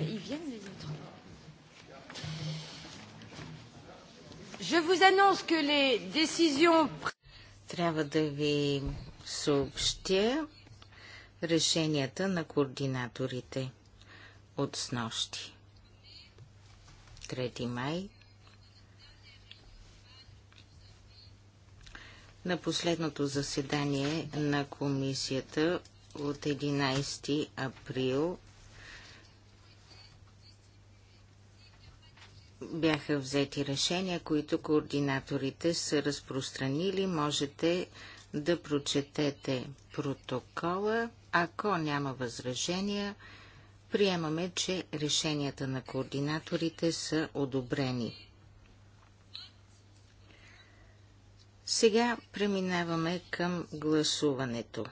ils viennent, les autres. Je vous annonce que les décisions... Трябва да ви съобщя решенията на координаторите от снощи. 3 май на последното заседание на комисията от 11 април бяха взети решения, които координаторите са разпространили. Можете да прочетете протокола. Ако няма възражения, приемаме, че решенията на координаторите са одобрени. Сега преминаваме към гласуването.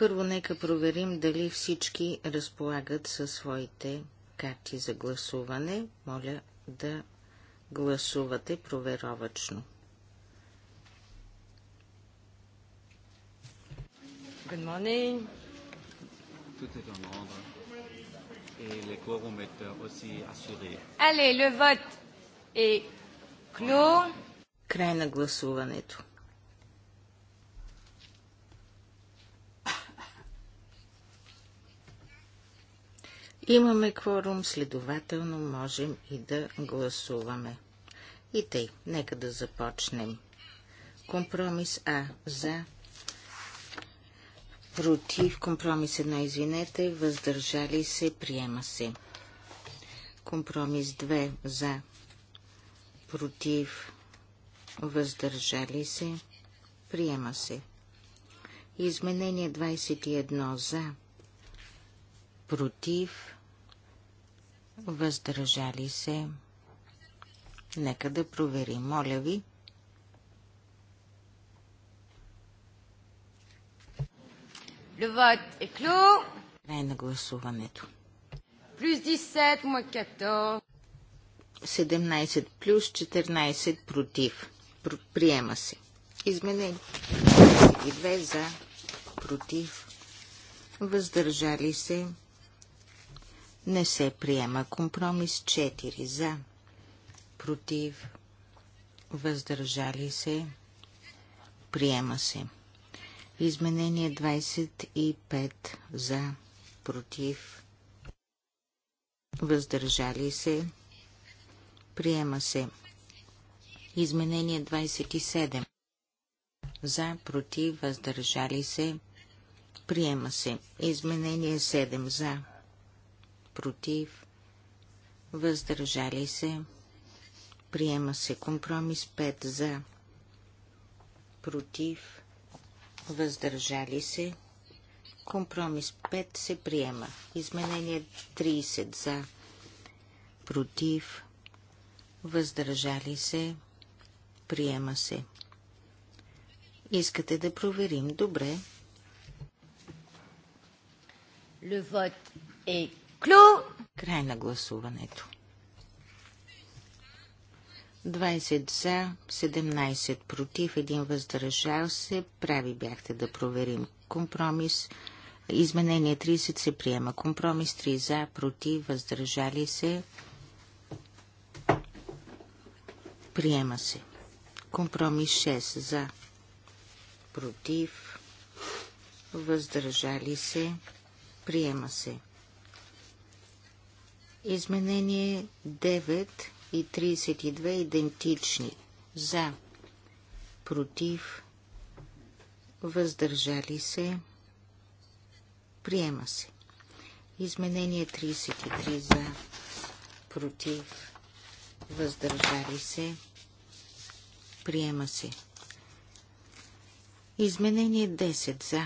Първо нека проверим дали всички разполагат със своите карти за гласуване. Моля да гласувате проверовачно. Good morning. Tout est en ordre. Et quorum est euh, aussi assuré. Allez, le vote est clos. Край на гласуването. Имаме кворум, следователно можем и да гласуваме. И тъй, нека да започнем. Компромис А за против, компромис 1, извинете, въздържали се, приема се. Компромис 2 за против, въздържали се, приема се. Изменение 21 за против, въздържали се. Нека да проверим, моля ви. Левът е клю. Край на гласуването. Плюс 10, му 14. 17 плюс 14 против. Приема се. Изменени. две за против. Въздържали се не се приема. Компромис 4 за, против, въздържали се, приема се. Изменение 25 за, против, въздържали се, приема се. Изменение 27 за, против, въздържали се, приема се. Изменение 7 за, против, въздържали се. Приема се компромис 5 за, против, въздържали се. Компромис 5 се приема. Изменение 30 за, против, въздържали се. Приема се. Искате да проверим? Добре. Le vote est Клю! Край на гласуването. 20 за, 17 против, 1 въздържал се. Прави бяхте да проверим компромис. Изменение 30 се приема. Компромис 3 за, против, въздържали се. Приема се. Компромис 6 за, против, въздържали се. Приема се. Изменение 9 и 32 идентични. За. Против. Въздържали се. Приема се. Изменение 33 за. Против. Въздържали се. Приема се. Изменение 10 за.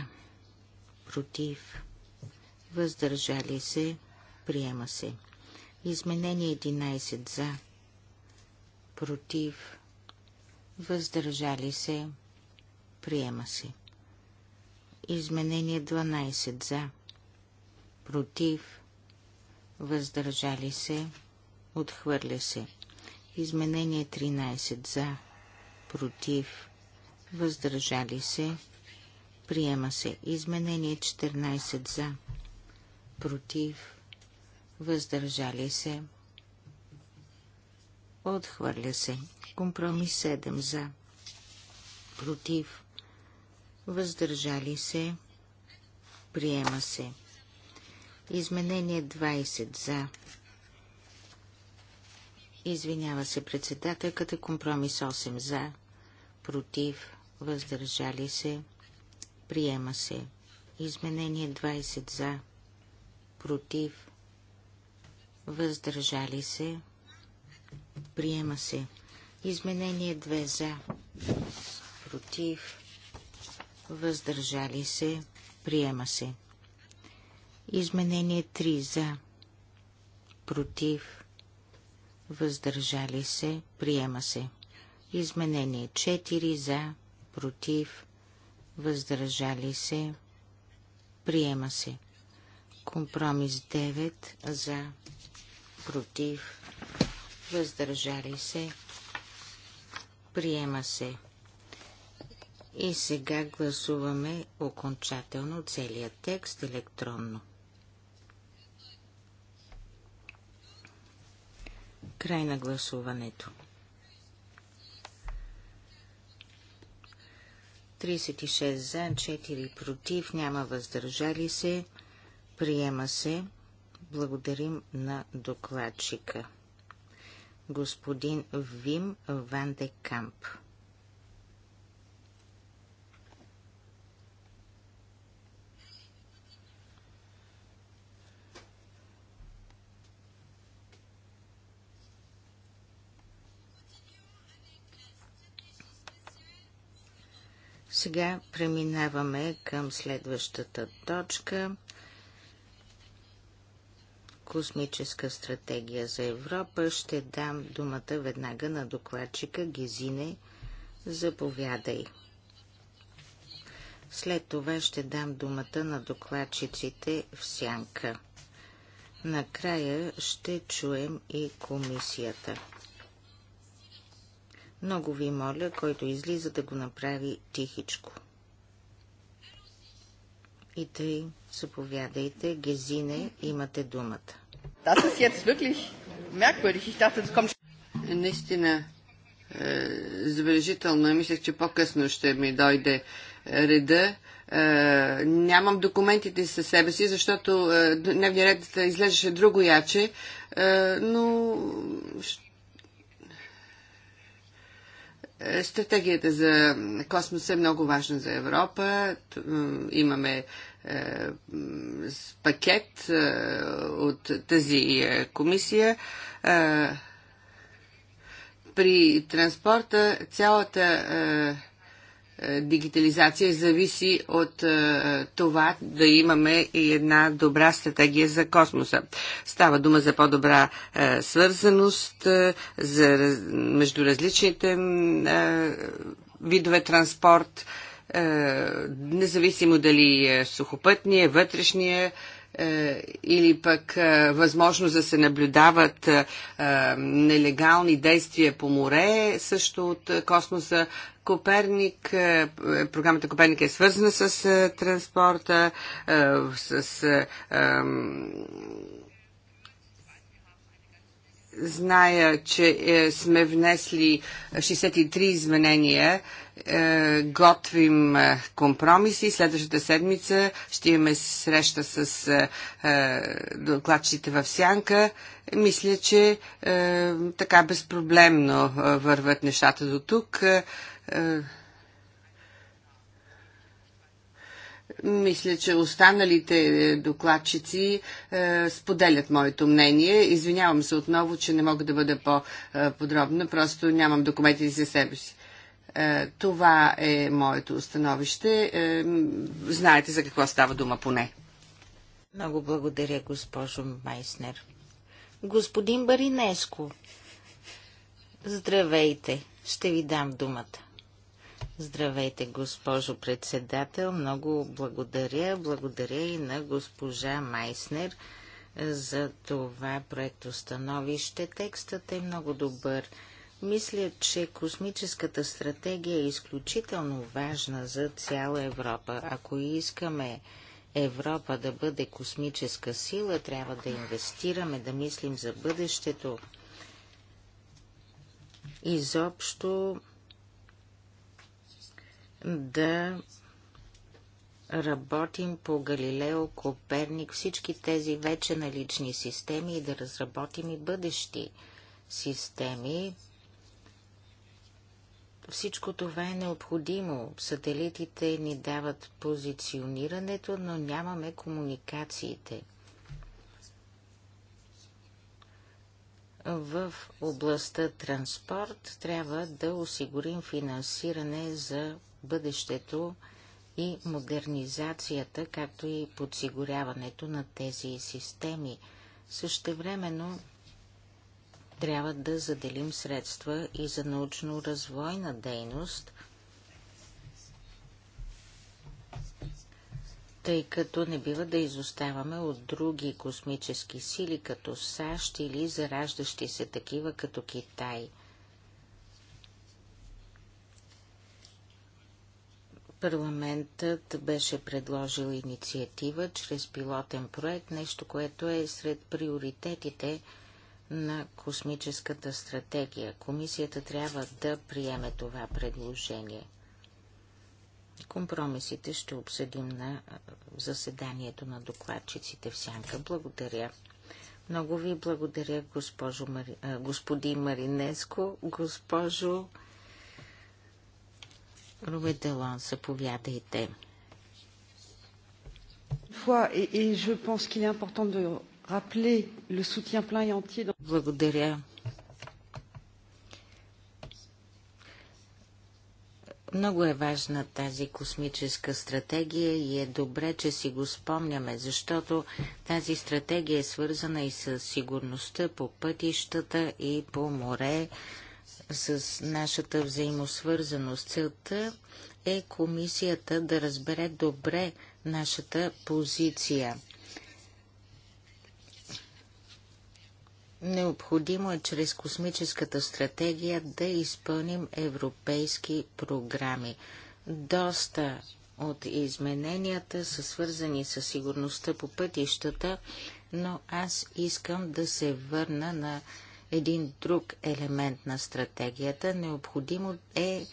Против. Въздържали се. Приема се. Изменение 11 за. Против. Въздържали се. Приема се. Изменение 12 за. Против. Въздържали се. Отхвърля се. Изменение 13 за. Против. Въздържали се. Приема се. Изменение 14 за. Против въздържали се, отхвърля се. Компромис 7 за, против, въздържали се, приема се. Изменение 20 за. Извинява се председателката, компромис 8 за, против, въздържали се, приема се. Изменение 20 за, против, въздържали се, приема се. Изменение 2 за, против, въздържали се, приема се. Изменение 3 за, против, въздържали се, приема се. Изменение 4 за, против, въздържали се, приема се. Компромис 9 за, против, въздържали се, приема се. И сега гласуваме окончателно целият текст електронно. Край на гласуването. 36 за, 4 против, няма въздържали се, приема се. Благодарим на докладчика. Господин Вим Ван де Камп. Сега преминаваме към следващата точка – космическа стратегия за Европа. Ще дам думата веднага на докладчика Гезине. Заповядай. След това ще дам думата на докладчиците в сянка. Накрая ще чуем и комисията. Много ви моля, който излиза да го направи тихичко. И тъй, заповядайте, Гезине, имате думата. Das ist jetzt wirklich merkwürdig. Ich dachte, es kommt... Наистина, е, забележително е. Мислех, че по-късно ще ми дойде е, реда. Е, нямам документите със себе си, защото е, ред излежеше друго яче, е, но е, Стратегията за космоса е много важна за Европа. Имаме е, пакет е, от тази е, комисия при транспорта цялата дигитализация зависи от това да имаме и една добра стратегия за космоса. Става дума за по-добра свързаност между различните видове транспорт, е, независимо дали е сухопътния, вътрешния е, или пък е, възможно да се наблюдават нелегални действия по море, също от космоса. Коперник, програмата Коперник е свързана с транспорта, с зная, че е, сме внесли 63 изменения, е, готвим е, компромиси. Следващата седмица ще имаме среща с е, е докладчите в Сянка. Мисля, че е, така безпроблемно е, върват нещата до тук. Е, е Мисля, че останалите е, докладчици е, споделят моето мнение. Извинявам се отново, че не мога да бъда по-подробна, е, просто нямам документи за себе си. Е, това е моето становище. Е, знаете за какво става дума поне. Много благодаря, госпожо Майснер. Господин Баринеско, здравейте. Ще ви дам думата. Здравейте, госпожо председател. Много благодаря. Благодаря и на госпожа Майснер за това становище. Текстът е много добър. Мисля, че космическата стратегия е изключително важна за цяла Европа. Ако искаме Европа да бъде космическа сила, трябва да инвестираме, да мислим за бъдещето. Изобщо да работим по Галилео, Коперник, всички тези вече налични системи и да разработим и бъдещи системи. Всичко това е необходимо. Сателитите ни дават позиционирането, но нямаме комуникациите. В областта транспорт трябва да осигурим финансиране за бъдещето и модернизацията, както и подсигуряването на тези системи. Същевременно трябва да заделим средства и за научно-развойна дейност, тъй като не бива да изоставаме от други космически сили, като САЩ или зараждащи се такива, като Китай – Парламентът беше предложил инициатива чрез пилотен проект, нещо, което е сред приоритетите на космическата стратегия. Комисията трябва да приеме това предложение. Компромисите ще обсъдим на заседанието на докладчиците в Сянка. Благодаря. Много ви благодаря, госпожо Мари... господин Маринеско. Госпожо Луи заповядайте. Благодаря. Много е важна тази космическа стратегия и е добре, че си го спомняме, защото тази стратегия е свързана и с сигурността по пътищата и по море, с нашата взаимосвързаност. Целта е комисията да разбере добре нашата позиция. Необходимо е чрез космическата стратегия да изпълним европейски програми. Доста от измененията са свързани с сигурността по пътищата, но аз искам да се върна на един друг елемент на стратегията. Необходимо е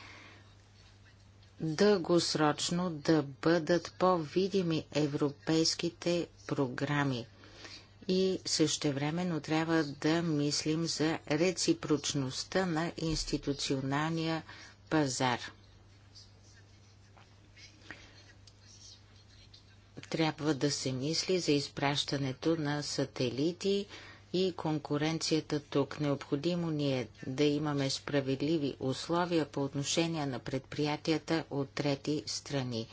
дългосрочно да бъдат по-видими европейските програми. И същевременно трябва да мислим за реципрочността на институционалния пазар. Трябва да се мисли за изпращането на сателити, и конкуренцията тук. Необходимо ни е да имаме справедливи условия по отношение на предприятията от трети страни.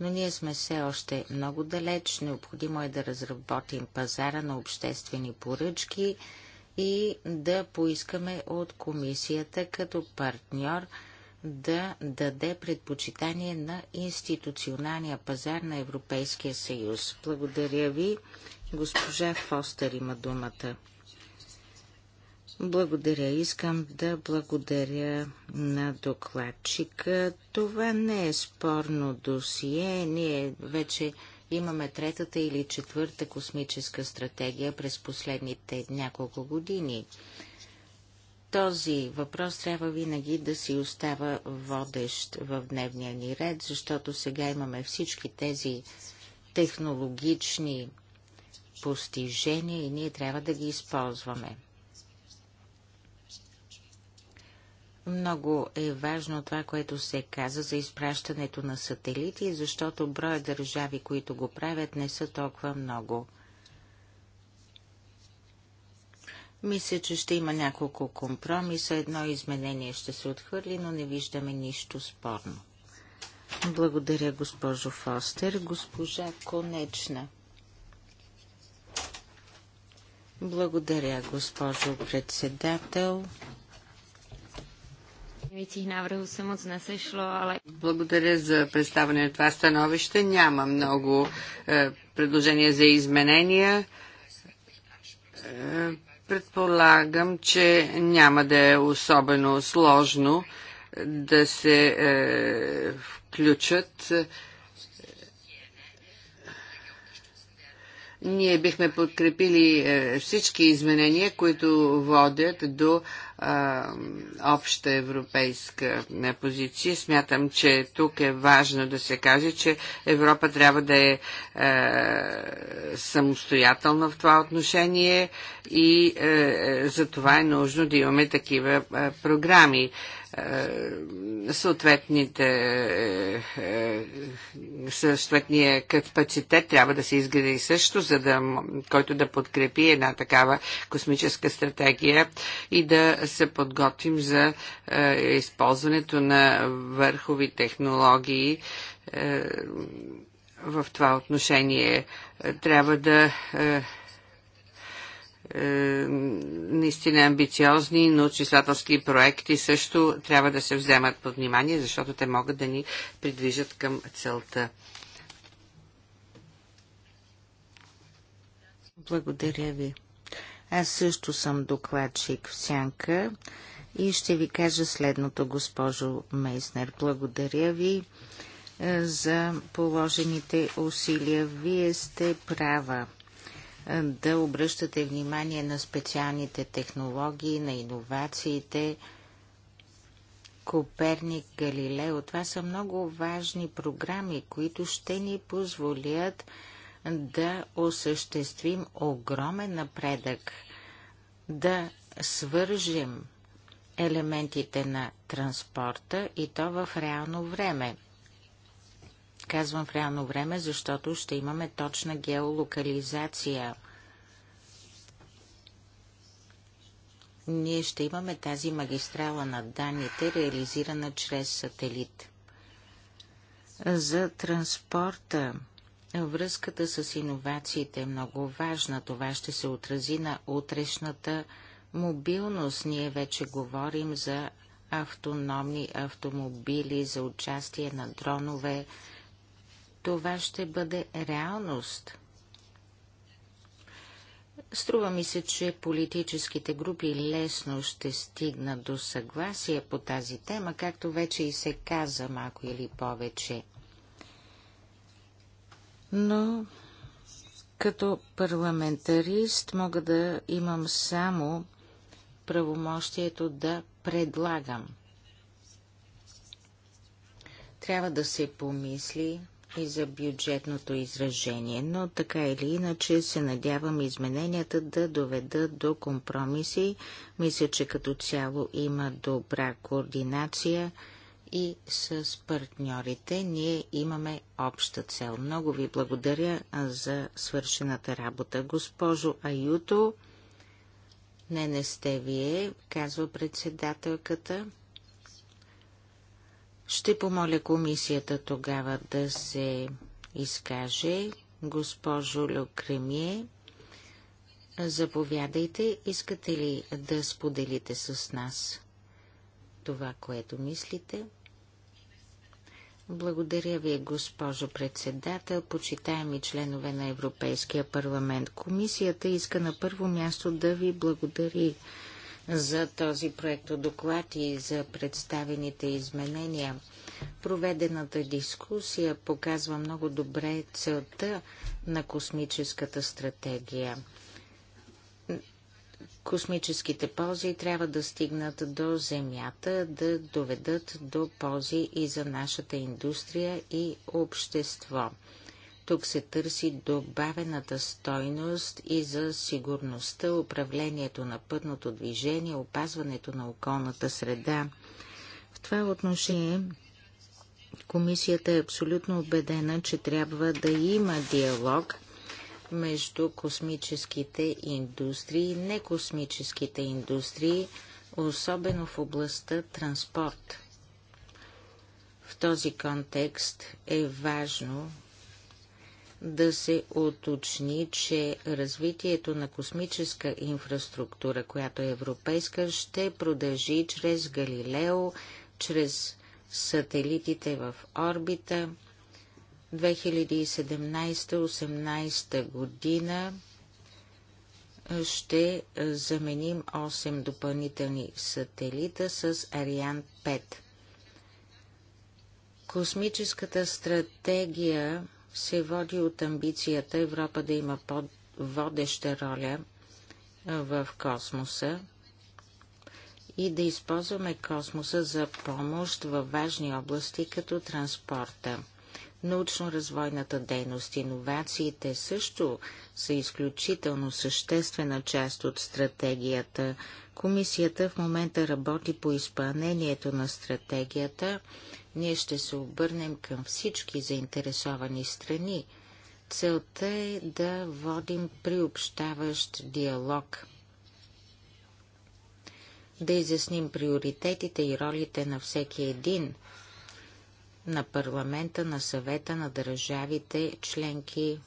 Но ние сме все още много далеч. Необходимо е да разработим пазара на обществени поръчки и да поискаме от комисията като партньор да даде предпочитание на институционалния пазар на Европейския съюз. Благодаря ви Госпожа Фостер има думата. Благодаря. Искам да благодаря на докладчика. Това не е спорно досие. Ние вече имаме третата или четвърта космическа стратегия през последните няколко години. Този въпрос трябва винаги да си остава водещ в дневния ни ред, защото сега имаме всички тези технологични постижения и ние трябва да ги използваме. Много е важно това, което се каза за изпращането на сателити, защото броя държави, които го правят, не са толкова много. Мисля, че ще има няколко компромиса. Едно изменение ще се отхвърли, но не виждаме нищо спорно. Благодаря, госпожо Фостер. Госпожа Конечна. Благодаря, госпожо председател. Благодаря за представане на това становище. Няма много е, предложения за изменения. Е, предполагам, че няма да е особено сложно да се е, включат. Е, Ние бихме подкрепили е, всички изменения, които водят до обща европейска е, позиция. Смятам, че тук е важно да се каже, че Европа трябва да е, е самостоятелна в това отношение и за това е нужно да имаме такива програми. Е, съответните е, е, съответния капацитет трябва да се изгради също, за да, който да подкрепи една такава космическа стратегия и да се подготвим за използването на върхови технологии в това отношение. Трябва да е, наистина амбициозни но числателски проекти също трябва да се вземат под внимание, защото те могат да ни придвижат към целта. Благодаря ви. Аз също съм докладчик в Сянка и ще ви кажа следното, госпожо Мейснер. Благодаря ви е, за положените усилия. Вие сте права. Е, да обръщате внимание на специалните технологии, на иновациите. Коперник, Галилео, това са много важни програми, които ще ни позволят да осъществим огромен напредък, да свържем елементите на транспорта и то в реално време. Казвам в реално време, защото ще имаме точна геолокализация. Ние ще имаме тази магистрала на данните, реализирана чрез сателит. За транспорта връзката с иновациите е много важна. Това ще се отрази на утрешната мобилност. Ние вече говорим за автономни автомобили, за участие на дронове това ще бъде реалност. Струва ми се, че политическите групи лесно ще стигнат до съгласие по тази тема, както вече и се каза малко или повече. Но като парламентарист мога да имам само правомощието да предлагам. Трябва да се помисли и за бюджетното изражение, но така или иначе се надявам измененията да доведат до компромиси. Мисля, че като цяло има добра координация и с партньорите ние имаме обща цел. Много ви благодаря за свършената работа. Госпожо Аюто, не, не сте вие, казва председателката. Ще помоля комисията тогава да се изкаже. Госпожо Люкремие, заповядайте. Искате ли да споделите с нас това, което мислите? Благодаря ви, госпожо председател, почитаеми членове на Европейския парламент. Комисията иска на първо място да ви благодари за този проект доклад и за представените изменения. Проведената дискусия показва много добре целта на космическата стратегия. Космическите ползи трябва да стигнат до Земята, да доведат до ползи и за нашата индустрия и общество. Тук се търси добавената стойност и за сигурността, управлението на пътното движение, опазването на околната среда. В това отношение комисията е абсолютно убедена, че трябва да има диалог между космическите индустрии и некосмическите индустрии, особено в областта транспорт. В този контекст е важно да се уточни, че развитието на космическа инфраструктура, която е европейска, ще продължи чрез Галилео, чрез сателитите в орбита. 2017-18 година ще заменим 8 допълнителни сателита с Ариан 5. Космическата стратегия се води от амбицията Европа да има под водеща роля в космоса и да използваме космоса за помощ във важни области като транспорта. Научно-развойната дейност, иновациите също са изключително съществена част от стратегията. Комисията в момента работи по изпълнението на стратегията. Ние ще се обърнем към всички заинтересовани страни. Целта е да водим приобщаващ диалог да изясним приоритетите и ролите на всеки един на парламента, на съвета, на държавите, членки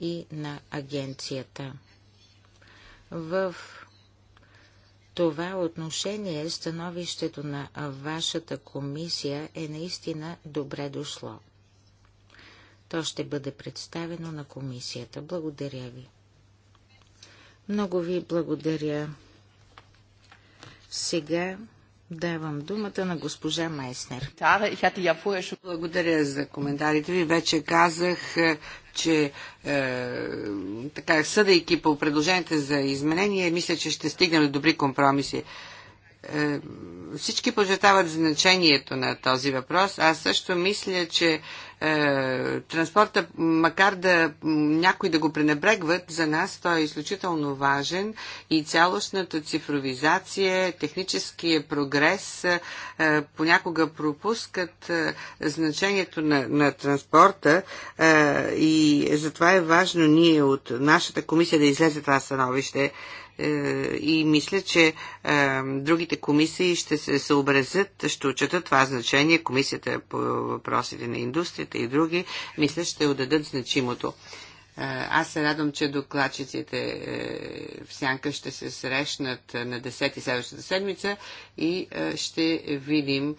и на агенцията. В това отношение становището на вашата комисия е наистина добре дошло. То ще бъде представено на комисията. Благодаря ви. Много ви благодаря. Сега Давам думата на госпожа Майснер. Благодаря за коментарите ви. Вече казах, е, че е, така, съдейки по предложените за изменение, мисля, че ще стигнем до добри компромиси. Е, всички пожетават значението на този въпрос. Аз също мисля, че е, транспорта, макар да някой да го пренебрегват, за нас той е изключително важен и цялостната цифровизация, техническия прогрес е, понякога пропускат е, значението на, на транспорта и затова е важно ние от нашата комисия да излезе това становище и мисля, че е, другите комисии ще се съобразят, ще отчетат това значение. Комисията по въпросите на индустрията и други, мисля, ще отдадат значимото. Е, аз се радвам, че докладчиците е, в Сянка ще се срещнат на 10 следващата седмица и ще видим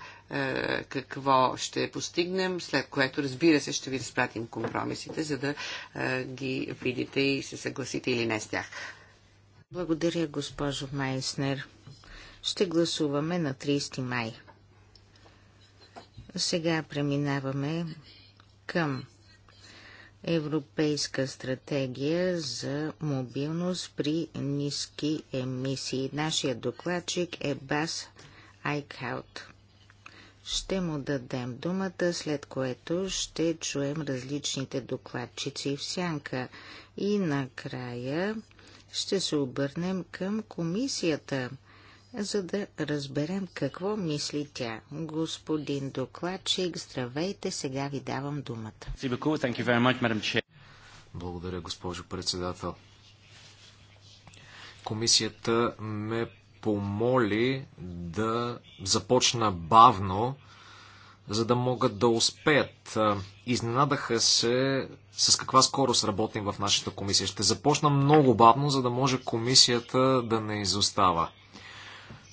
какво ще постигнем, след което, разбира се, ще ви разпратим компромисите, за да ги видите и се съгласите или не с тях. Благодаря, госпожо Майснер. Ще гласуваме на 30 май. Сега преминаваме към Европейска стратегия за мобилност при ниски емисии. Нашия докладчик е Бас Айкхаут. Ще му дадем думата, след което ще чуем различните докладчици в сянка. И накрая ще се обърнем към комисията, за да разберем какво мисли тя. Господин докладчик, здравейте, сега ви давам думата. Благодаря, госпожо председател. Комисията ме помоли да започна бавно, за да могат да успеят. Изненадаха се с каква скорост работим в нашата комисия. Ще започна много бавно, за да може комисията да не изостава.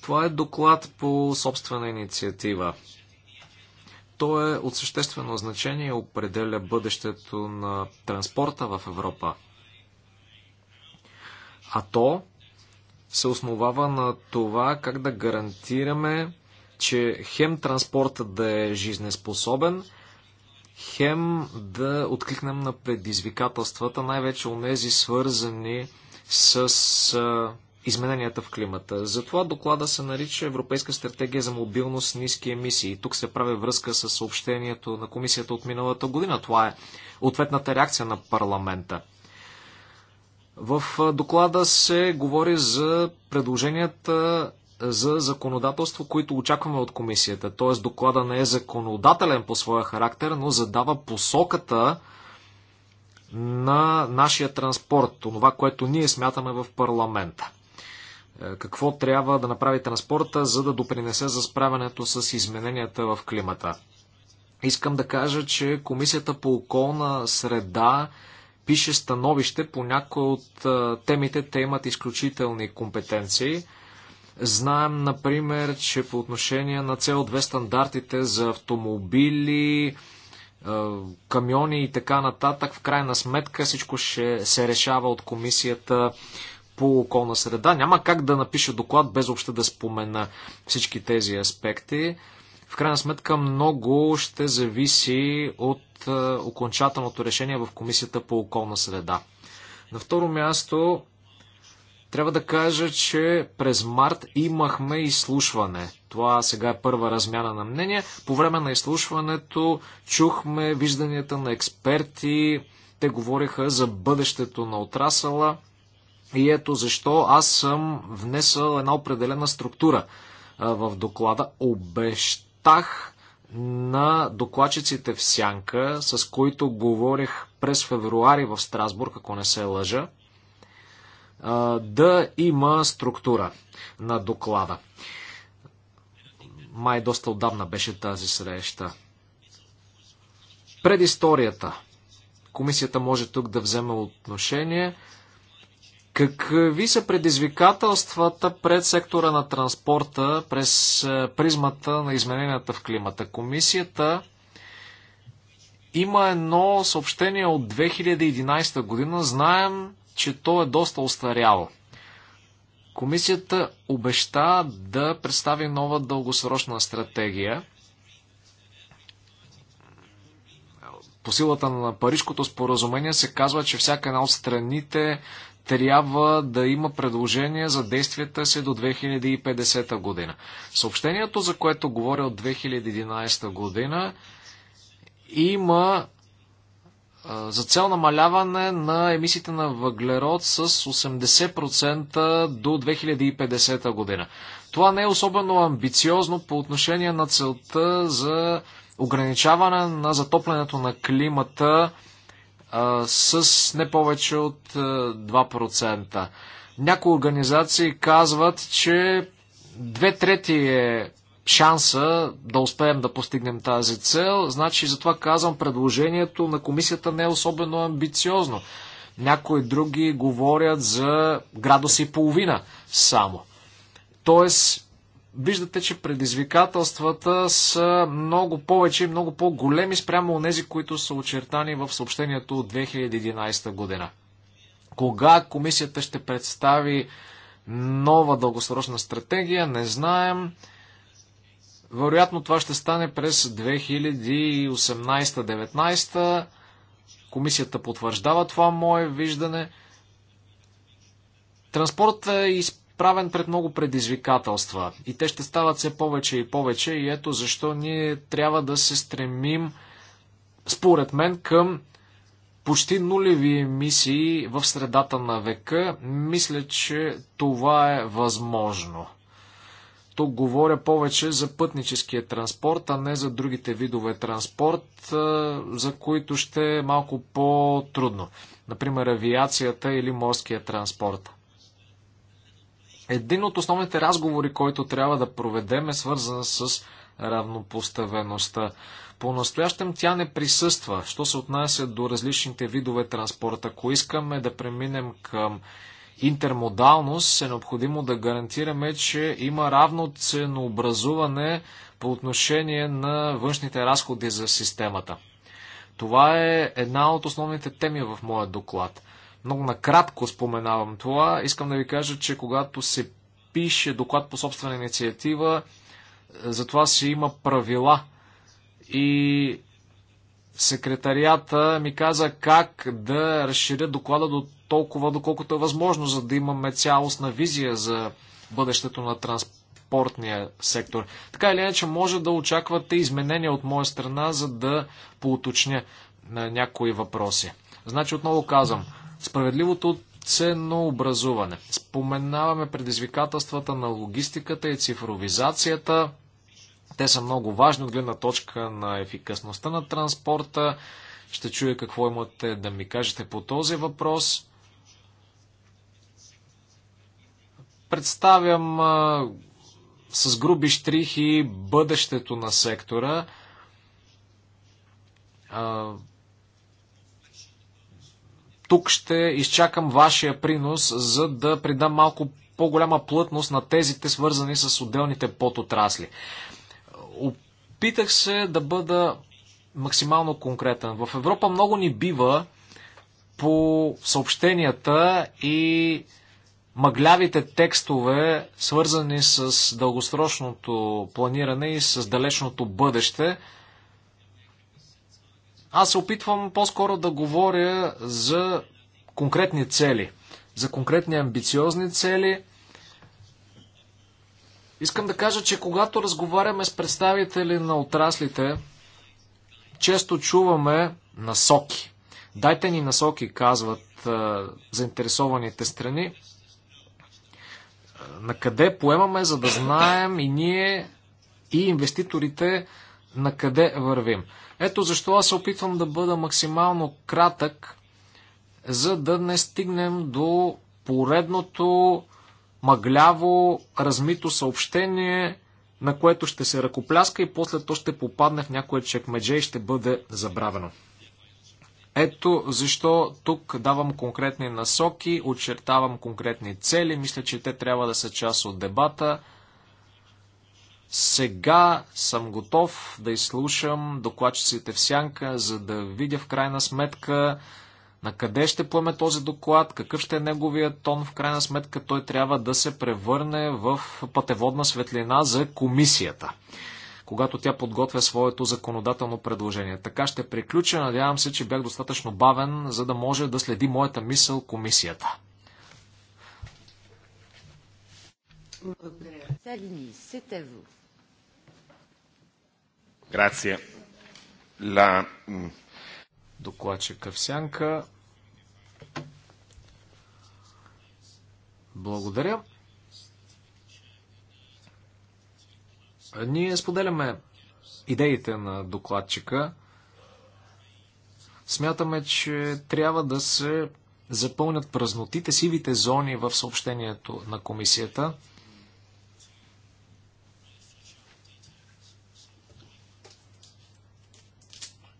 Това е доклад по собствена инициатива. То е от съществено значение и определя бъдещето на транспорта в Европа. А то се основава на това как да гарантираме че хем транспорта да е жизнеспособен, хем да откликнем на предизвикателствата, най-вече у нези свързани с измененията в климата. Затова доклада се нарича Европейска стратегия за мобилност с ниски емисии. Тук се прави връзка с съобщението на комисията от миналата година. Това е ответната реакция на парламента. В доклада се говори за предложенията за законодателство, които очакваме от комисията. Т.е. доклада не е законодателен по своя характер, но задава посоката на нашия транспорт, това, което ние смятаме в парламента. Е, какво трябва да направи транспорта, за да допринесе за справянето с измененията в климата? Искам да кажа, че Комисията по околна среда пише становище по някои от е, темите. Те имат изключителни компетенции – Знаем, например, че по отношение на co 2 стандартите за автомобили, камиони и така нататък, в крайна сметка всичко ще се решава от комисията по околна среда. Няма как да напиша доклад без въобще да спомена всички тези аспекти. В крайна сметка много ще зависи от окончателното решение в комисията по околна среда. На второ място трябва да кажа, че през март имахме изслушване. Това сега е първа размяна на мнения. По време на изслушването чухме вижданията на експерти. Те говориха за бъдещето на отрасъла. И ето защо аз съм внесъл една определена структура в доклада. Обещах на докладчиците в Сянка, с които говорих през февруари в Страсбург, ако не се лъжа, да има структура на доклада. Май доста отдавна беше тази среща. Предисторията. Комисията може тук да вземе отношение. Какви са предизвикателствата пред сектора на транспорта през призмата на измененията в климата? Комисията има едно съобщение от 2011 година. Знаем, че то е доста устаряло. Комисията обеща да представи нова дългосрочна стратегия по силата на Парижкото споразумение се казва, че всяка една от страните трябва да има предложение за действията си до 2050 година. Съобщението, за което говоря от 2011 година, има за цел намаляване на емисиите на въглерод с 80% до 2050 година. Това не е особено амбициозно по отношение на целта за ограничаване на затоплянето на климата а, с не повече от а, 2%. Някои организации казват, че две трети е шанса да успеем да постигнем тази цел. Значи, затова казвам, предложението на комисията не е особено амбициозно. Някои други говорят за градус и половина само. Тоест, виждате, че предизвикателствата са много повече и много по-големи спрямо от тези, които са очертани в съобщението от 2011 година. Кога комисията ще представи нова дългосрочна стратегия, не знаем. Вероятно това ще стане през 2018-2019. Комисията потвърждава това мое виждане. Транспортът е изправен пред много предизвикателства и те ще стават все повече и повече и ето защо ние трябва да се стремим, според мен, към почти нулеви емисии в средата на века. Мисля, че това е възможно. Тук говоря повече за пътническия транспорт, а не за другите видове транспорт, за които ще е малко по-трудно. Например, авиацията или морския транспорт. Един от основните разговори, който трябва да проведем е свързан с равнопоставеността. По-настоящем тя не присъства, що се отнася до различните видове транспорт. Ако искаме да преминем към интермодалност е необходимо да гарантираме, че има равно ценообразуване по отношение на външните разходи за системата. Това е една от основните теми в моя доклад. Много накратко споменавам това. Искам да ви кажа, че когато се пише доклад по собствена инициатива, за това си има правила. И секретарията ми каза как да разширя доклада до толкова, доколкото е възможно, за да имаме цялостна визия за бъдещето на транспортния сектор. Така или иначе, може да очаквате изменения от моя страна, за да поуточня на някои въпроси. Значи, отново казвам, справедливото ценообразуване. Споменаваме предизвикателствата на логистиката и цифровизацията. Те са много важни от гледна точка на ефикасността на транспорта. Ще чуя какво имате да ми кажете по този въпрос. Представям а, с груби штрихи бъдещето на сектора. А, тук ще изчакам вашия принос, за да придам малко по-голяма плътност на тезите, свързани с отделните подотрасли. Опитах се да бъда максимално конкретен. В Европа много ни бива по съобщенията и мъглявите текстове, свързани с дългосрочното планиране и с далечното бъдеще. Аз се опитвам по-скоро да говоря за конкретни цели, за конкретни амбициозни цели. Искам да кажа, че когато разговаряме с представители на отраслите, често чуваме насоки. Дайте ни насоки, казват заинтересованите страни на къде поемаме, за да знаем и ние, и инвеститорите, на къде вървим. Ето защо аз се опитвам да бъда максимално кратък, за да не стигнем до поредното мъгляво, размито съобщение, на което ще се ръкопляска и после то ще попадне в някое чекмедже и ще бъде забравено. Ето защо тук давам конкретни насоки, очертавам конкретни цели, мисля, че те трябва да са част от дебата. Сега съм готов да изслушам докладчиците в сянка, за да видя в крайна сметка на къде ще поеме този доклад, какъв ще е неговия тон. В крайна сметка той трябва да се превърне в пътеводна светлина за комисията когато тя подготвя своето законодателно предложение. Така ще приключа. Надявам се, че бях достатъчно бавен, за да може да следи моята мисъл комисията. Благодаря. Салини, La... Mm. Благодаря. Ние споделяме идеите на докладчика. Смятаме, че трябва да се запълнят празнотите, сивите зони в съобщението на комисията.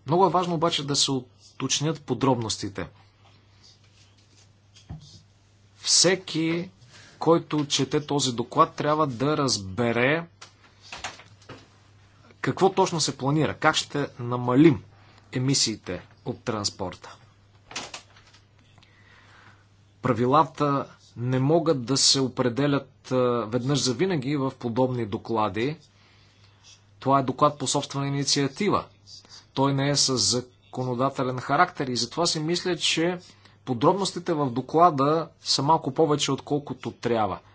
Много е важно обаче да се уточнят подробностите. Всеки, който чете този доклад, трябва да разбере какво точно се планира? Как ще намалим емисиите от транспорта? Правилата не могат да се определят веднъж за винаги в подобни доклади. Това е доклад по собствена инициатива. Той не е с законодателен характер и затова си мисля, че подробностите в доклада са малко повече отколкото трябва –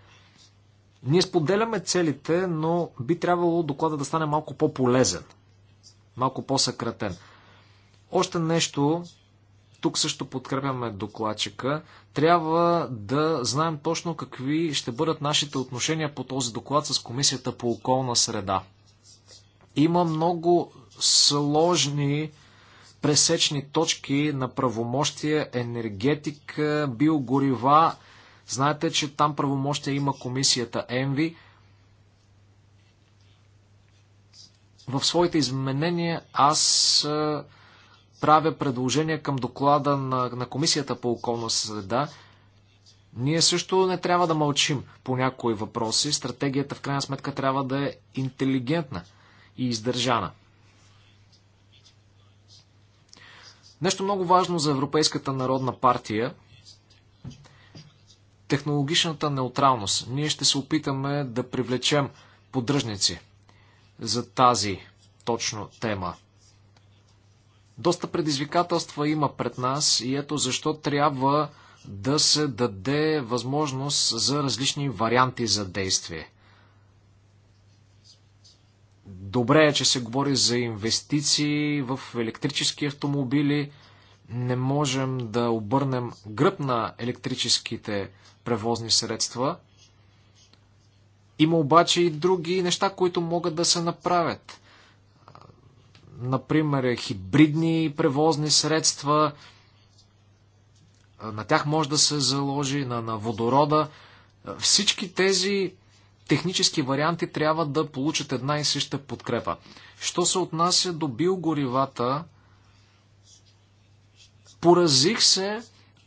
ние споделяме целите, но би трябвало доклада да стане малко по-полезен, малко по-съкратен. Още нещо, тук също подкрепяме докладчика, трябва да знаем точно какви ще бъдат нашите отношения по този доклад с Комисията по околна среда. Има много сложни пресечни точки на правомощия, енергетика, биогорива, Знаете, че там правомощия има комисията ЕМВИ. В своите изменения аз е, правя предложение към доклада на, на Комисията по околна среда. Ние също не трябва да мълчим по някои въпроси. Стратегията в крайна сметка трябва да е интелигентна и издържана. Нещо много важно за Европейската народна партия технологичната неутралност. Ние ще се опитаме да привлечем поддръжници за тази точно тема. Доста предизвикателства има пред нас и ето защо трябва да се даде възможност за различни варианти за действие. Добре е, че се говори за инвестиции в електрически автомобили. Не можем да обърнем гръб на електрическите превозни средства. Има обаче и други неща, които могат да се направят. Например, хибридни превозни средства, на тях може да се заложи, на, на водорода. Всички тези технически варианти трябва да получат една и съща подкрепа. Що се отнася до биогоривата, поразих се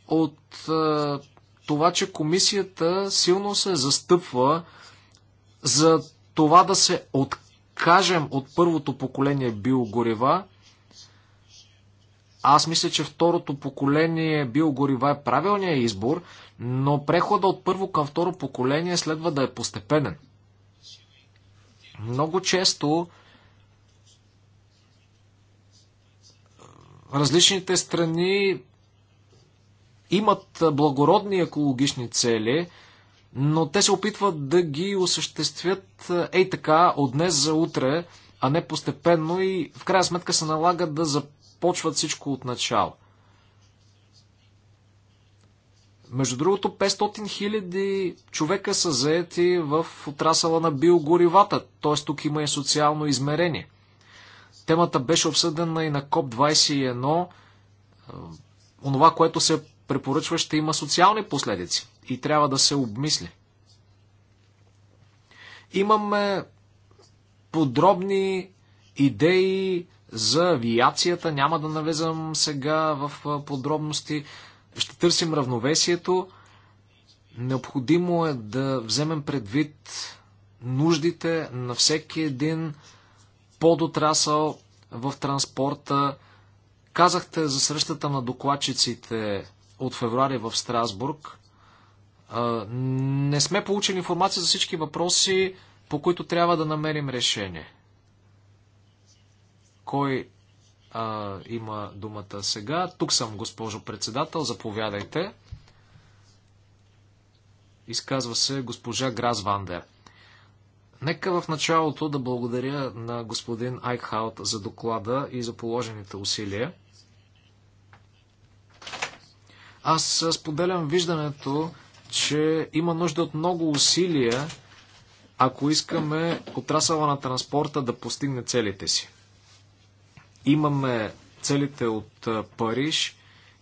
от е, това, че комисията силно се застъпва за това да се откажем от първото поколение биогорива. Аз мисля, че второто поколение биогорива е правилният избор, но прехода от първо към второ поколение следва да е постепенен. Много често различните страни имат благородни екологични цели, но те се опитват да ги осъществят е, ей така, от днес за утре, а не постепенно и в крайна сметка се налага да започват всичко от начало. Между другото, 500 000 човека са заети в отрасъла на биогоривата, т.е. тук има и социално измерение. Темата беше обсъдена и на КОП-21. Е, онова, което се препоръчва, ще има социални последици и трябва да се обмисли. Имаме подробни идеи за авиацията. Няма да навлезам сега в подробности. Ще търсим равновесието. Необходимо е да вземем предвид нуждите на всеки един подотрасъл в транспорта. Казахте за срещата на докладчиците от февруари в Страсбург. Не сме получили информация за всички въпроси, по които трябва да намерим решение. Кой а, има думата сега? Тук съм, госпожо председател, заповядайте. Изказва се госпожа Грас Вандер. Нека в началото да благодаря на господин Айкхаут за доклада и за положените усилия. Аз споделям виждането, че има нужда от много усилия, ако искаме отрасъла на транспорта да постигне целите си. Имаме целите от Париж,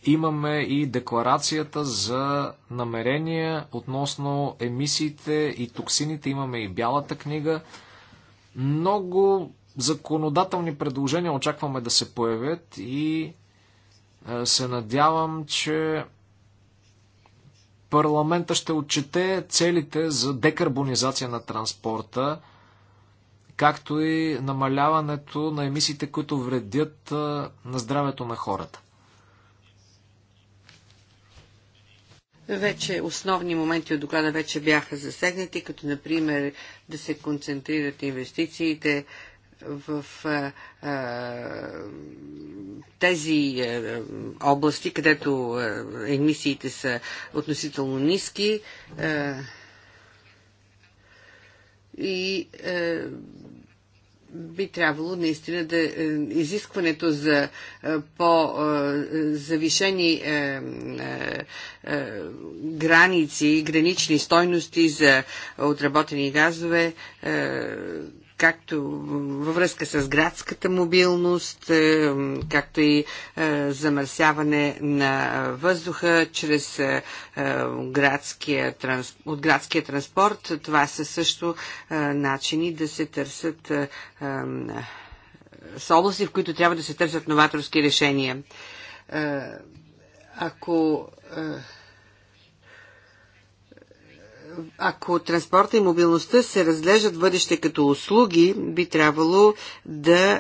имаме и декларацията за намерения относно емисиите и токсините, имаме и бялата книга. Много законодателни предложения очакваме да се появят и е, се надявам, че парламента ще отчете целите за декарбонизация на транспорта, както и намаляването на емисиите, които вредят е, на здравето на хората. Вече основни моменти от доклада вече бяха засегнати, като например да се концентрират инвестициите в а, а, тези а, области, където а, емисиите са относително ниски а, и а, би трябвало наистина да е, изискването за по-завишени е, е, граници, гранични стойности за отработени газове както във връзка с градската мобилност, е, както и е, замърсяване на въздуха чрез е, градския, от градския транспорт. Това са също начини да се търсят с области, в които трябва да се търсят новаторски решения. Ако ако транспорта и мобилността се разглеждат бъдеще като услуги, би трябвало да е,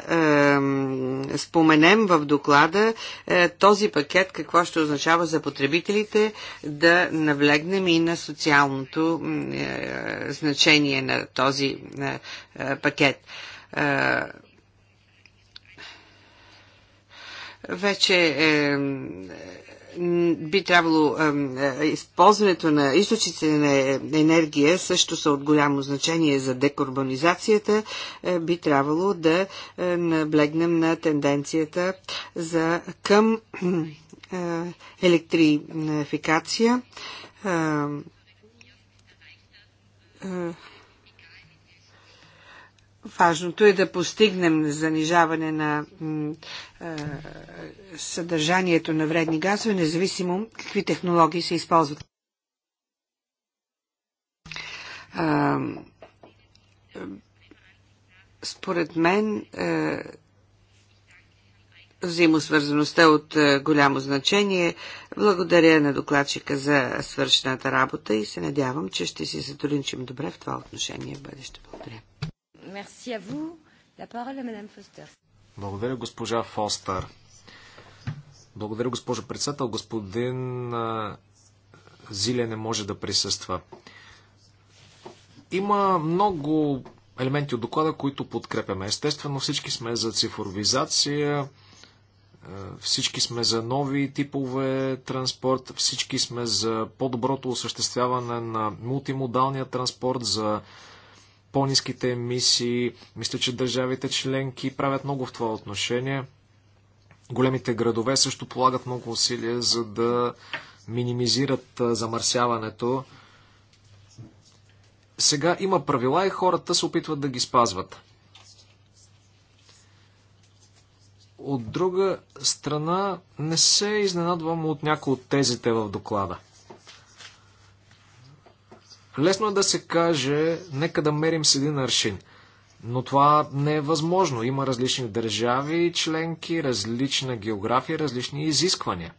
споменем в доклада е, този пакет, какво ще означава за потребителите, да навлегнем и на социалното е, значение на този е, е, пакет. Е, вече е, би трябвало е, използването на източници на е, енергия също са от голямо значение за декарбонизацията. Е, би трябвало да наблегнем на тенденцията за към електрификация. Важното е да постигнем занижаване на съдържанието на вредни газове, независимо какви технологии се използват според мен е, взаимосвързаността от голямо значение. Благодаря на докладчика за свършената работа и се надявам, че ще си сътрудничим добре в това отношение в бъдеще. Благодаря. Merci à vous. La parole à Madame Foster. Благодаря, госпожа Фостер. Благодаря, госпожо председател. Господин Зиле не може да присъства. Има много елементи от доклада, които подкрепяме. Естествено, всички сме за цифровизация, всички сме за нови типове транспорт, всички сме за по-доброто осъществяване на мултимодалния транспорт, за по-низките емисии. Мисля, че държавите членки правят много в това отношение. Големите градове също полагат много усилия, за да минимизират замърсяването. Сега има правила и хората се опитват да ги спазват. От друга страна, не се изненадвам от някои от тезите в доклада. Лесно е да се каже, нека да мерим с един аршин. Но това не е възможно. Има различни държави, членки, различна география, различни изисквания.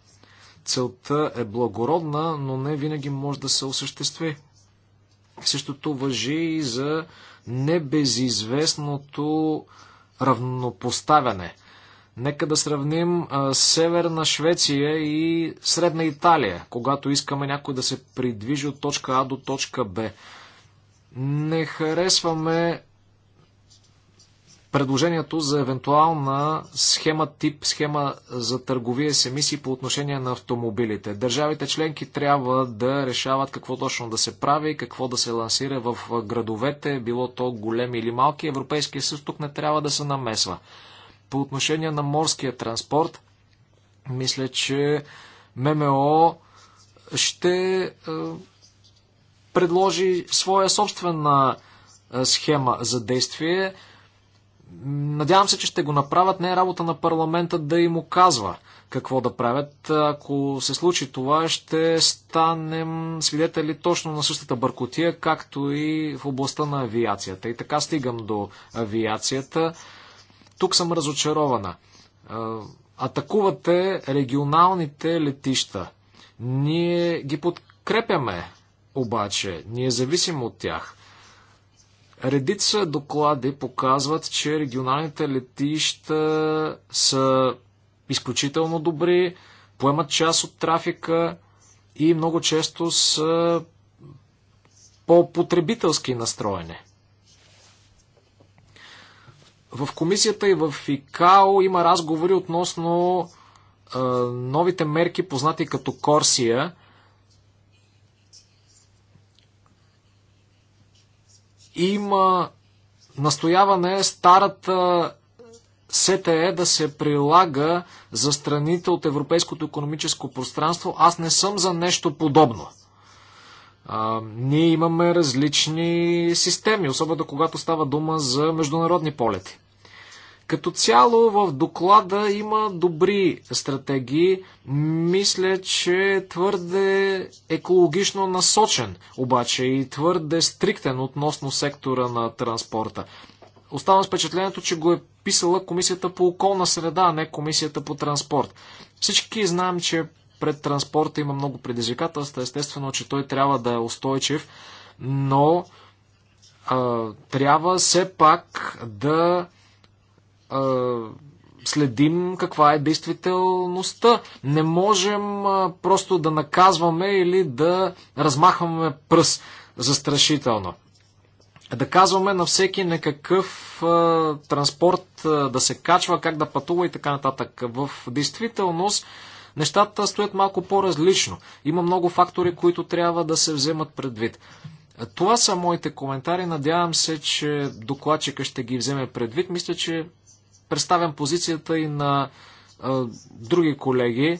Целта е благородна, но не винаги може да се осъществи. Същото въжи и за небезизвестното равнопоставяне – Нека да сравним а, северна Швеция и средна Италия, когато искаме някой да се придвижи от точка А до точка Б. Не харесваме предложението за евентуална схема тип, схема за търговия с емисии по отношение на автомобилите. Държавите членки трябва да решават какво точно да се прави, какво да се лансира в градовете, било то големи или малки. Европейския съюз тук не трябва да се намесва. По отношение на морския транспорт, мисля, че ММО ще е, предложи своя собствена е, схема за действие. Надявам се, че ще го направят. Не е работа на парламента да им оказва какво да правят. Ако се случи това, ще станем свидетели точно на същата бъркотия, както и в областта на авиацията. И така стигам до авиацията. Тук съм разочарована. Атакувате регионалните летища. Ние ги подкрепяме, обаче, ние зависим от тях. Редица доклади показват, че регионалните летища са изключително добри, поемат част от трафика и много често са по-потребителски настроени. В комисията и в ИКАО има разговори относно а, новите мерки, познати като Корсия. Има настояване старата СТЕ да се прилага за страните от Европейското економическо пространство. Аз не съм за нещо подобно. А, ние имаме различни системи, особено когато става дума за международни полети. Като цяло в доклада има добри стратегии. Мисля, че е твърде екологично насочен, обаче и твърде стриктен относно сектора на транспорта. Оставам с впечатлението, че го е писала Комисията по околна среда, а не Комисията по транспорт. Всички знаем, че пред транспорта има много предизвикателства. Естествено, че той трябва да е устойчив, но а, трябва все пак да следим каква е действителността. Не можем просто да наказваме или да размахваме пръст застрашително. Да казваме на всеки на какъв транспорт да се качва, как да пътува и така нататък. В действителност нещата стоят малко по-различно. Има много фактори, които трябва да се вземат предвид. Това са моите коментари. Надявам се, че докладчика ще ги вземе предвид. Мисля, че представям позицията и на а, други колеги.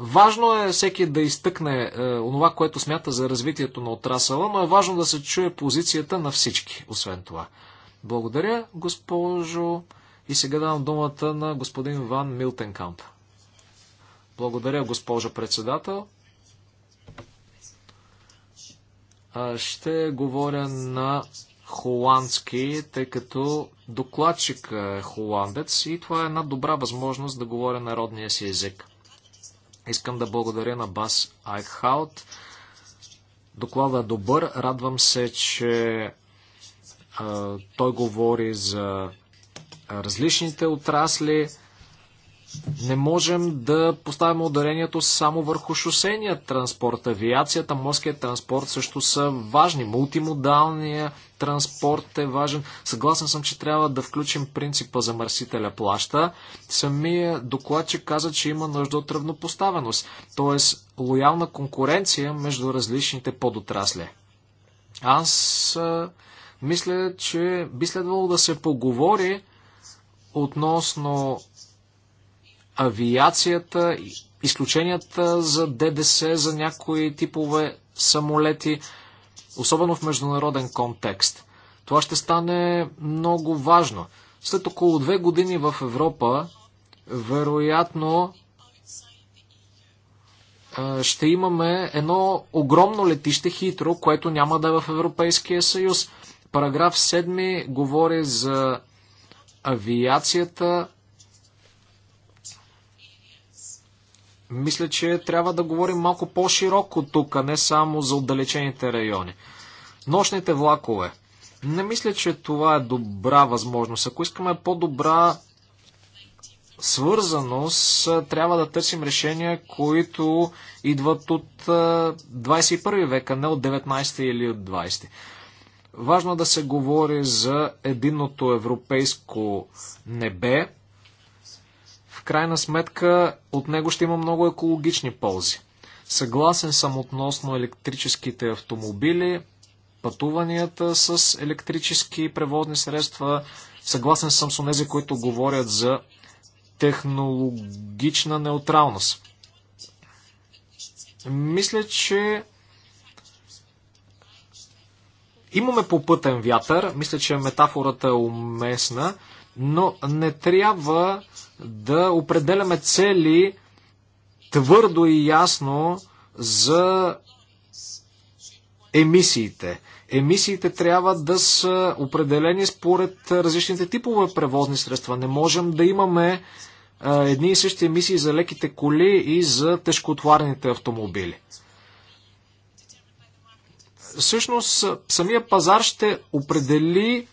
Важно е всеки да изтъкне е, онова, което смята за развитието на отрасъла, но е важно да се чуе позицията на всички, освен това. Благодаря, госпожо. И сега давам думата на господин Ван Милтенкамп. Благодаря, госпожо председател. Ще говоря на холандски, тъй като докладчик е холандец и това е една добра възможност да говоря народния си език. Искам да благодаря на Бас Айкхаут. Докладът е добър. Радвам се, че е, той говори за различните отрасли. Не можем да поставим ударението само върху шосения транспорт. Авиацията, морският транспорт също са важни. Мултимодалния транспорт е важен. Съгласен съм, че трябва да включим принципа за мърсителя плаща. Самия докладчик каза, че има нужда от равнопоставеност, т.е. лоялна конкуренция между различните подотрасли. Аз мисля, че би следвало да се поговори относно авиацията, изключенията за ДДС за някои типове самолети, особено в международен контекст. Това ще стане много важно. След около две години в Европа, вероятно, ще имаме едно огромно летище хитро, което няма да е в Европейския съюз. Параграф 7 говори за авиацията, Мисля, че трябва да говорим малко по-широко тук, а не само за отдалечените райони. Нощните влакове. Не мисля, че това е добра възможност. Ако искаме по-добра свързаност, трябва да търсим решения, които идват от 21 века, не от 19 или от 20. Важно е да се говори за единното европейско небе крайна сметка от него ще има много екологични ползи. Съгласен съм относно електрическите автомобили, пътуванията с електрически превозни средства. Съгласен съм с онези, които говорят за технологична неутралност. Мисля, че имаме попътен вятър. Мисля, че метафората е уместна но не трябва да определяме цели твърдо и ясно за емисиите. Емисиите трябва да са определени според различните типове превозни средства. Не можем да имаме а, едни и същи емисии за леките коли и за тежкотварните автомобили. Всъщност, самия пазар ще определи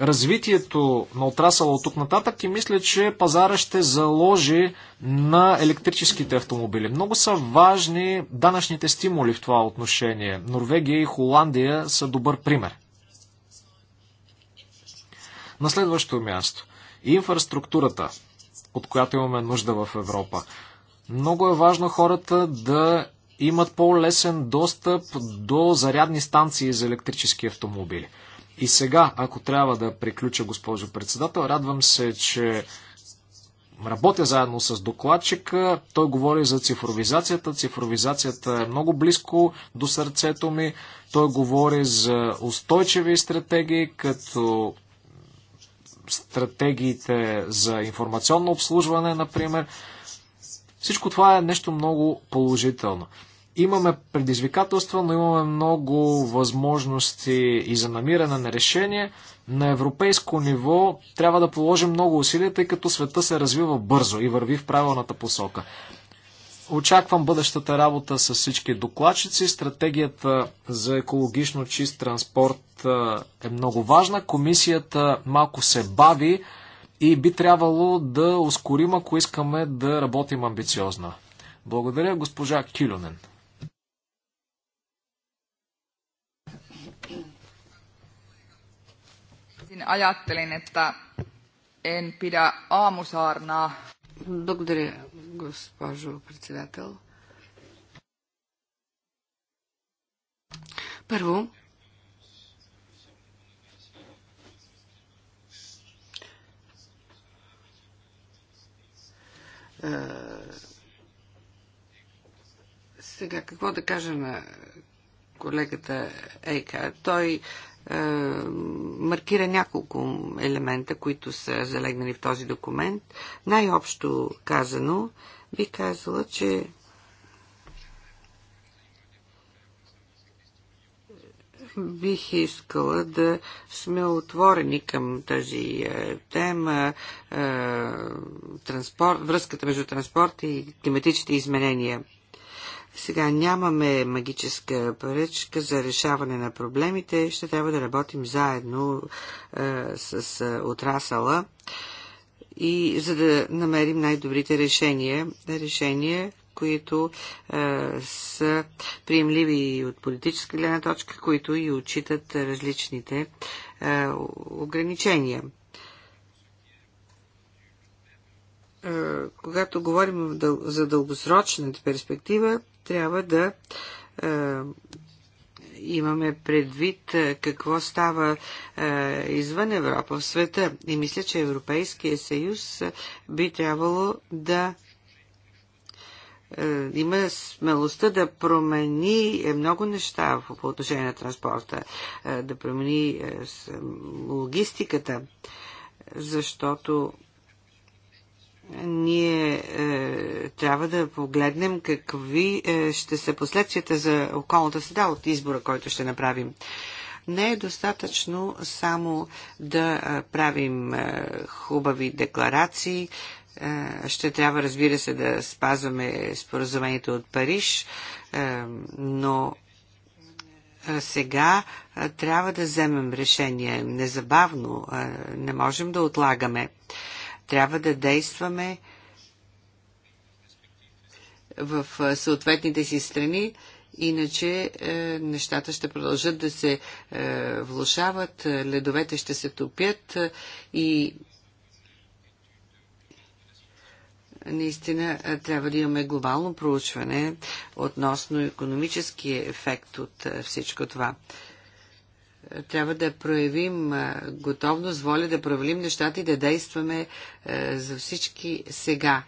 развитието на отрасъла от тук нататък и мисля, че пазара ще заложи на електрическите автомобили. Много са важни данъчните стимули в това отношение. Норвегия и Холандия са добър пример. На следващо място. Инфраструктурата, от която имаме нужда в Европа. Много е важно хората да имат по-лесен достъп до зарядни станции за електрически автомобили. И сега, ако трябва да приключа, госпожо председател, радвам се, че работя заедно с докладчика. Той говори за цифровизацията. Цифровизацията е много близко до сърцето ми. Той говори за устойчиви стратегии, като стратегиите за информационно обслужване, например. Всичко това е нещо много положително. Имаме предизвикателства, но имаме много възможности и за намиране на решение. На европейско ниво трябва да положим много усилия, тъй като света се развива бързо и върви в правилната посока. Очаквам бъдещата работа с всички докладчици. Стратегията за екологично чист транспорт е много важна. Комисията малко се бави и би трябвало да ускорим, ако искаме да работим амбициозно. Благодаря, госпожа Килюнен. ajattelin, että en pidä aamusaarnaa. Благодаря, госпожо председател. Първо, е, сега какво да кажа на колегата Ейка? Той е, маркира няколко елемента, които са залегнали в този документ. Най-общо казано, би казала, че бих искала да сме отворени към тази е, тема е, транспорт, връзката между транспорта и климатичните изменения. Сега нямаме магическа паричка за решаване на проблемите. Ще трябва да работим заедно е, с е, отрасала и за да намерим най-добрите решения. Решения, които е, са приемливи и от политическа гледна точка, които и отчитат различните е, ограничения. Е, когато говорим за дългосрочната перспектива, трябва да е, имаме предвид е, какво става е, извън Европа, в света. И мисля, че Европейския съюз е, би трябвало да има смелостта да промени много неща по отношение на транспорта, да промени логистиката, защото ние е, трябва да погледнем какви е, ще са последствията за околната среда от избора, който ще направим. Не е достатъчно само да е, правим е, хубави декларации. Е, ще трябва, разбира се, да спазваме споразумението от Париж, е, но е, сега е, трябва да вземем решение незабавно. Е, не можем да отлагаме. Трябва да действаме в съответните си страни, иначе е, нещата ще продължат да се е, влушават, е, ледовете ще се топят е, и наистина е, трябва да имаме глобално проучване относно економическия ефект от всичко това трябва да проявим готовност, воля да проявим нещата и да действаме за всички сега.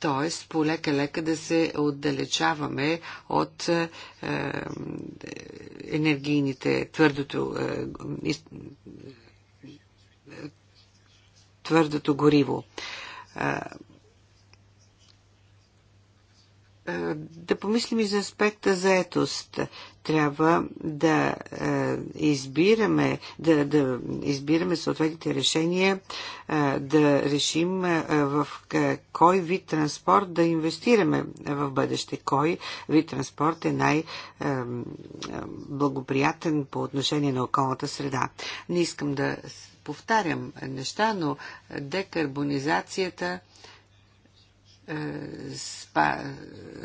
Тоест, полека-лека да се отдалечаваме от е, енергийните, твърдото, е, твърдото гориво. Е, да помислим и за аспекта заетост трябва да е, избираме, да, да избираме съответните решения, е, да решим е, в кой вид транспорт да инвестираме в бъдеще, кой вид транспорт е най-благоприятен по отношение на околната среда. Не искам да повтарям неща, но декарбонизацията е, спа,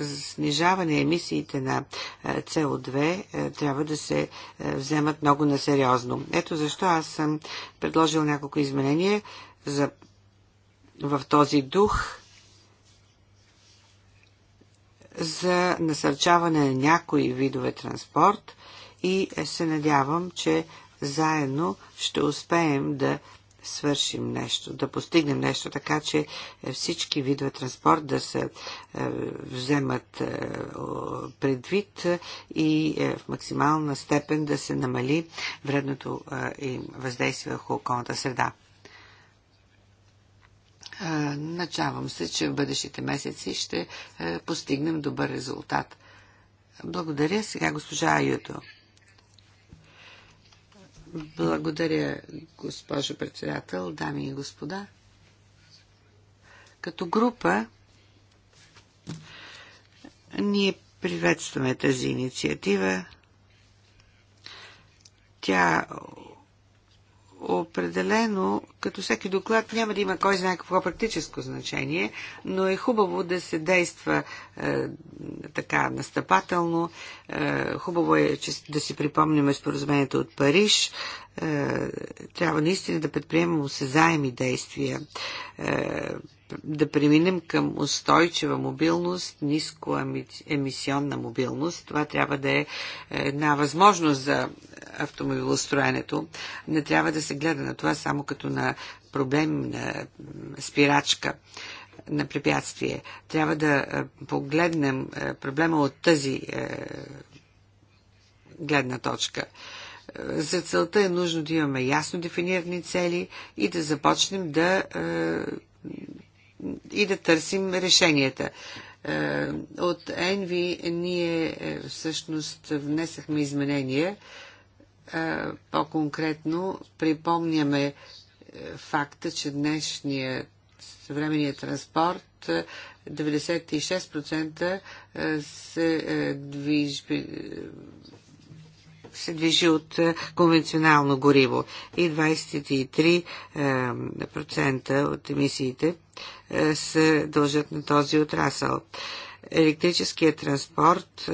снижаване емисиите на CO2 е, е, трябва да се вземат много насериозно. Ето защо аз съм предложил няколко изменения за, в този дух за насърчаване на някои видове транспорт и се надявам, че заедно ще успеем да свършим нещо, да постигнем нещо, така че е, всички видове транспорт да се е, вземат е, предвид и в максимална степен да се намали вредното им въздействие върху околната среда. Начавам се, че в бъдещите месеци ще постигнем добър резултат. Благодаря сега госпожа Аюто. Благодаря, госпожо председател, дами и господа. Като група ние приветстваме тази инициатива. Тя определено, като всеки доклад, няма да има кой знае какво практическо значение, но е хубаво да се действа е, така настъпателно. Е, хубаво е че, да си припомним споразумението от Париж. Е, трябва наистина да предприемем осезаеми действия. Е, да преминем към устойчива мобилност, ниско емисионна мобилност. Това трябва да е една възможност за автомобилостроенето. Не трябва да се гледа на това само като на проблем, на спирачка на препятствие. Трябва да е, погледнем е, проблема от тази е, гледна точка. За целта е нужно да имаме ясно дефинирани цели и да започнем да и да търсим решенията. Е, от Енви ние е, всъщност внесахме изменения. Е, по-конкретно припомняме факта, че днешния съвременният транспорт 96% се движи се движи от е, конвенционално гориво и 23% е, от емисиите е, се дължат на този отрасъл. Електрическият транспорт е,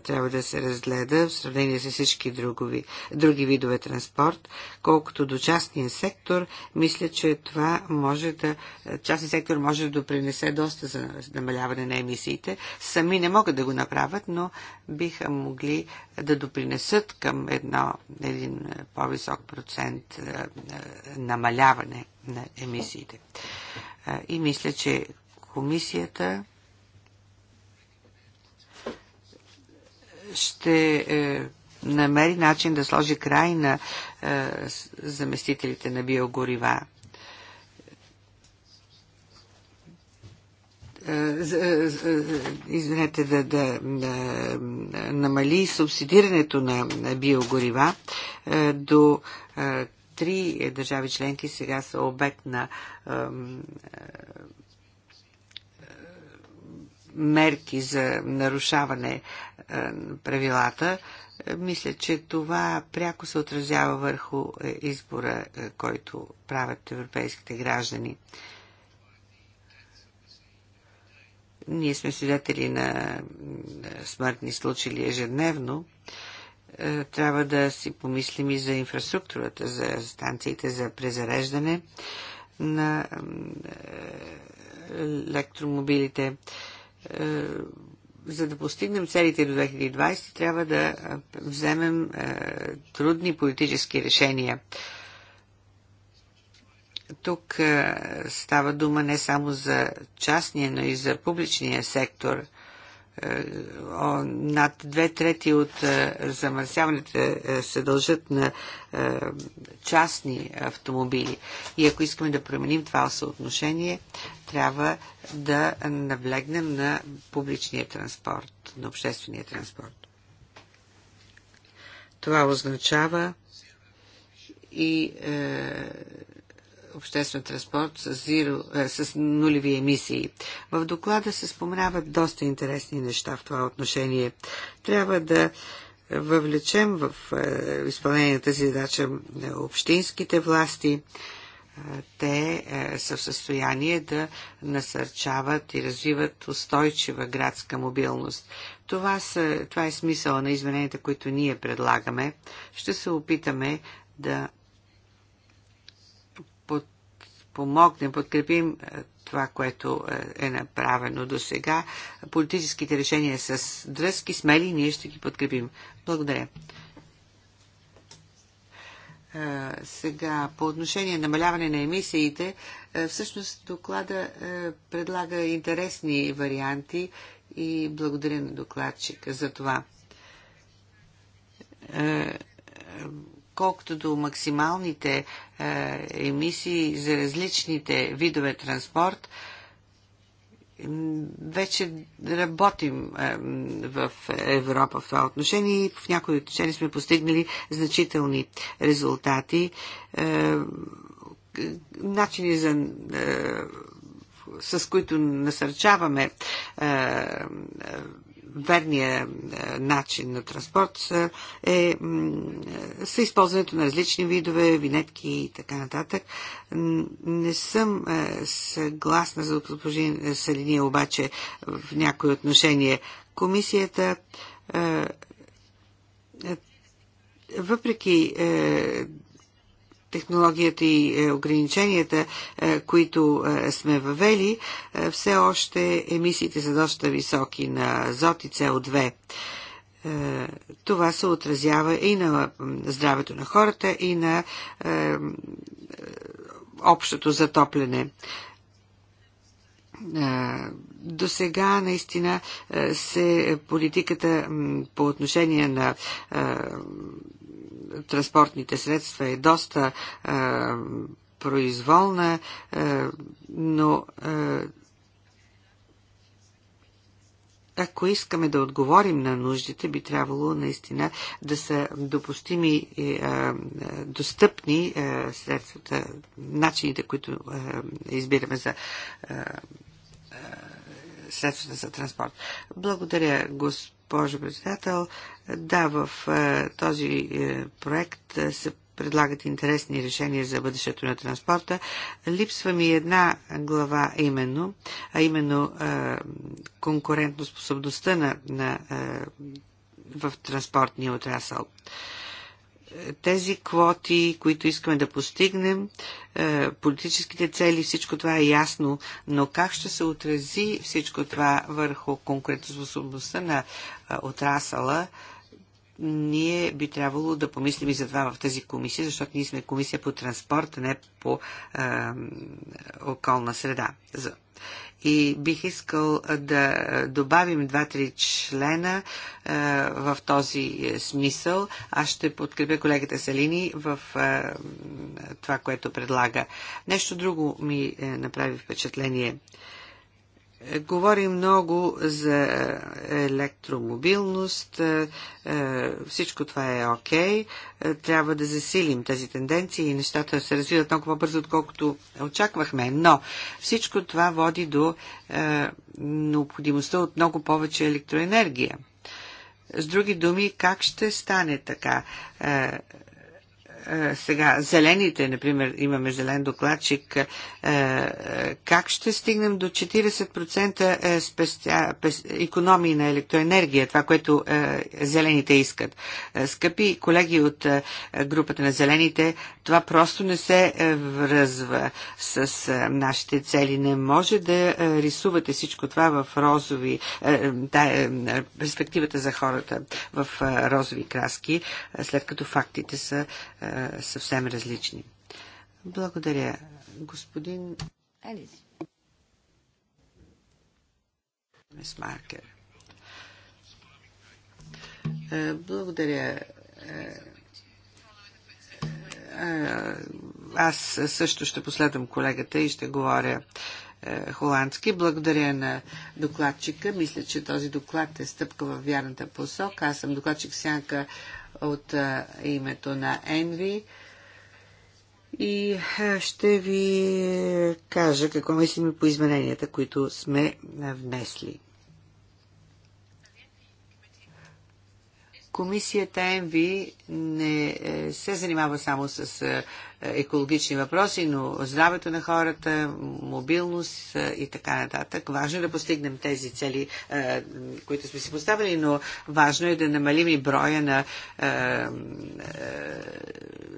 трябва да се разгледа в сравнение с всички другови, други видове транспорт. Колкото до частния сектор, мисля, че това може да. частния сектор може да допринесе доста за намаляване на емисиите. Сами не могат да го направят, но биха могли да допринесат към едно, един по-висок процент е, е, намаляване на емисиите. Е, и мисля, че комисията ще е, намери начин да сложи край на е, заместителите на биогорива. Е, е, е, извинете, да, да, да намали субсидирането на биогорива до три държави членки сега са обект на мерки за нарушаване на е, правилата, е, мисля, че това пряко се отразява върху е, избора, който правят европейските граждани. Ние сме свидетели на смъртни случаи ежедневно. Трябва да си помислим и за инфраструктурата, за станциите за презареждане на електромобилите. Е, за да постигнем целите до 2020, трябва да е, вземем е, трудни политически решения. Тук става дума не само за частния, но и за публичния сектор – над две трети от е, замърсяването е, се дължат на е, частни автомобили. И ако искаме да променим това съотношение, трябва да навлегнем на публичния транспорт, на обществения транспорт. Това означава и е, обществен транспорт с, е, с нулеви емисии. В доклада се споменават доста интересни неща в това отношение. Трябва да въвлечем в е, изпълнение на тази задача е, общинските власти. Е, те са в състояние да насърчават и развиват устойчива градска мобилност. Това, са, това е смисъла на измененията, които ние предлагаме. Ще се опитаме да помогнем, подкрепим е, това, което е, е направено до сега. Политическите решения с дръзки, смели, ние ще ги подкрепим. Благодаря. Е, сега, по отношение на намаляване на емисиите, всъщност доклада предлага интересни варианти и благодаря на докладчика за това Колкото до максималните е, емисии за различните видове транспорт, вече работим е, в Европа в това отношение и в някои отношения сме постигнали значителни резултати. Е, начини за с които насърчаваме верния е, начин на транспорт е, е с използването на различни видове, винетки и така нататък. Не съм е, съгласна за госпожин линия, обаче в някои отношения. Комисията въпреки технологията и е, ограниченията, е, които е, сме въвели, все още емисиите са доста високи на азот и CO2 това се отразява и на здравето на хората, и на общото затопляне. До сега наистина се политиката по отношение на транспортните средства е доста е, произволна, е, но е, ако искаме да отговорим на нуждите, би трябвало наистина да са допустими, и е, достъпни е, средствата, начините, които е, избираме за средствата за транспорт. Благодаря, господин госпожо председател. Да, в е, този е, проект е, се предлагат интересни решения за бъдещето на транспорта. Липсва ми една глава именно, а именно конкурентоспособността на, на, в транспортния отрасъл тези квоти, които искаме да постигнем, е, политическите цели, всичко това е ясно, но как ще се отрази всичко това върху конкурентоспособността на е, отрасала, ние би трябвало да помислим и за това в тази комисия, защото ние сме комисия по транспорт, а не по е, околна среда. За и бих искал да добавим два-три члена в този е, смисъл. Аз ще подкрепя колегата Салини в това, което предлага. Нещо друго ми е, направи впечатление. Е, говори много за електромобилност. Е, е, всичко това е окей. Okay. Трябва да засилим тези тенденции и нещата се развиват много по-бързо, отколкото очаквахме. Но всичко това води до необходимостта от много повече електроенергия. С други думи, как ще стане така? сега зелените, например, имаме зелен докладчик, как ще стигнем до 40% економии на електроенергия, това, което зелените искат. Скъпи колеги от групата на зелените, това просто не се връзва с нашите цели. Не може да рисувате всичко това в розови, да, е, перспективата за хората в розови краски, след като фактите са е, съвсем различни. Благодаря, господин Елис. Маркер. Е, благодаря. Е, аз също ще последвам колегата и ще говоря холандски. Благодаря на докладчика. Мисля, че този доклад е стъпка в вярната посока. Аз съм докладчик Сянка от името на Енви. И ще ви кажа какво мислим по измененията, които сме внесли. Комисията МВ не е, се занимава само с е, екологични въпроси, но здравето на хората, мобилност е, и така нататък. Важно е да постигнем тези цели, които сме си поставили, но важно е да намалим и броя на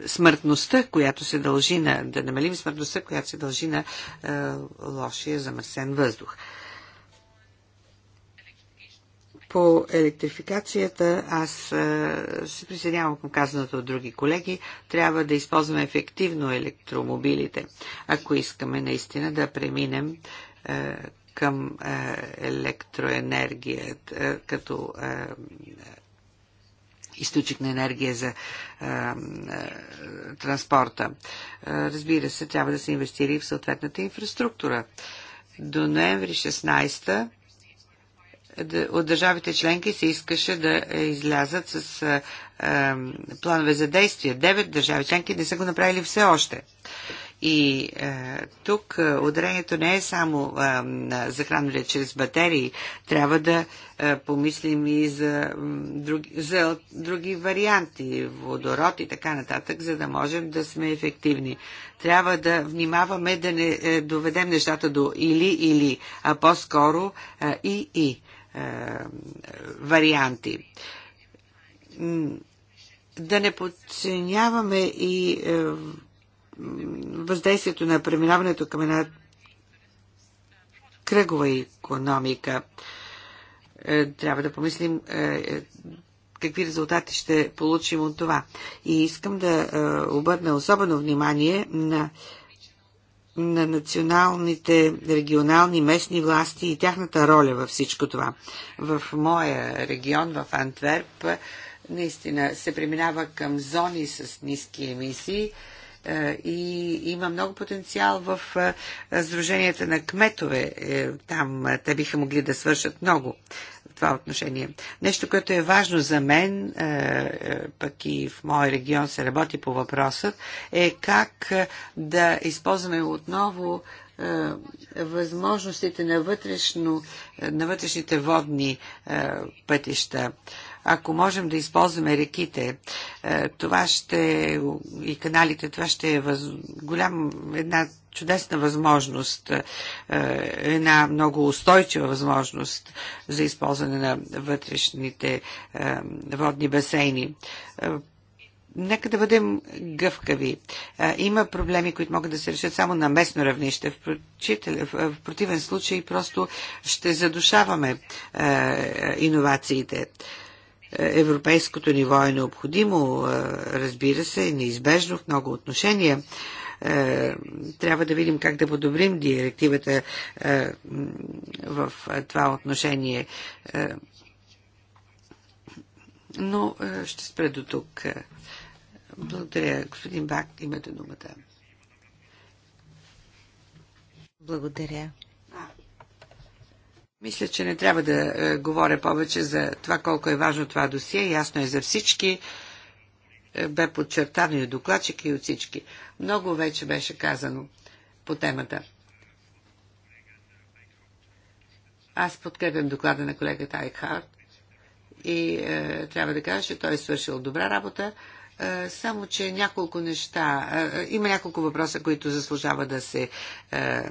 смъртността, която се дължи на, да намалим смъртността, която се дължи на лошия замърсен въздух. По електрификацията аз а, се присъединявам към казаното от други колеги. Трябва да използваме ефективно електромобилите, ако искаме наистина да преминем а, към а, електроенергия а, като източник на енергия за а, а, транспорта. А, разбира се, трябва да се инвестира и в съответната инфраструктура. До ноември 16 та от държавите членки се искаше да излязат с а, а, планове за действие. Девет държави членки не са го направили все още. И е, тук ударението не е само е, захранване чрез батерии. Трябва да е, помислим и за, други, за други варианти, водород и така нататък, за да можем да сме ефективни. Трябва да внимаваме да не е, доведем нещата до или-или, а по-скоро и-и. Е, е, варианти. Да не подценяваме и е, въздействието на преминаването към една кръгова економика. Е, трябва да помислим какви резултати ще получим от това. И искам да обърна особено внимание на на националните, регионални, местни власти и тяхната роля във всичко това. В моя регион, в Антверп, наистина се преминава към зони с ниски емисии е, и има много потенциал в е, сдруженията на кметове. Е, там те биха могли да свършат много това отношение. Нещо, което е важно за мен, е, е, пък и в мой регион се работи по въпросът, е как е, да използваме отново възможностите на, вътрешно, на вътрешните водни пътища. Ако можем да използваме реките, това ще и каналите, това ще е въз... голям, една чудесна възможност, е, е, една много устойчива възможност за използване на вътрешните е, водни басейни. Нека да бъдем гъвкави. Има проблеми, които могат да се решат само на местно равнище. В противен случай просто ще задушаваме иновациите европейското ниво е необходимо, разбира се, неизбежно в много отношения, е, трябва да видим как да подобрим директивата е, в това отношение. Е, но ще спре до тук. Благодаря, господин Бак. Имате думата. Благодаря. Мисля, че не трябва да говоря повече за това колко е важно това досие. Ясно е за всички. Е, бе подчертано и от докладчика и от всички. Много вече беше казано по темата. Аз подкрепям доклада на колегата Айхард и е, трябва да кажа, че той е свършил добра работа, е, само че няколко неща, е, е има няколко въпроса, които заслужава да се е,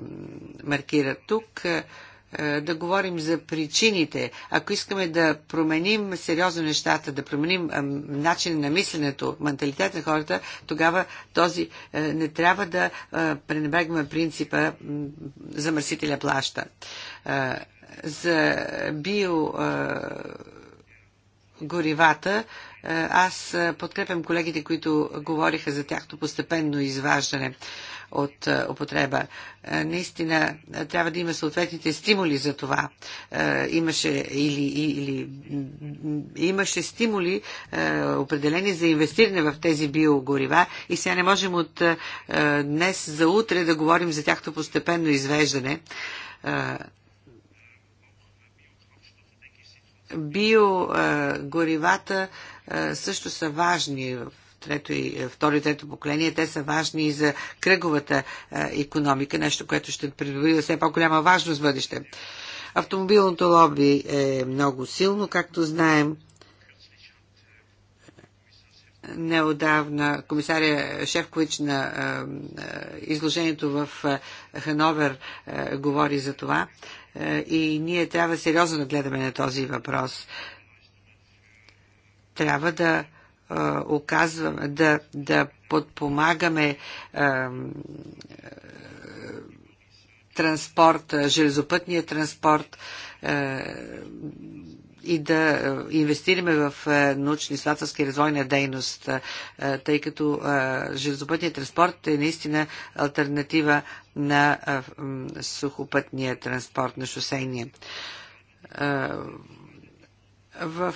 маркират тук. Е, е, да говорим за причините. Ако искаме да променим сериозно нещата, да променим начин на мисленето, менталитет на хората, тогава този е, не трябва да е, пренебрегваме принципа замърсителя плаща. За био горивата, аз подкрепям колегите, които говориха за тяхното постепенно изваждане от е, употреба. Е, наистина е, трябва да има съответните стимули за това. Имаше или, или имаше стимули определени за инвестиране в тези биогорива и сега не можем от днес за утре да говорим за тяхто постепенно извеждане биогоривата също са важни в трето и, е, второ и трето поколение, те са важни и за кръговата економика, нещо, което ще придобие все по-голяма важност в бъдеще. Автомобилното лоби е много силно, както знаем. Неодавна комисаря Шефкович на е, е, изложението в Хановер говори за това и ние трябва сериозно да гледаме на този въпрос. Трябва да оказваме, да, да подпомагаме транспорта, железопътния транспорт и да инвестираме в научни изследователска развойна дейност, тъй като железопътният транспорт е наистина альтернатива на сухопътния транспорт, на шосейния. В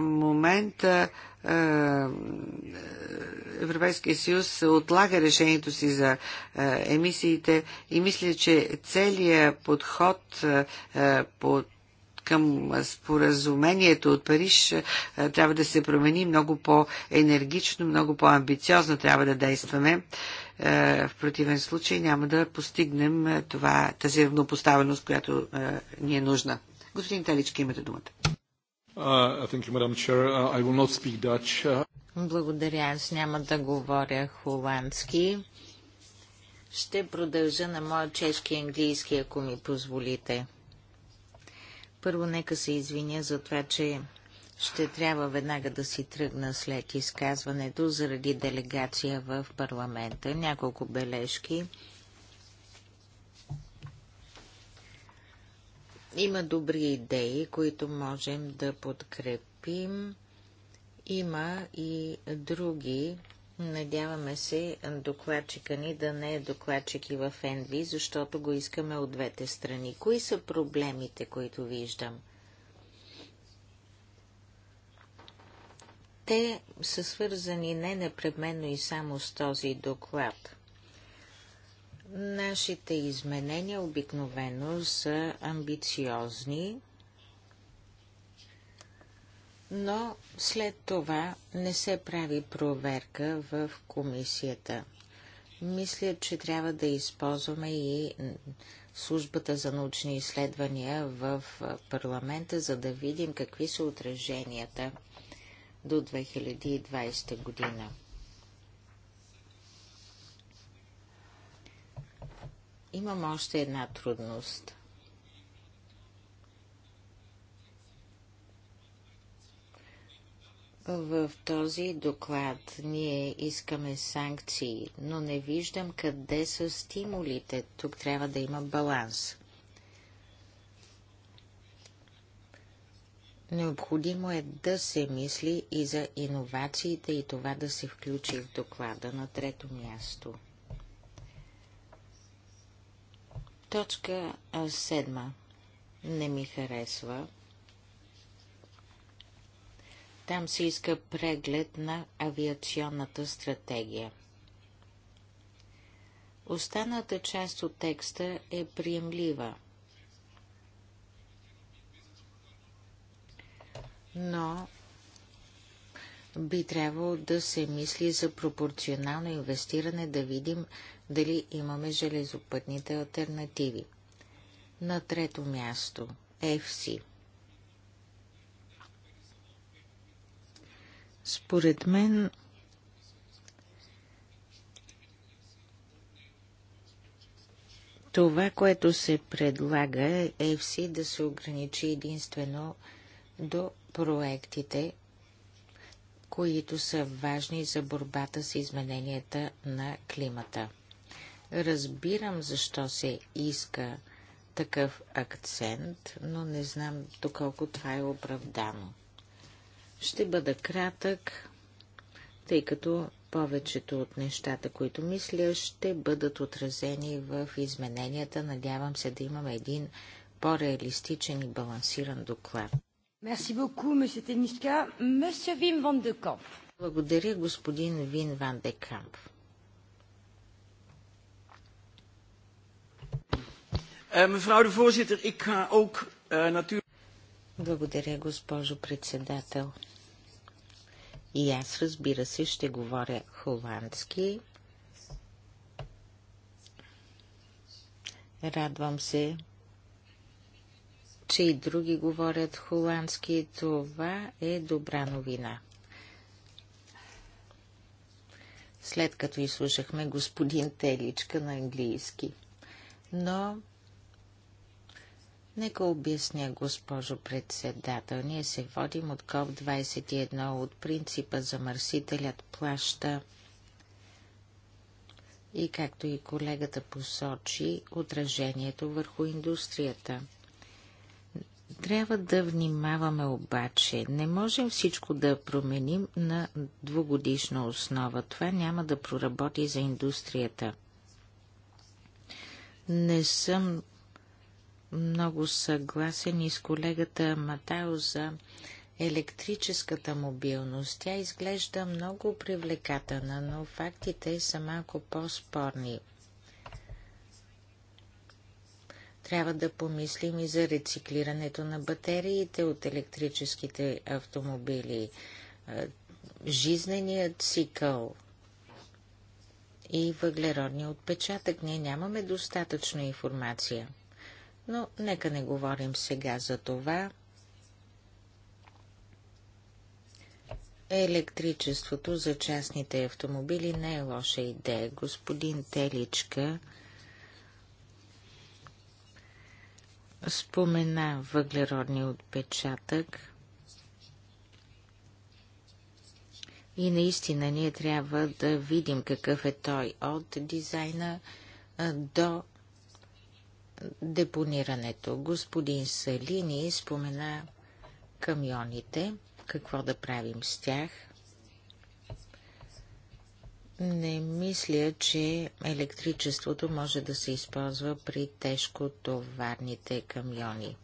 момента е, Европейския съюз отлага решението си за е, емисиите и мисля, че целият подход е, по към споразумението от Париж трябва да се промени много по-енергично, много по-амбициозно трябва да действаме. В противен случай няма да постигнем това, тази равнопоставеност, която ни е нужна. Господин Талички, имате думата. Uh, uh, uh, Благодаря, аз няма да говоря холандски. Ще продължа на моя чешки и английски, ако ми позволите. Първо, нека се извиня за това, че ще трябва веднага да си тръгна след изказването заради делегация в парламента. Няколко бележки. Има добри идеи, които можем да подкрепим. Има и други. Надяваме се докладчика ни да не е докладчик и в Енви, защото го искаме от двете страни. Кои са проблемите, които виждам? Те са свързани не непременно и само с този доклад. Нашите изменения обикновено са амбициозни, но след това не се прави проверка в комисията. Мисля, че трябва да използваме и службата за научни изследвания в парламента, за да видим какви са отраженията до 2020 година. имам още една трудност. В този доклад ние искаме санкции, но не виждам къде са стимулите. Тук трябва да има баланс. Необходимо е да се мисли и за иновациите и това да се включи в доклада на трето място – Точка седма не ми харесва. Там се иска преглед на авиационната стратегия. Останата част от текста е приемлива. Но би трябвало да се мисли за пропорционално инвестиране, да видим дали имаме железопътните альтернативи. На трето място FC. Според мен това, което се предлага е FC да се ограничи единствено до проектите, които са важни за борбата с измененията на климата. Разбирам защо се иска такъв акцент, но не знам доколко това е оправдано. Ще бъда кратък, тъй като повечето от нещата, които мисля, ще бъдат отразени в измененията. Надявам се да имаме един по-реалистичен и балансиран доклад. Мерси beaucoup, monsieur Teniska. Monsieur Благодаря, господин Вин Ван де Камп. Eh, ik ga ook eh, natuurlijk... Благодаря, госпожо председател. И аз, разбира се, ще говоря холандски. Радвам се, че и други говорят холандски. Това е добра новина. След като изслушахме господин Теличка на английски. Но Нека обясня, госпожо председател. Ние се водим от КОП-21, от принципа замърсителят плаща. И както и колегата посочи, отражението върху индустрията. Трябва да внимаваме обаче. Не можем всичко да променим на двугодишна основа. Това няма да проработи за индустрията. Не съм много съгласен и с колегата Матао за електрическата мобилност. Тя изглежда много привлекателна, но фактите са малко по-спорни. Трябва да помислим и за рециклирането на батериите от електрическите автомобили, жизненият цикъл и въглеродния отпечатък. Ние нямаме достатъчно информация но нека не говорим сега за това. Електричеството за частните автомобили не е лоша идея. Господин Теличка спомена въглеродния отпечатък и наистина ние трябва да видим какъв е той от дизайна до депонирането. Господин Салини спомена камионите, какво да правим с тях. Не мисля, че електричеството може да се използва при тежкотоварните камиони.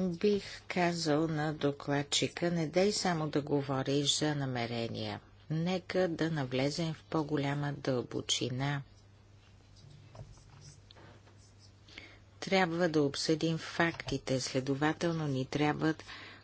Бих казал на докладчика, не дай само да говориш за намерения – нека да навлезем в по-голяма дълбочина. Трябва да обсъдим фактите, следователно ни трябват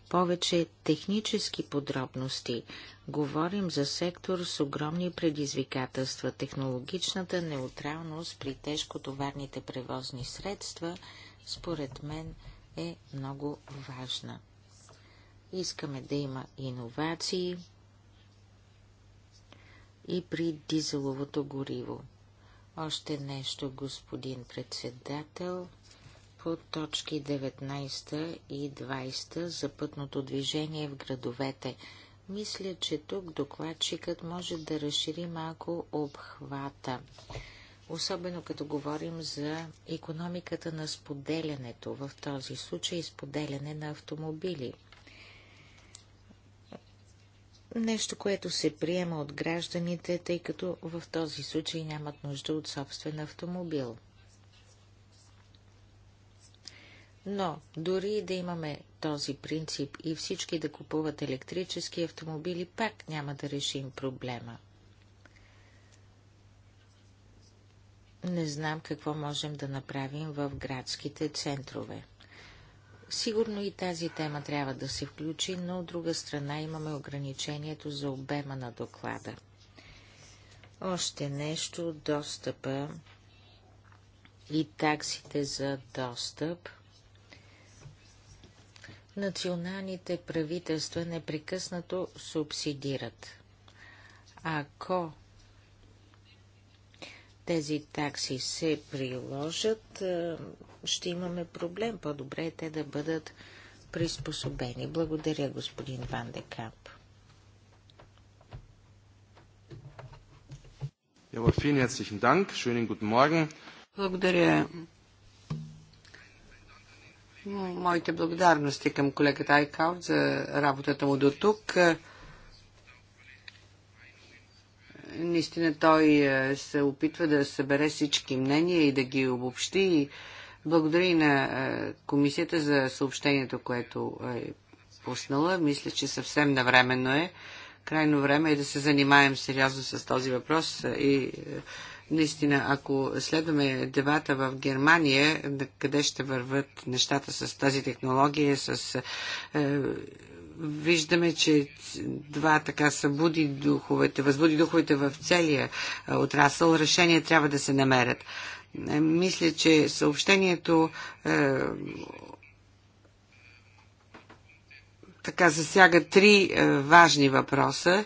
повече технически подробности. Говорим за сектор с огромни предизвикателства. Технологичната неутралност при тежкотоварните превозни средства, според мен, е много важна. Искаме да има иновации, и при дизеловото гориво. Още нещо, господин председател, по точки 19 и 20 за пътното движение в градовете. Мисля, че тук докладчикът може да разшири малко обхвата. Особено като говорим за економиката на споделянето, в този случай споделяне на автомобили – нещо, което се приема от гражданите, тъй като в този случай нямат нужда от собствен автомобил. Но дори да имаме този принцип и всички да купуват електрически автомобили, пак няма да решим проблема. Не знам какво можем да направим в градските центрове. Сигурно и тази тема трябва да се включи, но от друга страна имаме ограничението за обема на доклада. Още нещо, достъпа и таксите за достъп. Националните правителства непрекъснато субсидират. Ако тези такси се приложат, ще имаме проблем. По-добре е те да бъдат приспособени. Благодаря, господин Ван де Благодаря. Моите благодарности към колегата Айкаут за работата му до тук. Наистина той е, се опитва да събере всички мнения и да ги обобщи. Благодаря и на е, комисията за съобщението, което е пуснала. Мисля, че съвсем навременно е. Крайно време е да се занимаем сериозно с този въпрос е, и наистина, ако следваме дебата в Германия, къде ще върват нещата с тази технология, с виждаме, че два така събуди духовете, възбуди духовете в целия отрасъл, решения трябва да се намерят. Е, мисля, че съобщението е, така засяга три е, важни въпроса.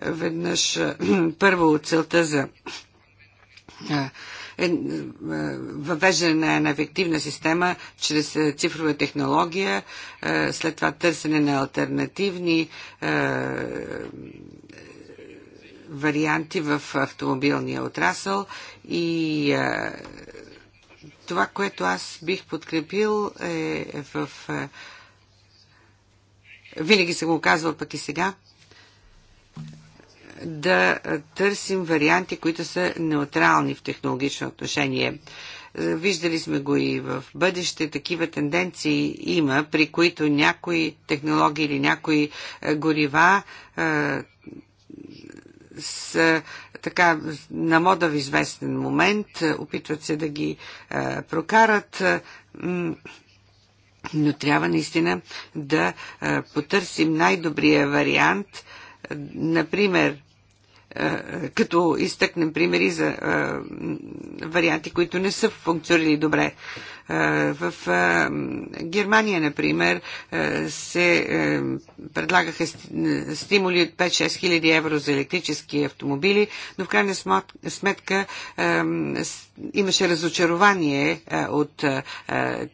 Е, веднъж, е, първо, целта за е, е, е, въвеждане на ефективна система чрез е, цифрова технология, е, след това търсене на альтернативни е, варианти в автомобилния отрасъл и е, това, което аз бих подкрепил е в. Е, винаги се го казвал пък и сега да търсим варианти, които са неутрални в технологично отношение. Виждали сме го и в бъдеще. Такива тенденции има, при които някои технологии или някои е, горива е, са така на мода в известен момент, опитват се да ги е, прокарат, но трябва наистина да е, потърсим най-добрия вариант. Например, е, е, като изтъкнем примери за е, варианти, които не са функционирали добре. В Германия, например, се предлагаха стимули от 5-6 хиляди евро за електрически автомобили, но в крайна сметка имаше разочарование от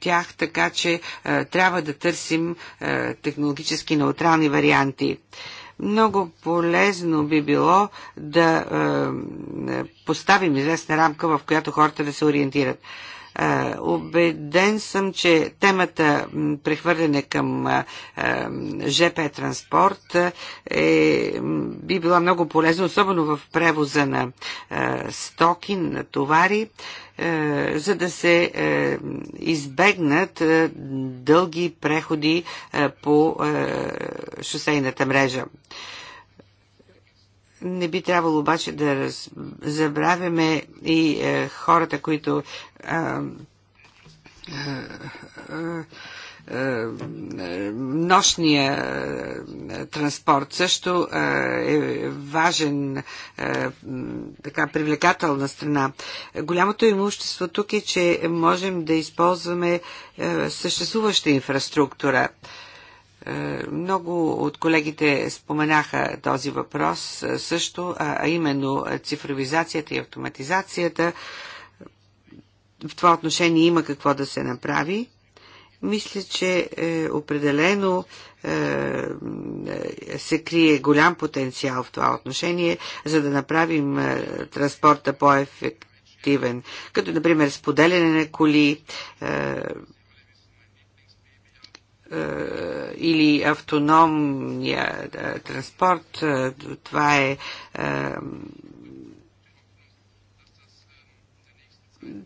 тях, така че трябва да търсим технологически неутрални варианти. Много полезно би било да е, поставим известна рамка, в която хората да се ориентират. Обеден е, съм, че темата прехвърляне към е, е, ЖП транспорт е, би била много полезна, особено в превоза на стоки, на товари. Е, за да се е, избегнат е, дълги преходи по шосейната мрежа. Не би трябвало обаче да забравяме и хората, които нощния е, транспорт също е, е важен, е, така привлекателна страна. Голямото имущество тук е, че можем да използваме съществуваща инфраструктура. Много от колегите споменаха този въпрос също, а именно цифровизацията и автоматизацията. В това отношение има какво да се направи мисля, че е, определено е, е, се крие голям потенциал в това отношение, за да направим е, транспорта по-ефективен. Като, например, споделяне на коли. Е, е или автономния е, транспорт. Това е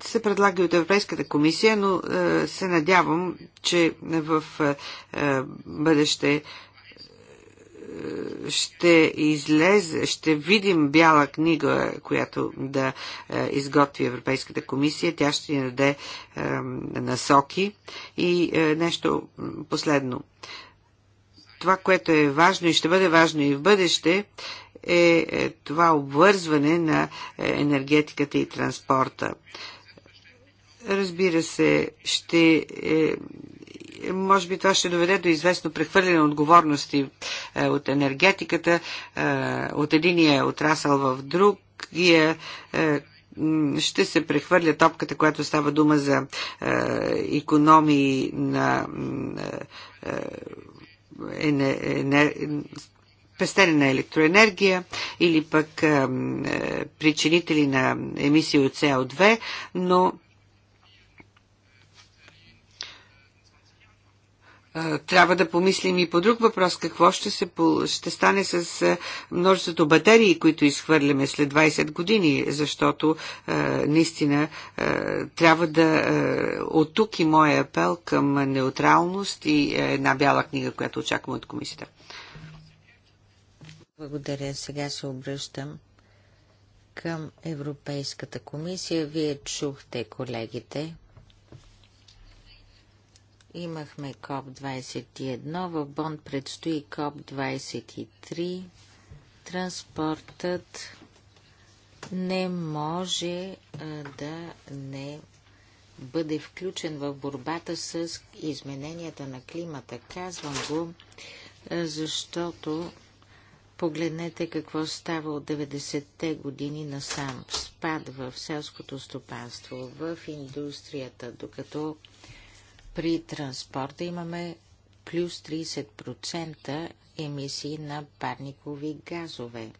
се предлага и от Европейската комисия, но е, се надявам, че в е, бъдеще е, ще излезе, ще видим бяла книга, която да изготви Европейската комисия. Тя ще ни даде насоки. И нещо последно това, което е важно и ще бъде важно и в бъдеще, е, е това обвързване на е, енергетиката и транспорта. Разбира се, ще. Е, може би това ще доведе до известно прехвърляне отговорности от енергетиката, от единия отрасъл в другия, ще се прехвърля топката, която става дума за економии на пестене на електроенергия или пък е, причинители на емисии от СО2, но Е, трябва да помислим и по друг въпрос. Какво ще, се, ще стане с е, множеството батерии, които изхвърляме след 20 години, защото е, наистина трябва да... от тук и моя апел към неутралност и една бяла книга, която очаквам от комисията. Благодаря. Сега се обръщам към Европейската комисия. Вие чухте колегите. Имахме КОП-21, в Бон предстои КОП-23. Транспортът не може да не бъде включен в борбата с измененията на климата. Казвам го, защото погледнете какво става от 90-те години насам. Спад в селското стопанство, в индустрията, докато при транспорта имаме плюс 30% емисии на парникови газове.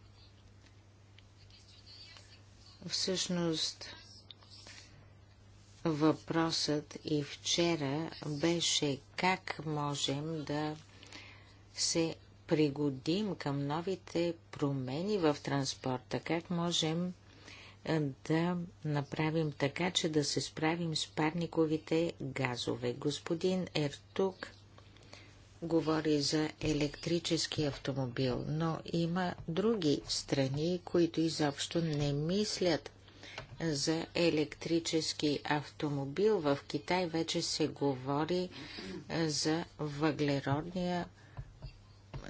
Всъщност, въпросът и вчера беше как можем да се пригодим към новите промени в транспорта, как можем да направим така, че да се справим с парниковите газове. Господин Ертук говори за електрически автомобил, но има други страни, които изобщо не мислят за електрически автомобил. В Китай вече се говори за въглеродния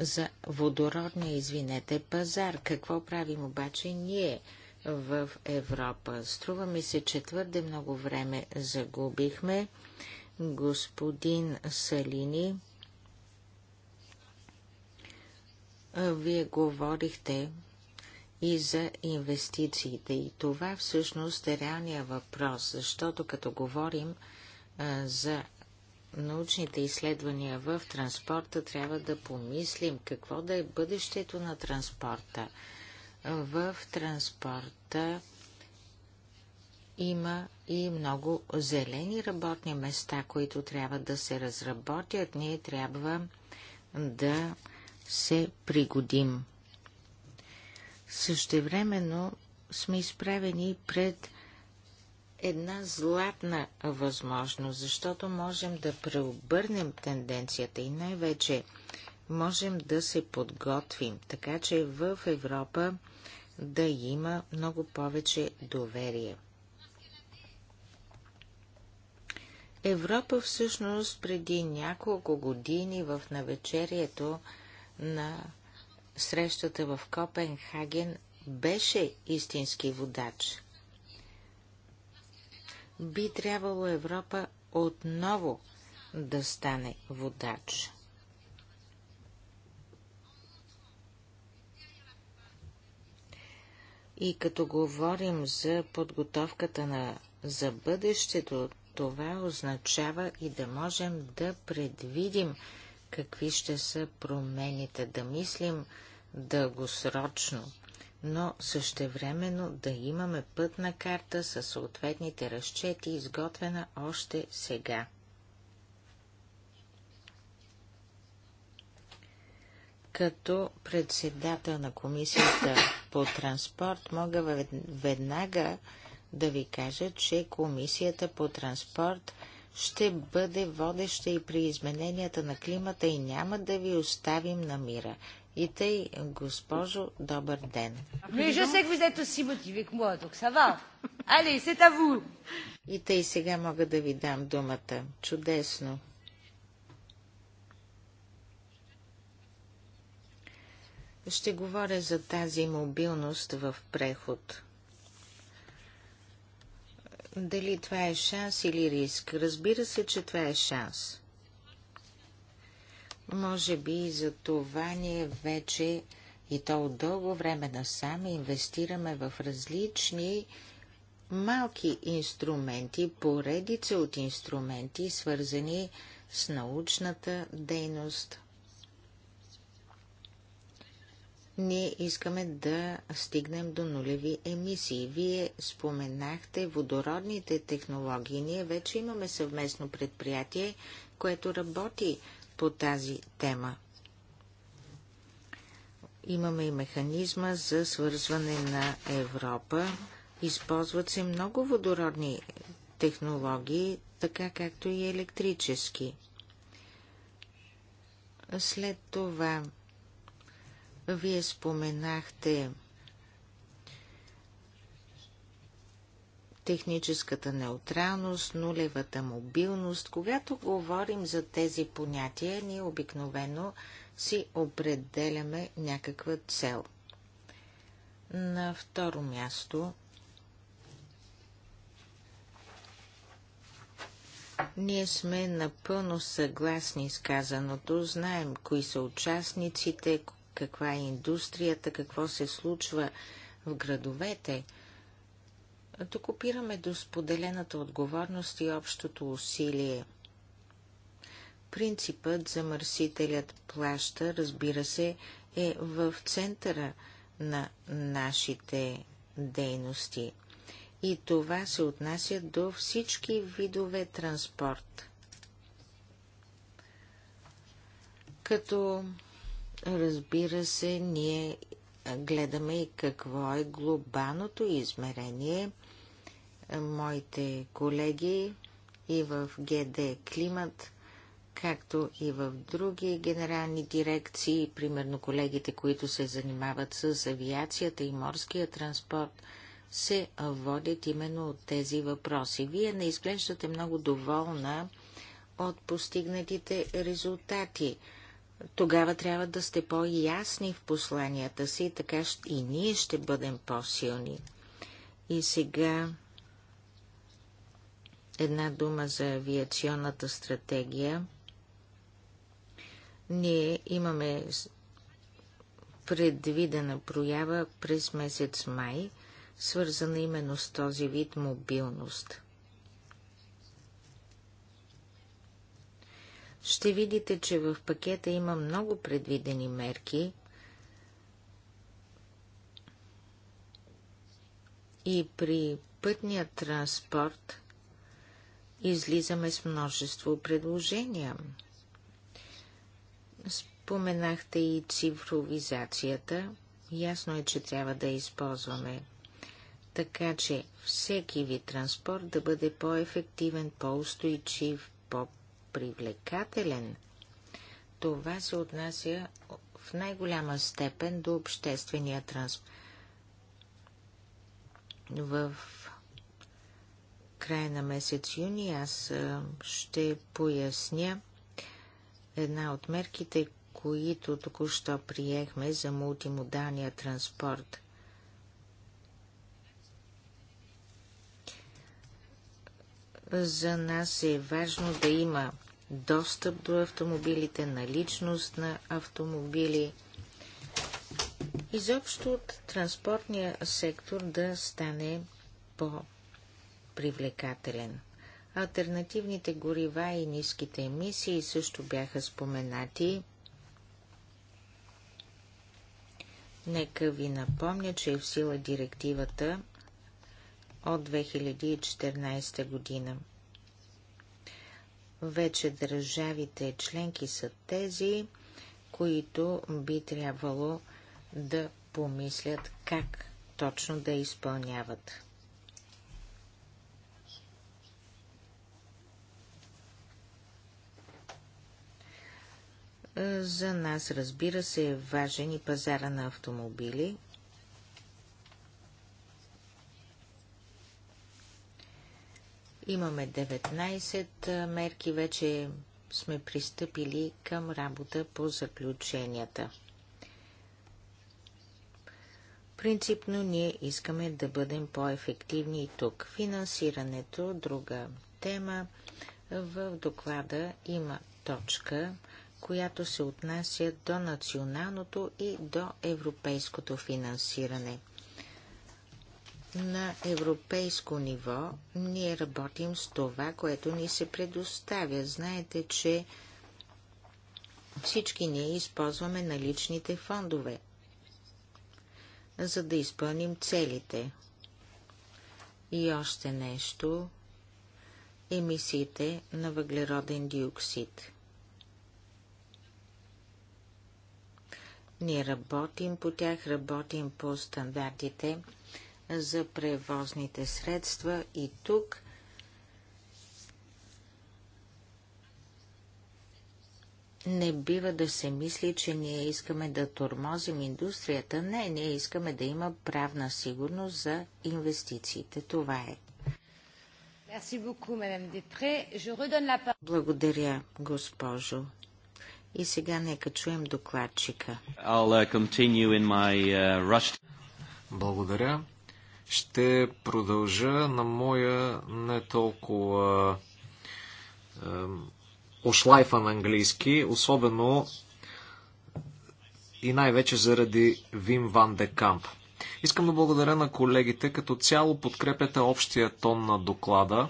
за водородния, извинете, пазар. Какво правим обаче ние? в Европа. Струва ми се, че твърде много време загубихме. Господин Салини, вие говорихте и за инвестициите. И това всъщност е реалния въпрос, защото като говорим за научните изследвания в транспорта, трябва да помислим какво да е бъдещето на транспорта в транспорта има и много зелени работни места, които трябва да се разработят. Ние трябва да се пригодим. Същевременно сме изправени пред една златна възможност, защото можем да преобърнем тенденцията и най-вече можем да се подготвим. Така че в Европа да има много повече доверие. Европа всъщност преди няколко години в навечерието на срещата в Копенхаген беше истински водач. Би трябвало Европа отново да стане водач. И като говорим за подготовката на, за бъдещето, това означава и да можем да предвидим какви ще са промените, да мислим дългосрочно, но същевременно да имаме пътна карта със съответните разчети, изготвена още сега. Като председател на комисията по транспорт, мога веднага да ви кажа, че Комисията по транспорт ще бъде водеща и при измененията на климата и няма да ви оставим на мира. И тъй, госпожо, добър ден. И тъй сега мога да ви дам думата. Чудесно. Ще говоря за тази мобилност в преход. Дали това е шанс или риск? Разбира се, че това е шанс. Може би и за това ние вече и то от дълго време насам инвестираме в различни малки инструменти, поредица от инструменти, свързани с научната дейност, ние искаме да стигнем до нулеви емисии. Вие споменахте водородните технологии. Ние вече имаме съвместно предприятие, което работи по тази тема. Имаме и механизма за свързване на Европа. Използват се много водородни технологии, така както и електрически. След това вие споменахте техническата неутралност, нулевата мобилност. Когато говорим за тези понятия, ние обикновено си определяме някаква цел. На второ място Ние сме напълно съгласни с казаното, знаем кои са участниците, каква е индустрията, какво се случва в градовете. Тук опираме до споделената отговорност и общото усилие. Принципът замърсителят плаща, разбира се, е в центъра на нашите дейности. И това се отнася до всички видове транспорт. Като Разбира се, ние гледаме и какво е глобалното измерение. Моите колеги и в ГД Климат, както и в други генерални дирекции, примерно колегите, които се занимават с авиацията и морския транспорт, се водят именно от тези въпроси. Вие не изглеждате много доволна от постигнатите резултати тогава трябва да сте по-ясни в посланията си, така и ние ще бъдем по-силни. И сега една дума за авиационната стратегия. Ние имаме предвидена проява през месец май, свързана именно с този вид мобилност. ще видите, че в пакета има много предвидени мерки и при пътния транспорт излизаме с множество предложения. Споменахте и цифровизацията. Ясно е, че трябва да използваме така че всеки ви транспорт да бъде по-ефективен, по-устойчив, по привлекателен. Това се отнася в най-голяма степен до обществения транспорт. В края на месец юни аз ще поясня една от мерките, които току-що приехме за мултимодалния транспорт. За нас е важно да има достъп до автомобилите, наличност на автомобили. Изобщо от транспортния сектор да стане по-привлекателен. Альтернативните горива и ниските емисии също бяха споменати. Нека ви напомня, че е в сила директивата от 2014 година. Вече държавите членки са тези, които би трябвало да помислят как точно да изпълняват. За нас, разбира се, е важен и пазара на автомобили. Имаме 19 мерки, вече сме пристъпили към работа по заключенията. Принципно ние искаме да бъдем по-ефективни и тук. Финансирането, друга тема, в доклада има точка, която се отнася до националното и до европейското финансиране – на европейско ниво ние работим с това, което ни се предоставя. Знаете, че всички ние използваме наличните фондове, за да изпълним целите. И още нещо – емисиите на въглероден диоксид. Ние работим по тях, работим по стандартите – за превозните средства и тук не бива да се мисли, че ние искаме да тормозим индустрията. Не, ние искаме да има правна сигурност за инвестициите. Това е. Благодаря, госпожо. И сега нека чуем докладчика. Uh, uh, Благодаря. Ще продължа на моя не толкова е, ошлайфан английски, особено и най-вече заради Вим Ван де Камп. Искам да благодаря на колегите. Като цяло подкрепяте общия тон на доклада.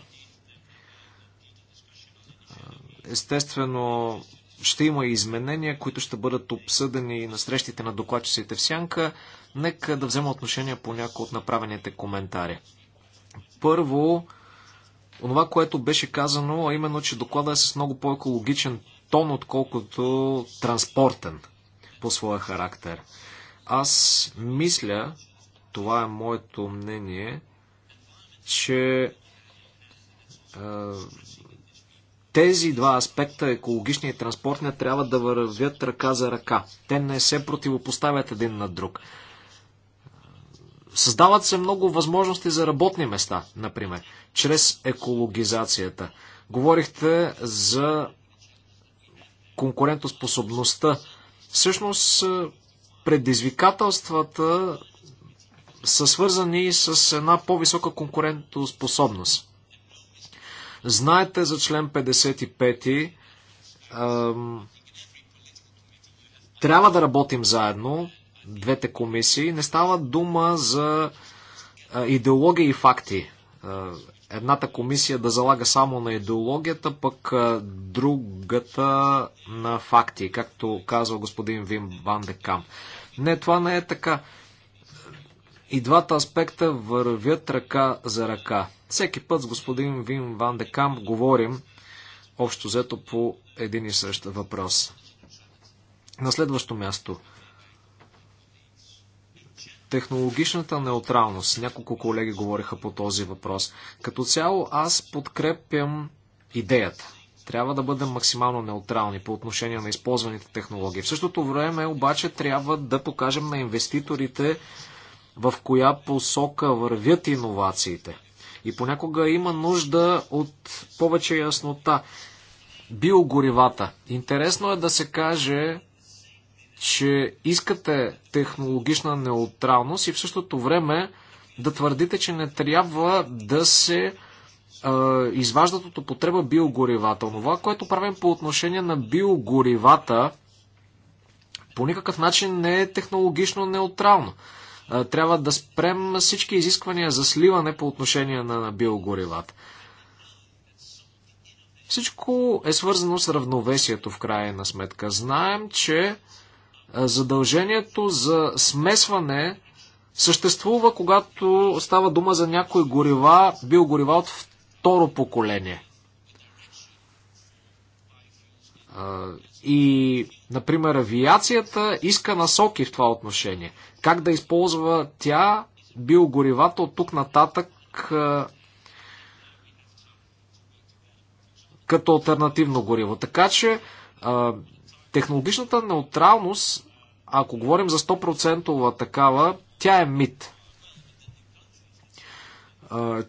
Естествено, ще има и изменения, които ще бъдат обсъдени на срещите на докладчиците в Сянка. Нека да взема отношение по някои от направените коментари. Първо, това, което беше казано, а именно, че доклада е с много по-екологичен тон, отколкото транспортен по своя характер. Аз мисля, това е моето мнение, че тези два аспекта, екологичния и транспортния, трябва да вървят ръка за ръка. Те не се противопоставят един на друг. Създават се много възможности за работни места, например, чрез екологизацията. Говорихте за конкурентоспособността. Всъщност, предизвикателствата са свързани с една по-висока конкурентоспособност. Знаете за член 55. Трябва да работим заедно, двете комисии. Не става дума за идеология и факти. Едната комисия да залага само на идеологията, пък другата на факти, както казва господин Вим Ван Декам. Не, това не е така. И двата аспекта вървят ръка за ръка. Всеки път с господин Вин Ван де Камп говорим общо взето по един и същ въпрос. На следващо място. Технологичната неутралност. Няколко колеги говориха по този въпрос. Като цяло аз подкрепям идеята. Трябва да бъдем максимално неутрални по отношение на използваните технологии. В същото време обаче трябва да покажем на инвеститорите, в коя посока вървят иновациите. И понякога има нужда от повече яснота. Биогоривата. Интересно е да се каже, че искате технологична неутралност и в същото време да твърдите, че не трябва да се изваждат от употреба биогоривата. Това, което правим по отношение на биогоривата, по никакъв начин не е технологично неутрално. Трябва да спрем всички изисквания за сливане по отношение на биогоривата. Всичко е свързано с равновесието в крайна сметка. Знаем, че задължението за смесване съществува, когато става дума за някои горива, биогорива от второ поколение. И, например, авиацията иска насоки в това отношение. Как да използва тя биогоривата от тук нататък като альтернативно гориво. Така че технологичната неутралност, ако говорим за 100% такава, тя е мит.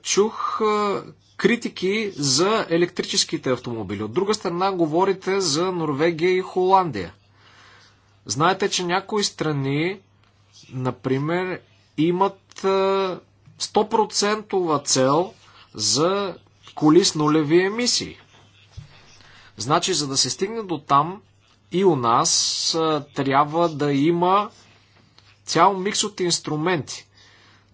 чух критики за електрическите автомобили. От друга страна говорите за Норвегия и Холандия. Знаете, че някои страни, например, имат 100% е, цел за коли с нулеви емисии. Значи, за да се стигне до там и у нас, е, трябва да има цял микс от инструменти,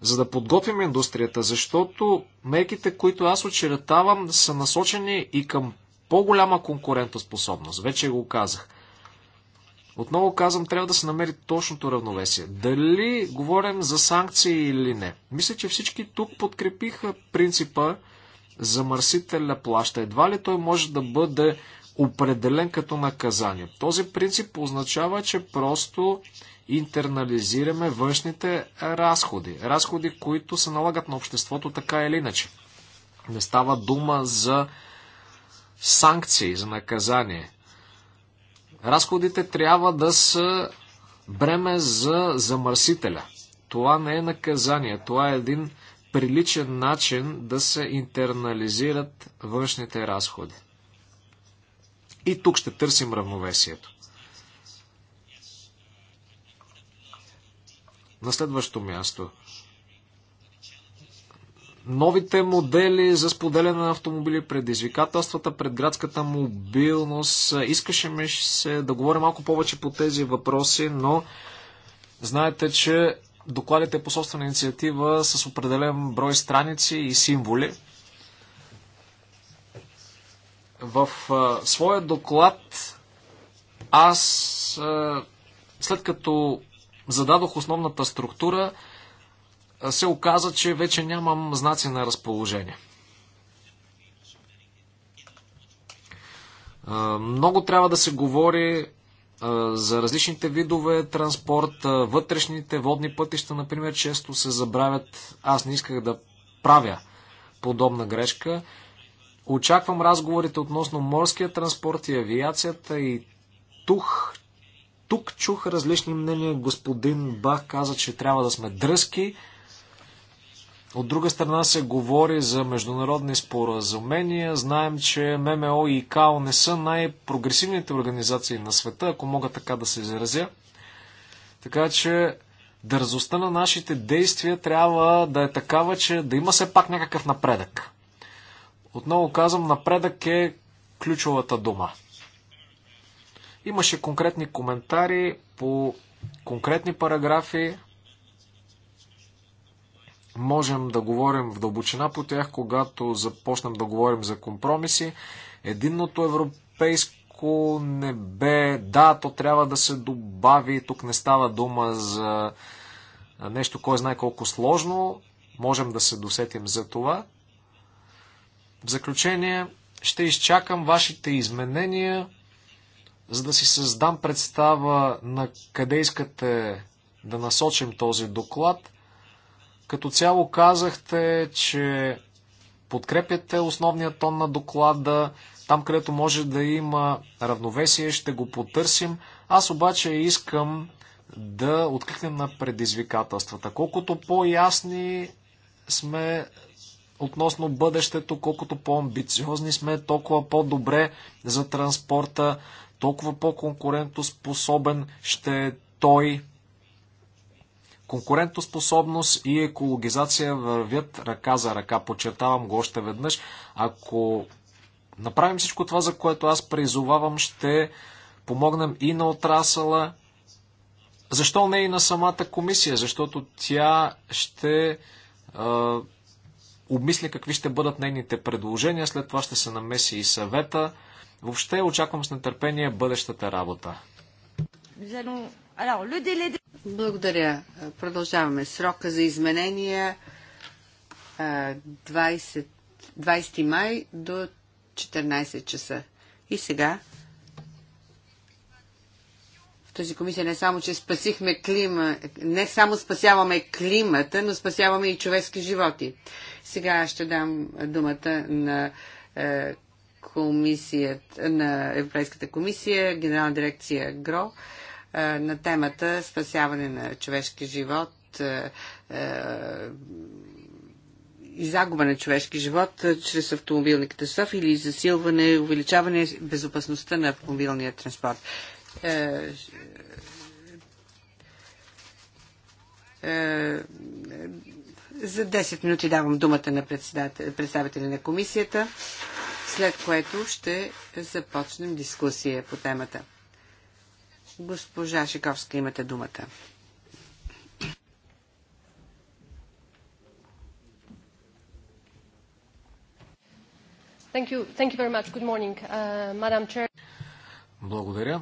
за да подготвим индустрията, защото мерките, които аз очеретавам, са насочени и към по-голяма конкурентоспособност. Вече го казах. Отново казвам, трябва да се намери точното равновесие. Дали говорим за санкции или не? Мисля, че всички тук подкрепиха принципа замърсителя плаща. Едва ли той може да бъде определен като наказание. Този принцип означава, че просто интернализираме външните разходи. Разходи, които се налагат на обществото така или иначе. Не става дума за санкции, за наказание. Разходите трябва да са бреме за замърсителя. Това не е наказание, това е един приличен начин да се интернализират външните разходи. И тук ще търсим равновесието. На следващо място. Новите модели за споделяне на автомобили, предизвикателствата пред градската мобилност. Искаше ми се да говоря малко повече по тези въпроси, но знаете, че докладите по собствена инициатива с определен брой страници и символи. В а, своя доклад аз а, след като зададох основната структура, се оказа, че вече нямам знаци на разположение. Много трябва да се говори за различните видове транспорт, вътрешните водни пътища, например, често се забравят. Аз не исках да правя подобна грешка. Очаквам разговорите относно морския транспорт и авиацията и тух тук чух различни мнения. Господин Бах каза, че трябва да сме дръзки. От друга страна се говори за международни споразумения. Знаем, че ММО и ИКАО не са най-прогресивните организации на света, ако мога така да се изразя. Така че дързостта на нашите действия трябва да е такава, че да има все пак някакъв напредък. Отново казвам, напредък е ключовата дума. Имаше конкретни коментари по конкретни параграфи. Можем да говорим в дълбочина по тях, когато започнем да говорим за компромиси. Единното европейско небе, да, то трябва да се добави. Тук не става дума за нещо, кой знае колко сложно. Можем да се досетим за това. В заключение, ще изчакам вашите изменения за да си създам представа на къде искате да насочим този доклад. Като цяло казахте, че подкрепяте основния тон на доклада, там където може да има равновесие, ще го потърсим. Аз обаче искам да откликнем на предизвикателствата. Колкото по-ясни сме относно бъдещето, колкото по-амбициозни сме, толкова по-добре за транспорта толкова по-конкурентоспособен ще е той. Конкурентоспособност и екологизация вървят ръка за ръка. Подчертавам го още веднъж. Ако направим всичко това, за което аз призовавам, ще помогнем и на отрасъла. Защо не и на самата комисия? Защото тя ще е, обмисли какви ще бъдат нейните предложения, след това ще се намеси и съвета. Въобще очаквам с нетърпение бъдещата работа. Благодаря. Продължаваме. Срока за изменения 20, 20 май до 14 часа. И сега в тази комисия не само, че спасихме клима, не само спасяваме климата, но спасяваме и човешки животи. Сега ще дам думата на е, комисията, на Европейската комисия, генерална дирекция ГРО, на темата спасяване на човешки живот и загуба на човешки живот чрез автомобилни катастрофи или засилване, увеличаване безопасността на автомобилния транспорт. За 10 минути давам думата на представители на комисията след което ще започнем дискусия по темата. Госпожа Шиковска, имате думата. Thank you. Thank you very much. Good morning, uh, Chair. Благодаря.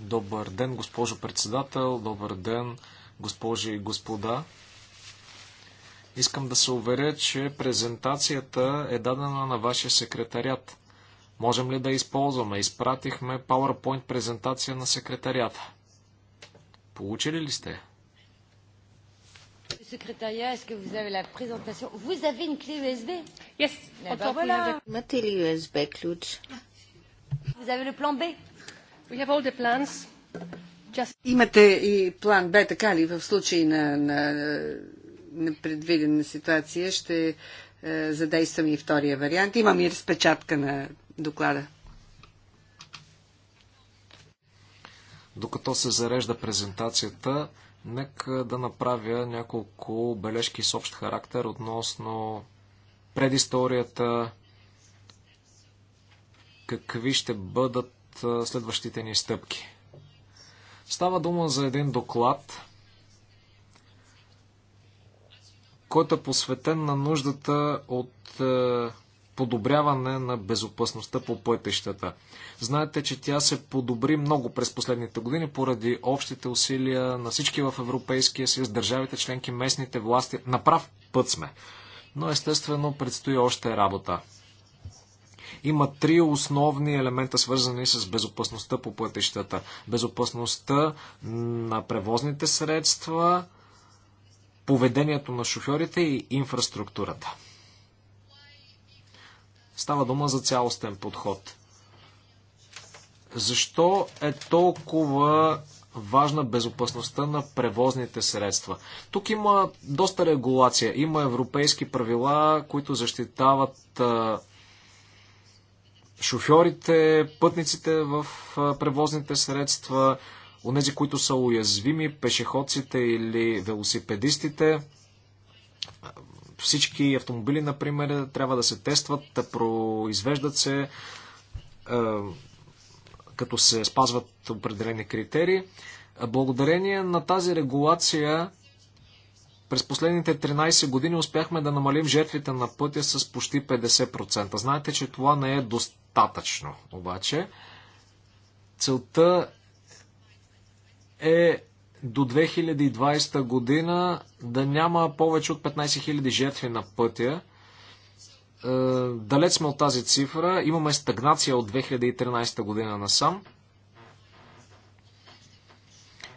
Добър ден, госпожо председател. Добър ден, госпожи и господа. Искам да се уверя, че презентацията е дадена на вашия секретарят. Можем ли да използваме? Изпратихме PowerPoint презентация на секретарята. Получили ли сте? секретария, est ви que презентация. avez la présentation Vous USB Yes. Encore Имате ли USB ключ? Vous avez le plan B We have all the plans. Just... Имате и план Б, така ли, в случай на, на непредвидена ситуация ще е, задействам и втория вариант. Имам и разпечатка на доклада. Докато се зарежда презентацията, нека да направя няколко бележки с общ характер относно предисторията, какви ще бъдат е, следващите ни стъпки. Става дума за един доклад, който е посветен на нуждата от е, подобряване на безопасността по пътищата. Знаете, че тя се подобри много през последните години поради общите усилия на всички в Европейския съюз, държавите членки, местните власти. направ път сме. Но естествено предстои още работа. Има три основни елемента, свързани с безопасността по пътищата. Безопасността на превозните средства, поведението на шофьорите и инфраструктурата. Става дума за цялостен подход. Защо е толкова важна безопасността на превозните средства. Тук има доста регулация. Има европейски правила, които защитават шофьорите, пътниците в превозните средства онези, които са уязвими, пешеходците или велосипедистите. Всички автомобили, например, трябва да се тестват, да произвеждат се, е, като се спазват определени критерии. Благодарение на тази регулация през последните 13 години успяхме да намалим жертвите на пътя с почти 50%. Знаете, че това не е достатъчно, обаче. Целта е до 2020 година да няма повече от 15 000 жертви на пътя. Е, далеч сме от тази цифра. Имаме стагнация от 2013 година насам.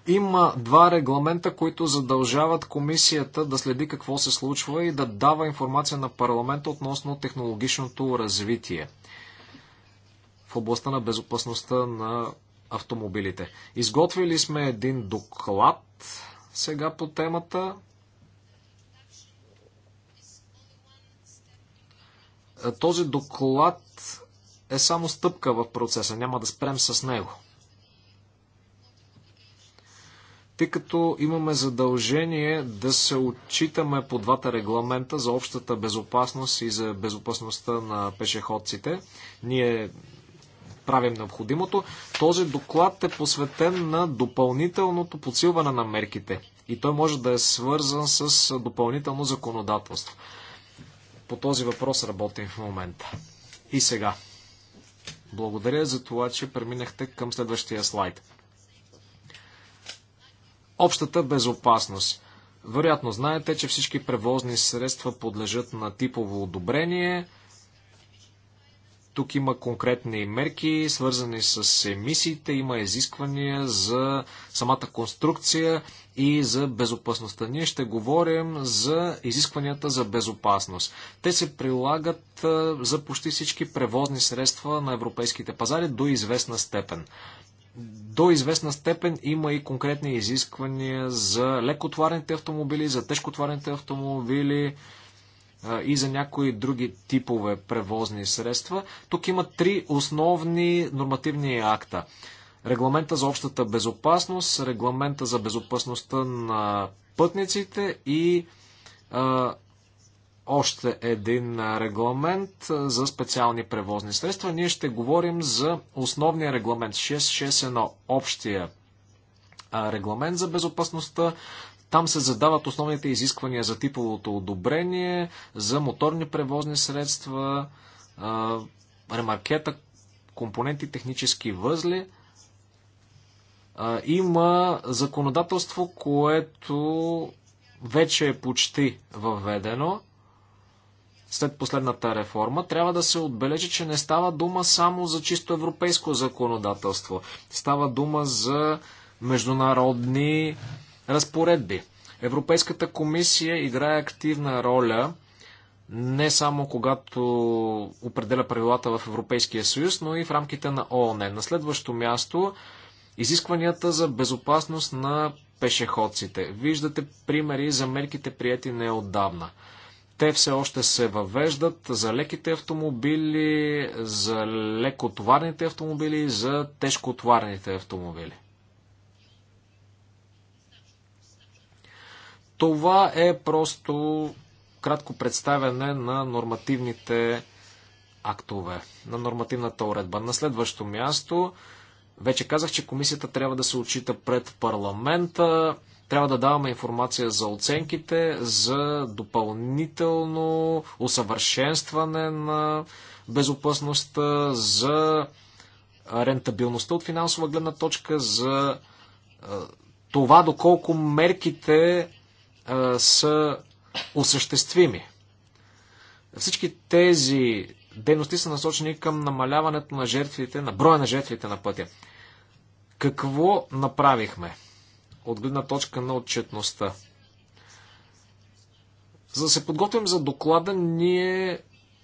Има два регламента, които задължават комисията да следи какво се случва и да дава информация на парламента относно технологичното развитие в областта на безопасността на автомобилите. Изготвили сме един доклад сега по темата. Този доклад е само стъпка в процеса, няма да спрем с него. Тъй като имаме задължение да се отчитаме по двата регламента за общата безопасност и за безопасността на пешеходците, ние правим необходимото. Този доклад е посветен на допълнителното подсилване на мерките и той може да е свързан с допълнително законодателство. По този въпрос работим в момента. И сега. Благодаря за това, че преминахте към следващия слайд. Общата безопасност. Вероятно знаете, че всички превозни средства подлежат на типово одобрение – тук има конкретни мерки, свързани с емисиите, има изисквания за самата конструкция и за безопасността. Ние ще говорим за изискванията за безопасност. Те се прилагат за почти всички превозни средства на европейските пазари до известна степен. До известна степен има и конкретни изисквания за лекотварните автомобили, за тежкотварните автомобили, и за някои други типове превозни средства. Тук има три основни нормативни акта. Регламента за общата безопасност, регламента за безопасността на пътниците и а, още един регламент за специални превозни средства. Ние ще говорим за основния регламент 661, общия регламент за безопасността там се задават основните изисквания за типовото одобрение, за моторни превозни средства, ремаркета, компоненти, технически възли. Има законодателство, което вече е почти въведено след последната реформа, трябва да се отбележи, че не става дума само за чисто европейско законодателство. Става дума за международни разпоредби. Европейската комисия играе активна роля не само когато определя правилата в Европейския съюз, но и в рамките на ООН. На следващо място изискванията за безопасност на пешеходците. Виждате примери за мерките прияти неотдавна. Те все още се въвеждат за леките автомобили, за лекотоварните автомобили, за тежкотоварните автомобили. Това е просто кратко представяне на нормативните актове, на нормативната уредба. На следващо място, вече казах, че комисията трябва да се отчита пред парламента, трябва да даваме информация за оценките, за допълнително усъвършенстване на безопасността, за рентабилността от финансова гледна точка, за е, това доколко мерките са осъществими. Всички тези дейности са насочени към намаляването на жертвите, на броя на жертвите на пътя. Какво направихме от гледна точка на отчетността? За да се подготвим за доклада, ние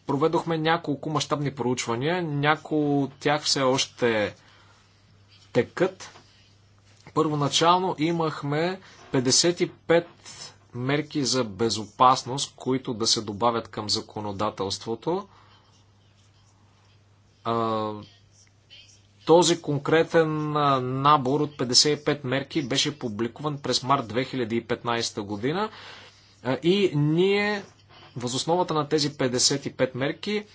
проведохме няколко мащабни проучвания. Някои от тях все още текат. Първоначално имахме 55 мерки за безопасност, които да се добавят към законодателството. Този конкретен набор от 55 мерки беше публикуван през март 2015 година и ние, възосновата на тези 55 мерки,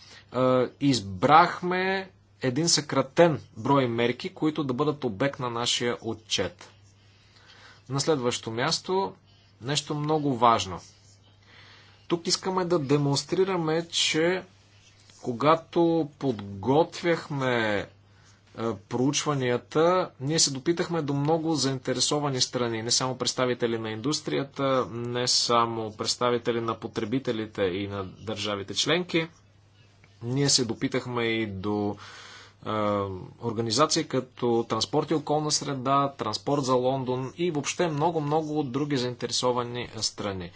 избрахме един съкратен брой мерки, които да бъдат обект на нашия отчет. На следващо място Нещо много важно. Тук искаме да демонстрираме, че когато подготвяхме е, проучванията, ние се допитахме до много заинтересовани страни, не само представители на индустрията, не само представители на потребителите и на държавите членки. Ние се допитахме и до е, организации като Транспорт и околна среда, Транспорт за Лондон и въобще много-много други заинтересовани страни.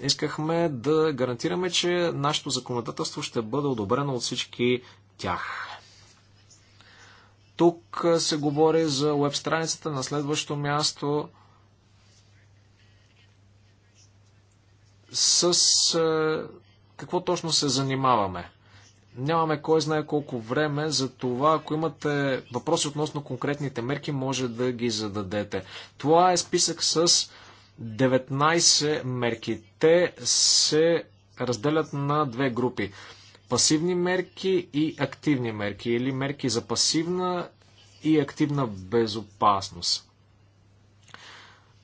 Искахме да гарантираме, че нашето законодателство ще бъде одобрено от всички тях. Тук се говори за веб страницата на следващо място с е, какво точно се занимаваме. Нямаме кой знае колко време, за това ако имате въпроси относно конкретните мерки, може да ги зададете. Това е списък с 19 мерки. Те се разделят на две групи. Пасивни мерки и активни мерки, или мерки за пасивна и активна безопасност.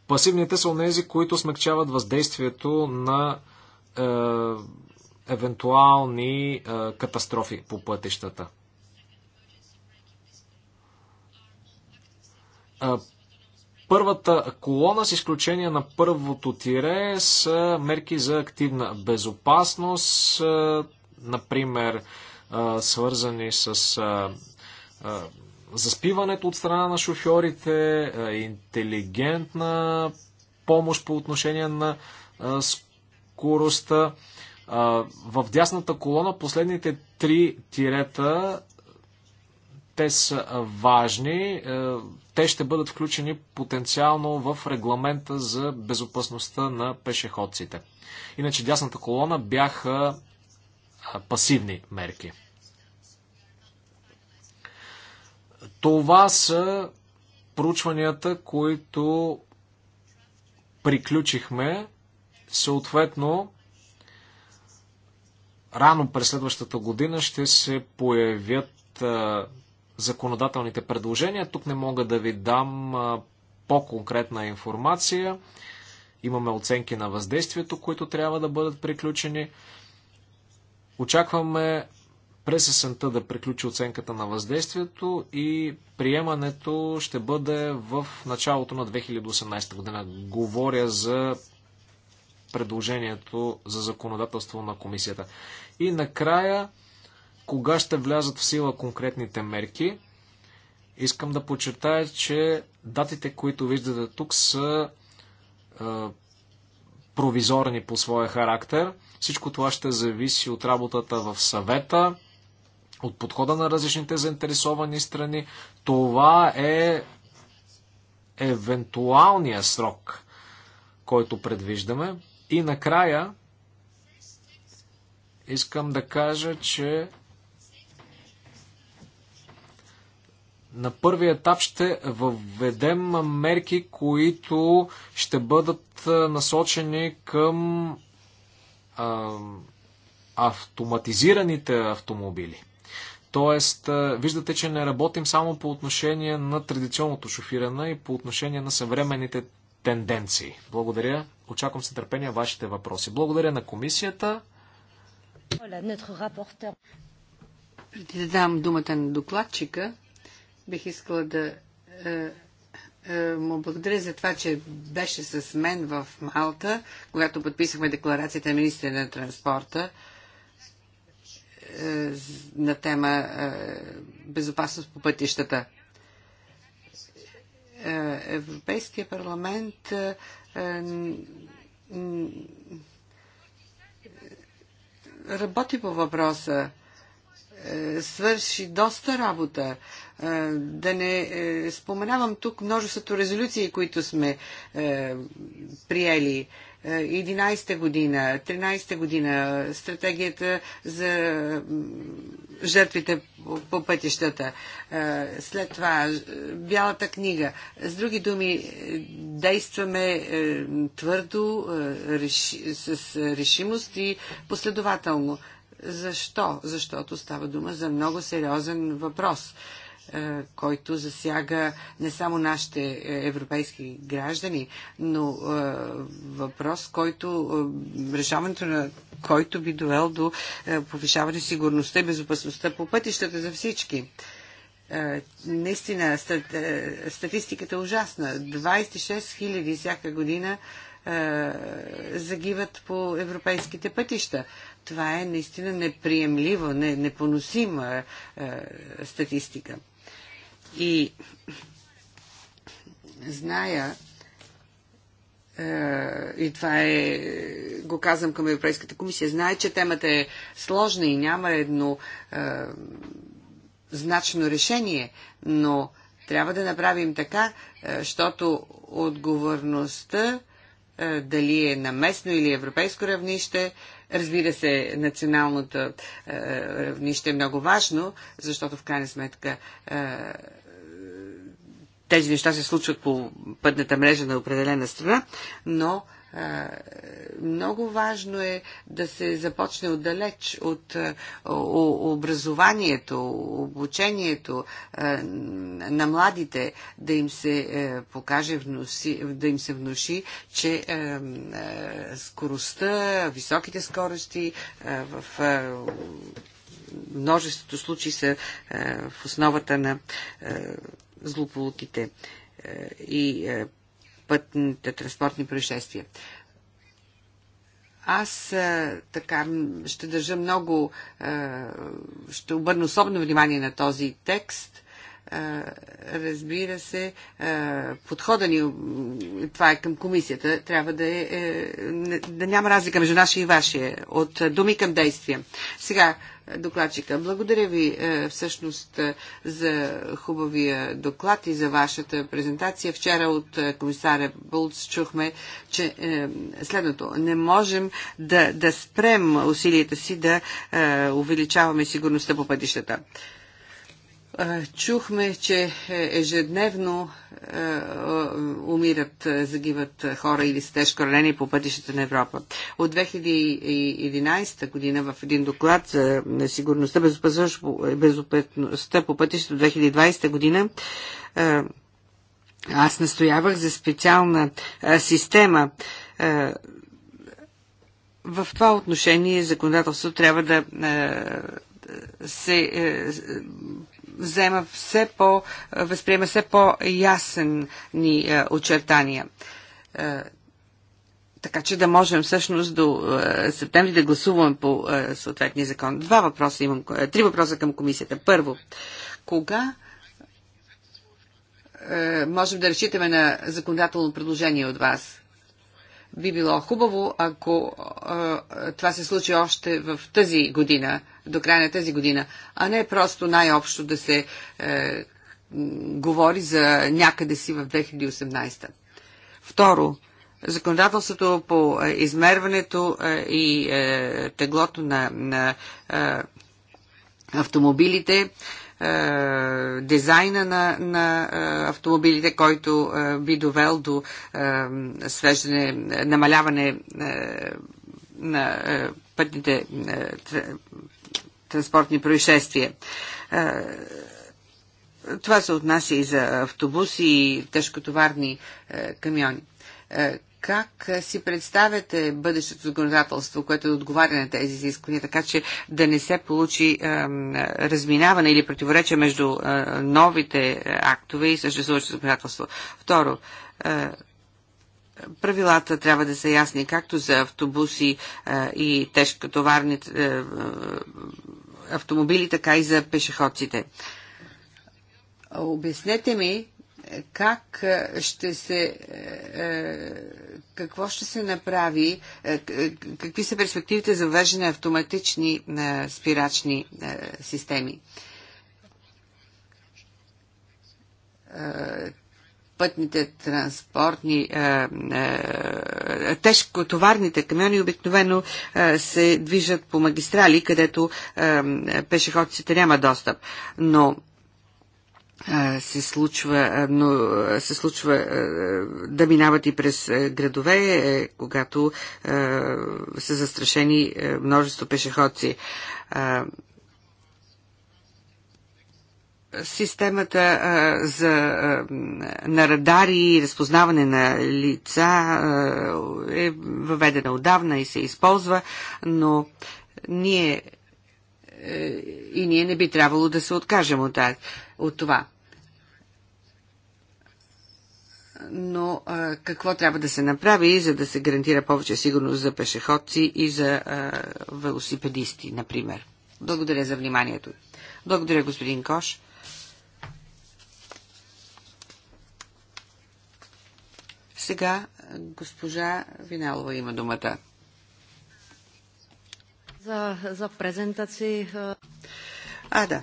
Пасивните са онези, които смягчават въздействието на е, евентуални катастрофи по пътищата. Първата колона, с изключение на първото тире, са мерки за активна безопасност, например, свързани с заспиването от страна на шофьорите, интелигентна помощ по отношение на скоростта. В дясната колона последните три тирета те са важни. Е, те ще бъдат включени потенциално в регламента за безопасността на пешеходците. Иначе дясната колона бяха пасивни мерки. Това са проучванията, които приключихме. Съответно, рано през следващата година ще се появят законодателните предложения. Тук не мога да ви дам по-конкретна информация. Имаме оценки на въздействието, които трябва да бъдат приключени. Очакваме през есента да приключи оценката на въздействието и приемането ще бъде в началото на 2018 година. Говоря за предложението за законодателство на комисията. И накрая, кога ще влязат в сила конкретните мерки? Искам да подчертая, че датите, които виждате тук, са е, провизорни по своя характер. Всичко това ще зависи от работата в съвета, от подхода на различните заинтересовани страни. Това е евентуалния срок, който предвиждаме. И накрая искам да кажа, че на първи етап ще въведем мерки, които ще бъдат насочени към а, автоматизираните автомобили. Тоест, виждате, че не работим само по отношение на традиционното шофиране и по отношение на съвременните тенденции. Благодаря. Очаквам с нетърпение вашите въпроси. Благодаря на комисията. Преди да дам думата на докладчика, бих искала да е, е, му благодаря за това, че беше с мен в Малта, когато подписахме декларацията на министра на транспорта е, на тема е, безопасност по пътищата. Е, Европейския парламент е, е, работи по въпроса, е, свърши доста работа. Е, да не споменавам тук множеството резолюции, които сме приели 11-та година, 13-та година, стратегията за жертвите по пътищата, е, след това е, Бялата книга. С други думи, е, действаме твърдо, с решимост и последователно. Защо? Защото става дума за много сериозен въпрос. Е, който засяга не само нашите е, европейски граждани, но е, въпрос, който решаването на който би довел до повишаване сигурността и безопасността по пътищата за всички. Наистина, статистиката е ужасна. 26 000 всяка година загиват по европейските пътища. Това е наистина неприемливо, непоносима статистика. И зная, е, и това е, го казвам към Европейската комисия, знае, че темата е сложна и няма едно е, значно решение, но трябва да направим така, защото е, отговорността е, дали е на местно или европейско равнище, разбира се, националното равнище е много важно, защото в крайна сметка тези неща се случват по пътната мрежа на определена страна, но много важно е да се започне отдалеч от образованието, обучението на младите, да им се е, покаже, да им се внуши, че е, е, скоростта, високите скорости в множеството случаи са в основата на злополуките е, и е, пътните транспортни происшествия. Аз е, така ще държа много, ще обърна особено внимание на този текст – разбира се, подхода ни, това е към комисията, трябва да, е, е да няма разлика между нашия и вашия, от думи към действия. Сега, докладчика, благодаря ви е, всъщност е, за хубавия доклад и за вашата презентация. Вчера от комисаря Булц чухме, че следното, не можем да, да спрем усилията си да увеличаваме сигурността по пътищата. Чухме, че е, ежедневно е, е, умират, загиват хора или са тежко ранени по пътищата на Европа. От 2011 година в един доклад за сигурността, безопасността по пътищата 2020 година аз настоявах за специална система в това отношение законодателство трябва да се взема все по, възприема все по ясни е, очертания. Е, така че да можем всъщност до е, септември да гласуваме по съответния закон. Два въпроса имам, три въпроса към комисията. Първо, кога можем да разчитаме на законодателно предложение от вас? Би било хубаво, ако това се случи още в тази година, до края на тази година, а не просто най-общо да се е, говори за някъде си в 2018. Второ, законодателството по е, измерването е, и е, теглото на, на е, автомобилите е, дизайна на, на автомобилите, който би довел до свеждане, намаляване на пътните транспортни происшествия. Е, това се отнася и за автобуси и тежкотоварни е, камиони. Е, как си представяте бъдещето законодателство, което да отговаря на тези изисквания, така че да не се получи е, разминаване или противоречие между е, новите актове и съществуващото законодателство? Второ, е, правилата трябва да са ясни както за автобуси е, и тежкотоварни е, автомобили, така и за пешеходците. Обяснете ми как е, ще се. Е, е, какво ще се направи? Какви са перспективите за въвеждане на автоматични спирачни системи? пътните транспортни, е, е, тежкотоварните камиони обикновено е, се движат по магистрали, където пешеходците няма достъп. Но се случва, но се случва да минават и през градове, когато са застрашени множество пешеходци системата за, на радари и разпознаване на лица е въведена отдавна и се използва, но ние е, и ние не би трябвало да се откажем от, от това. Но а, какво трябва да се направи, за да се гарантира повече сигурност за пешеходци и за а, велосипедисти, например? Благодаря за вниманието. Благодаря, господин Кош. Сега госпожа Винелова има думата. За, за презентации. Е, а, да.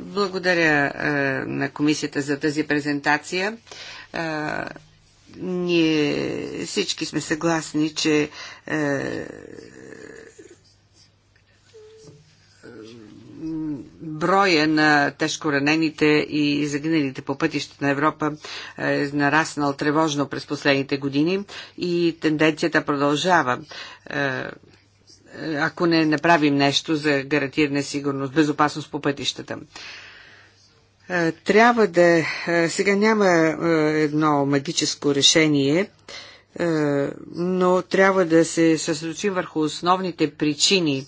Благодаря е, на комисията за тази презентация. Е, ние всички сме съгласни, че е, броя на тежкоранените и загиналите по пътищата на Европа е нараснал тревожно през последните години и тенденцията продължава е, ако не направим нещо за гарантиране сигурност, безопасност по пътищата. Е, трябва да... Е, сега няма едно магическо решение, но трябва да се съсредоточим върху основните причини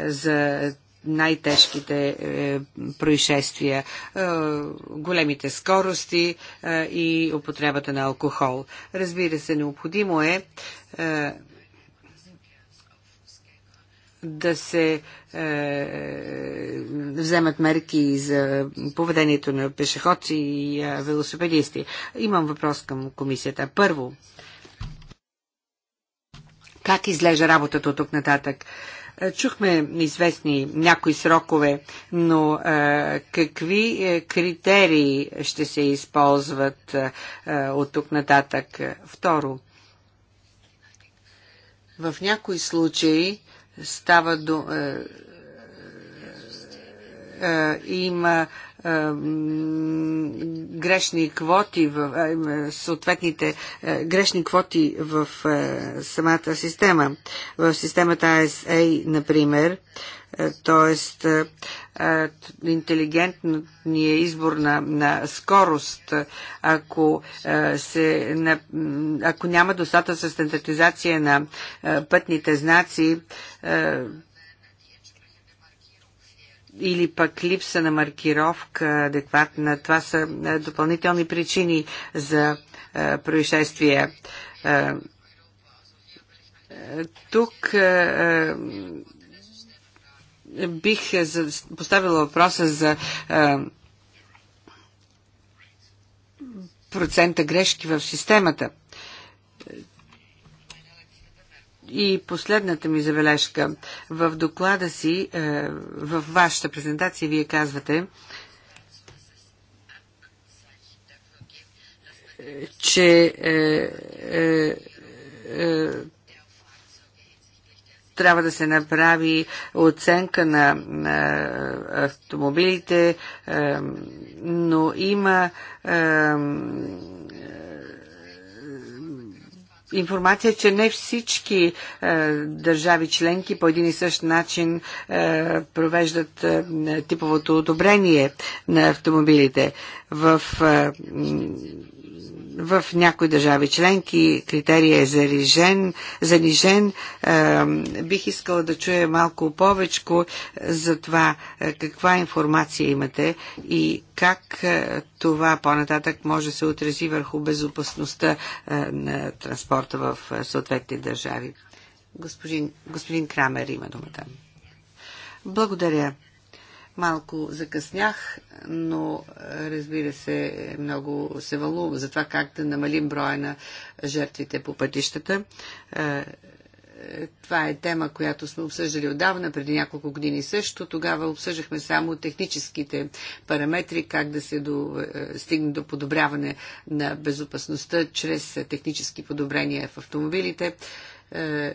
за най-тежките е, происшествия, е, големите скорости е, и употребата на алкохол. Разбира се, необходимо е, е да се е, вземат мерки за поведението на пешеходци и е, велосипедисти. Имам въпрос към комисията. Първо, как изглежда работата от тук нататък? Е, е, чухме известни някои срокове, но е, какви е, критерии ще се използват от тук нататък? Второ, в някои случаи става до, има грешни квоти в съответните грешни квоти в самата система. В системата ISA, например, т.е. интелигентният избор на, на скорост, ако, се, на, ако няма достатъчна стандартизация на пътните знаци, или пък липса на маркировка адекватна. Това са е, допълнителни причини за е, происшествия. Е, тук бих поставила въпроса за процента грешки в системата – И последната ми забележка. В доклада си, е, в вашата презентация, вие казвате, че е, е, трябва да се направи оценка на, на автомобилите, но има информация, че не всички е, държави членки по един и същ начин е, провеждат е, типовото одобрение на автомобилите. В е, в някои държави членки критерия е занижен. занижен. Бих искала да чуя малко повече за това каква информация имате и как това по-нататък може да се отрази върху безопасността на транспорта в съответните държави. Господин, господин Крамер има думата. Благодаря. Малко закъснях, но разбира се, много се вълнувам за това как да намалим броя на жертвите по пътищата. Е, това е тема, която сме обсъждали отдавна, преди няколко години също. Тогава обсъждахме само техническите параметри, как да се до, е, стигне до подобряване на безопасността чрез технически подобрения в автомобилите е,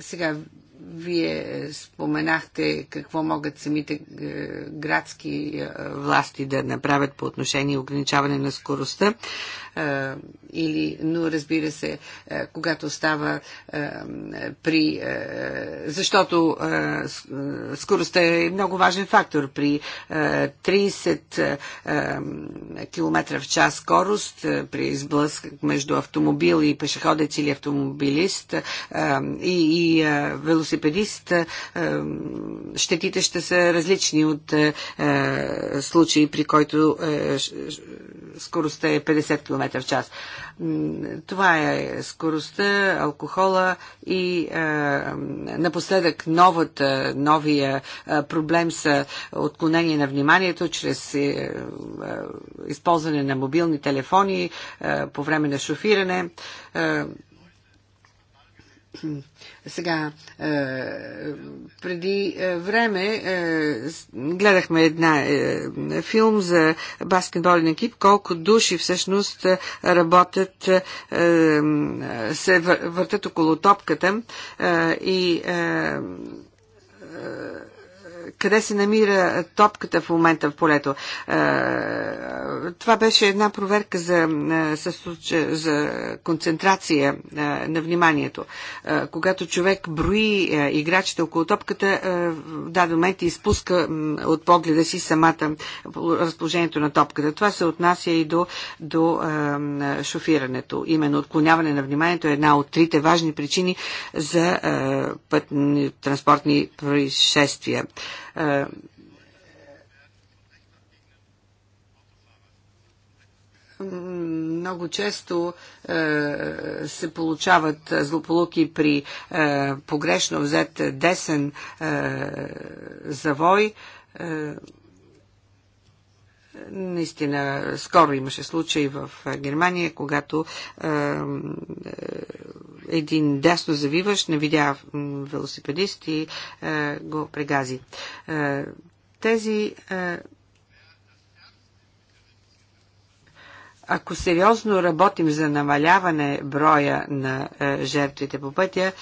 сега вие споменахте какво могат самите е, градски е, власти да направят по отношение ограничаване на скоростта. Е, или, но разбира се, когато става при... Защото скоростта е много важен фактор. При 30 км в час скорост, при изблъск между автомобил и пешеходец или автомобилист и, и велосипедист, велосипедист, е, щетите ще са различни от е, е, случаи, при който скоростта е 50 км в час. Това е скоростта, алкохола и напоследък новата, новия проблем са отклонение на вниманието чрез използване на мобилни телефони по време на шофиране. Сега, е, преди е, време е, гледахме една филм за баскетболен екип, колко души всъщност работят, се въртат около топката и къде се намира топката в момента в полето. Е, това беше една проверка за, е, за концентрация е, на вниманието. Когато човек брои играчите около топката, в даден момент изпуска от погледа си самата разположението на топката. Това се отнася и до, до шофирането. Именно отклоняване на вниманието е една от трите важни причини за пътни транспортни происшествия много често е, се получават злополуки при е, погрешно взет десен е, завой. Е, Наистина, скоро имаше случай в Германия, когато е, един дясно завиваш не видя велосипедист и е, го прегази. Е, тези. Е, ако сериозно работим за намаляване броя на жертвите по пътя,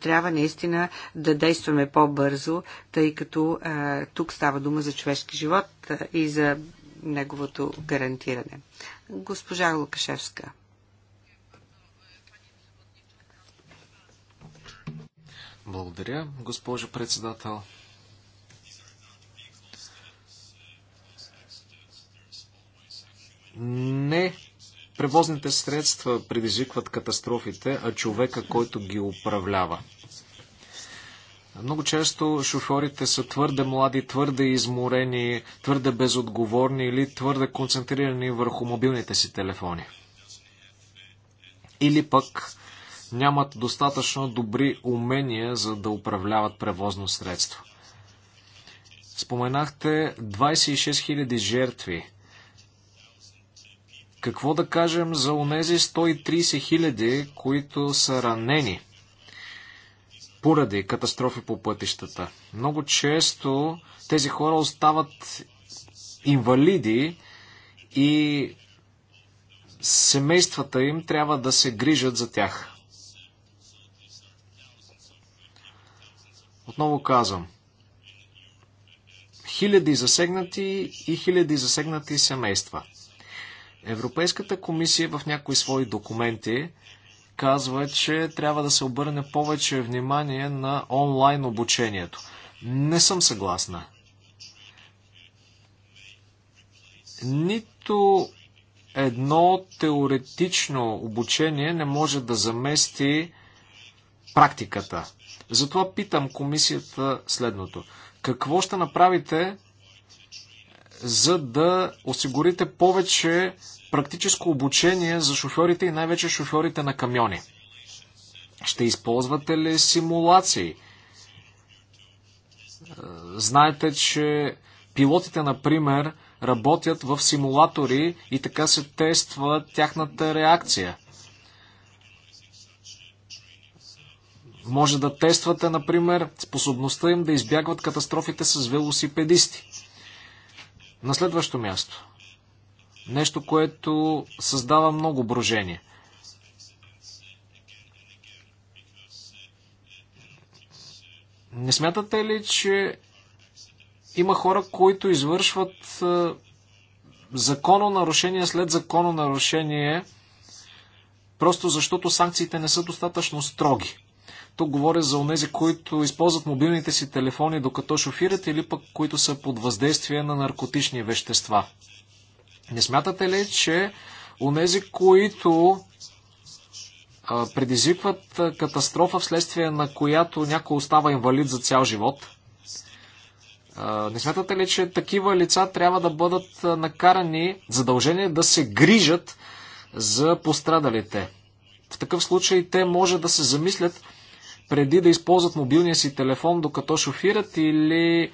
трябва наистина да действаме по-бързо, тъй като тук става дума за човешки живот и за неговото гарантиране. Госпожа Лукашевска. Благодаря, госпожо председател. Не превозните средства предизвикват катастрофите, а човека, който ги управлява. Много често шофьорите са твърде млади, твърде изморени, твърде безотговорни или твърде концентрирани върху мобилните си телефони. Или пък нямат достатъчно добри умения за да управляват превозно средство. Споменахте 26 000 жертви. Какво да кажем за онези 130 000, които са ранени – поради катастрофи по пътищата. Много често тези хора остават инвалиди и семействата им трябва да се грижат за тях. Отново казвам. Хиляди засегнати и хиляди засегнати семейства. Европейската комисия в някои свои документи казва, че трябва да се обърне повече внимание на онлайн обучението. Не съм съгласна. Нито едно теоретично обучение не може да замести практиката. Затова питам комисията следното. Какво ще направите, за да осигурите повече практическо обучение за шофьорите и най-вече шофьорите на камиони? Ще използвате ли симулации? Е, знаете, че пилотите, например, работят в симулатори и така се тества тяхната реакция. Може да тествате, например, способността им да избягват катастрофите с велосипедисти. На следващо място. Нещо, което създава много брожение. Не смятате ли, че има хора, които извършват закононарушение след закононарушение, просто защото санкциите не са достатъчно строги? Тук говоря за онези, които използват мобилните си телефони докато шофират или пък които са под въздействие на наркотични вещества. Не смятате ли, че унези, които предизвикват катастрофа, вследствие на която някой остава инвалид за цял живот. Не смятате ли, че такива лица трябва да бъдат накарани задължени да се грижат за пострадалите? В такъв случай те може да се замислят преди да използват мобилния си телефон докато шофират или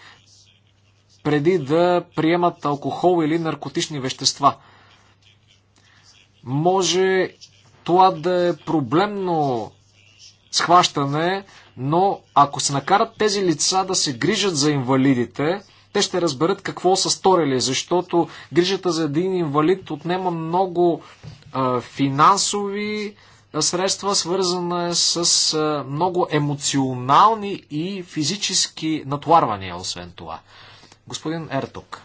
преди да приемат алкохол или наркотични вещества. Може това да е проблемно схващане, но ако се накарат тези лица да се грижат за инвалидите, те ще разберат какво са сторили, защото грижата за един инвалид отнема много а, финансови средства, свързана с а, много емоционални и физически натоварвания, освен това. Господин Ерток.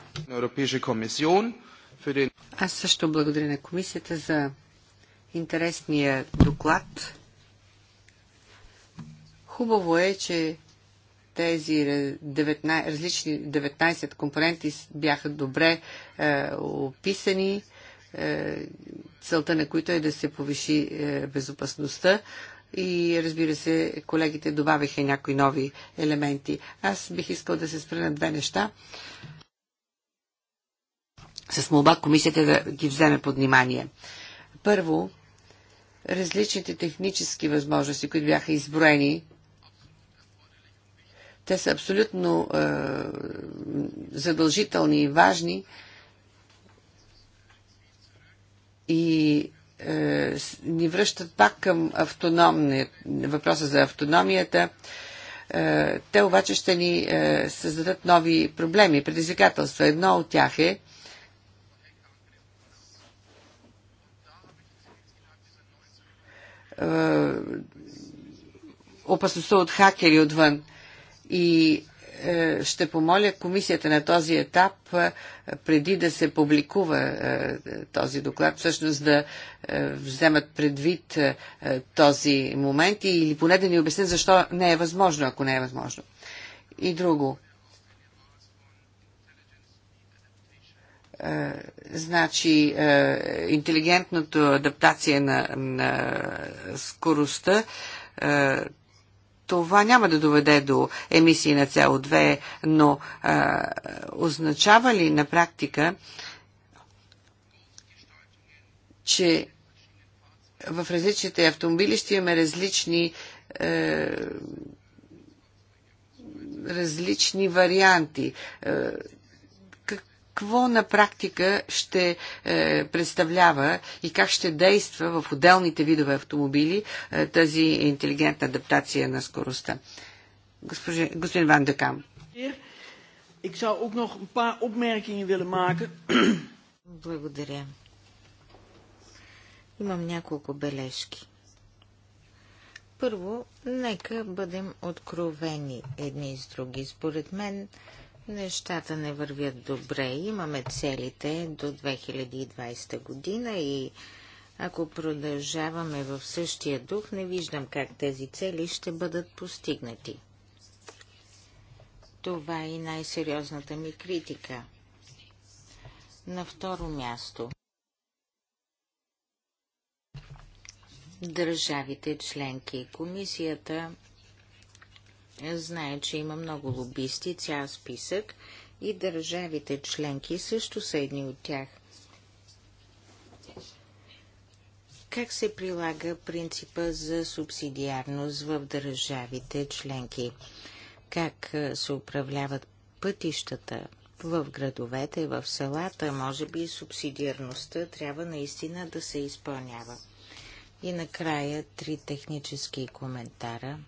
Аз също благодаря на комисията за интересния доклад. Хубаво е, че тези 19, различни 19 компоненти бяха добре е, описани, е, целта на които е да се повиши е, безопасността и разбира се, колегите добавиха някои нови елементи. Аз бих искал да се спра на две неща. С молба комисията да ги вземе под внимание. Първо, различните технически възможности, които бяха изброени те са абсолютно е, задължителни и важни. И е, ни връщат пак към въпроса за автономията. Е, те обаче ще ни е, създадат нови проблеми, предизвикателства. Едно от тях е опасността от хакери отвън. И е, ще помоля комисията на този етап, е, преди да се публикува е, този доклад, всъщност да вземат предвид този момент или поне да ни обяснят защо не е възможно, ако не е възможно. И друго. значи интелигентното адаптация на, на скоростта това няма да доведе до емисии на CO2, но а, означава ли на практика, че в различните автомобили ще имаме различни е, различни варианти. Е, какво на практика ще е, представлява и как ще действа в отделните видове автомобили е, тази интелигентна адаптация на скоростта? Госпожи, господин Ван Декам. Благодаря. Имам няколко бележки. Първо, нека бъдем откровени едни с други. Според мен, Нещата не вървят добре. Имаме целите до 2020 година и ако продължаваме в същия дух, не виждам как тези цели ще бъдат постигнати. Това е и най-сериозната ми критика. На второ място. Държавите членки и комисията Знае, че има много лобисти, цял списък и държавите членки също са едни от тях. Как се прилага принципа за субсидиарност в държавите членки? Как се управляват пътищата в градовете, в селата? Може би субсидиарността трябва наистина да се изпълнява. И накрая три технически коментара –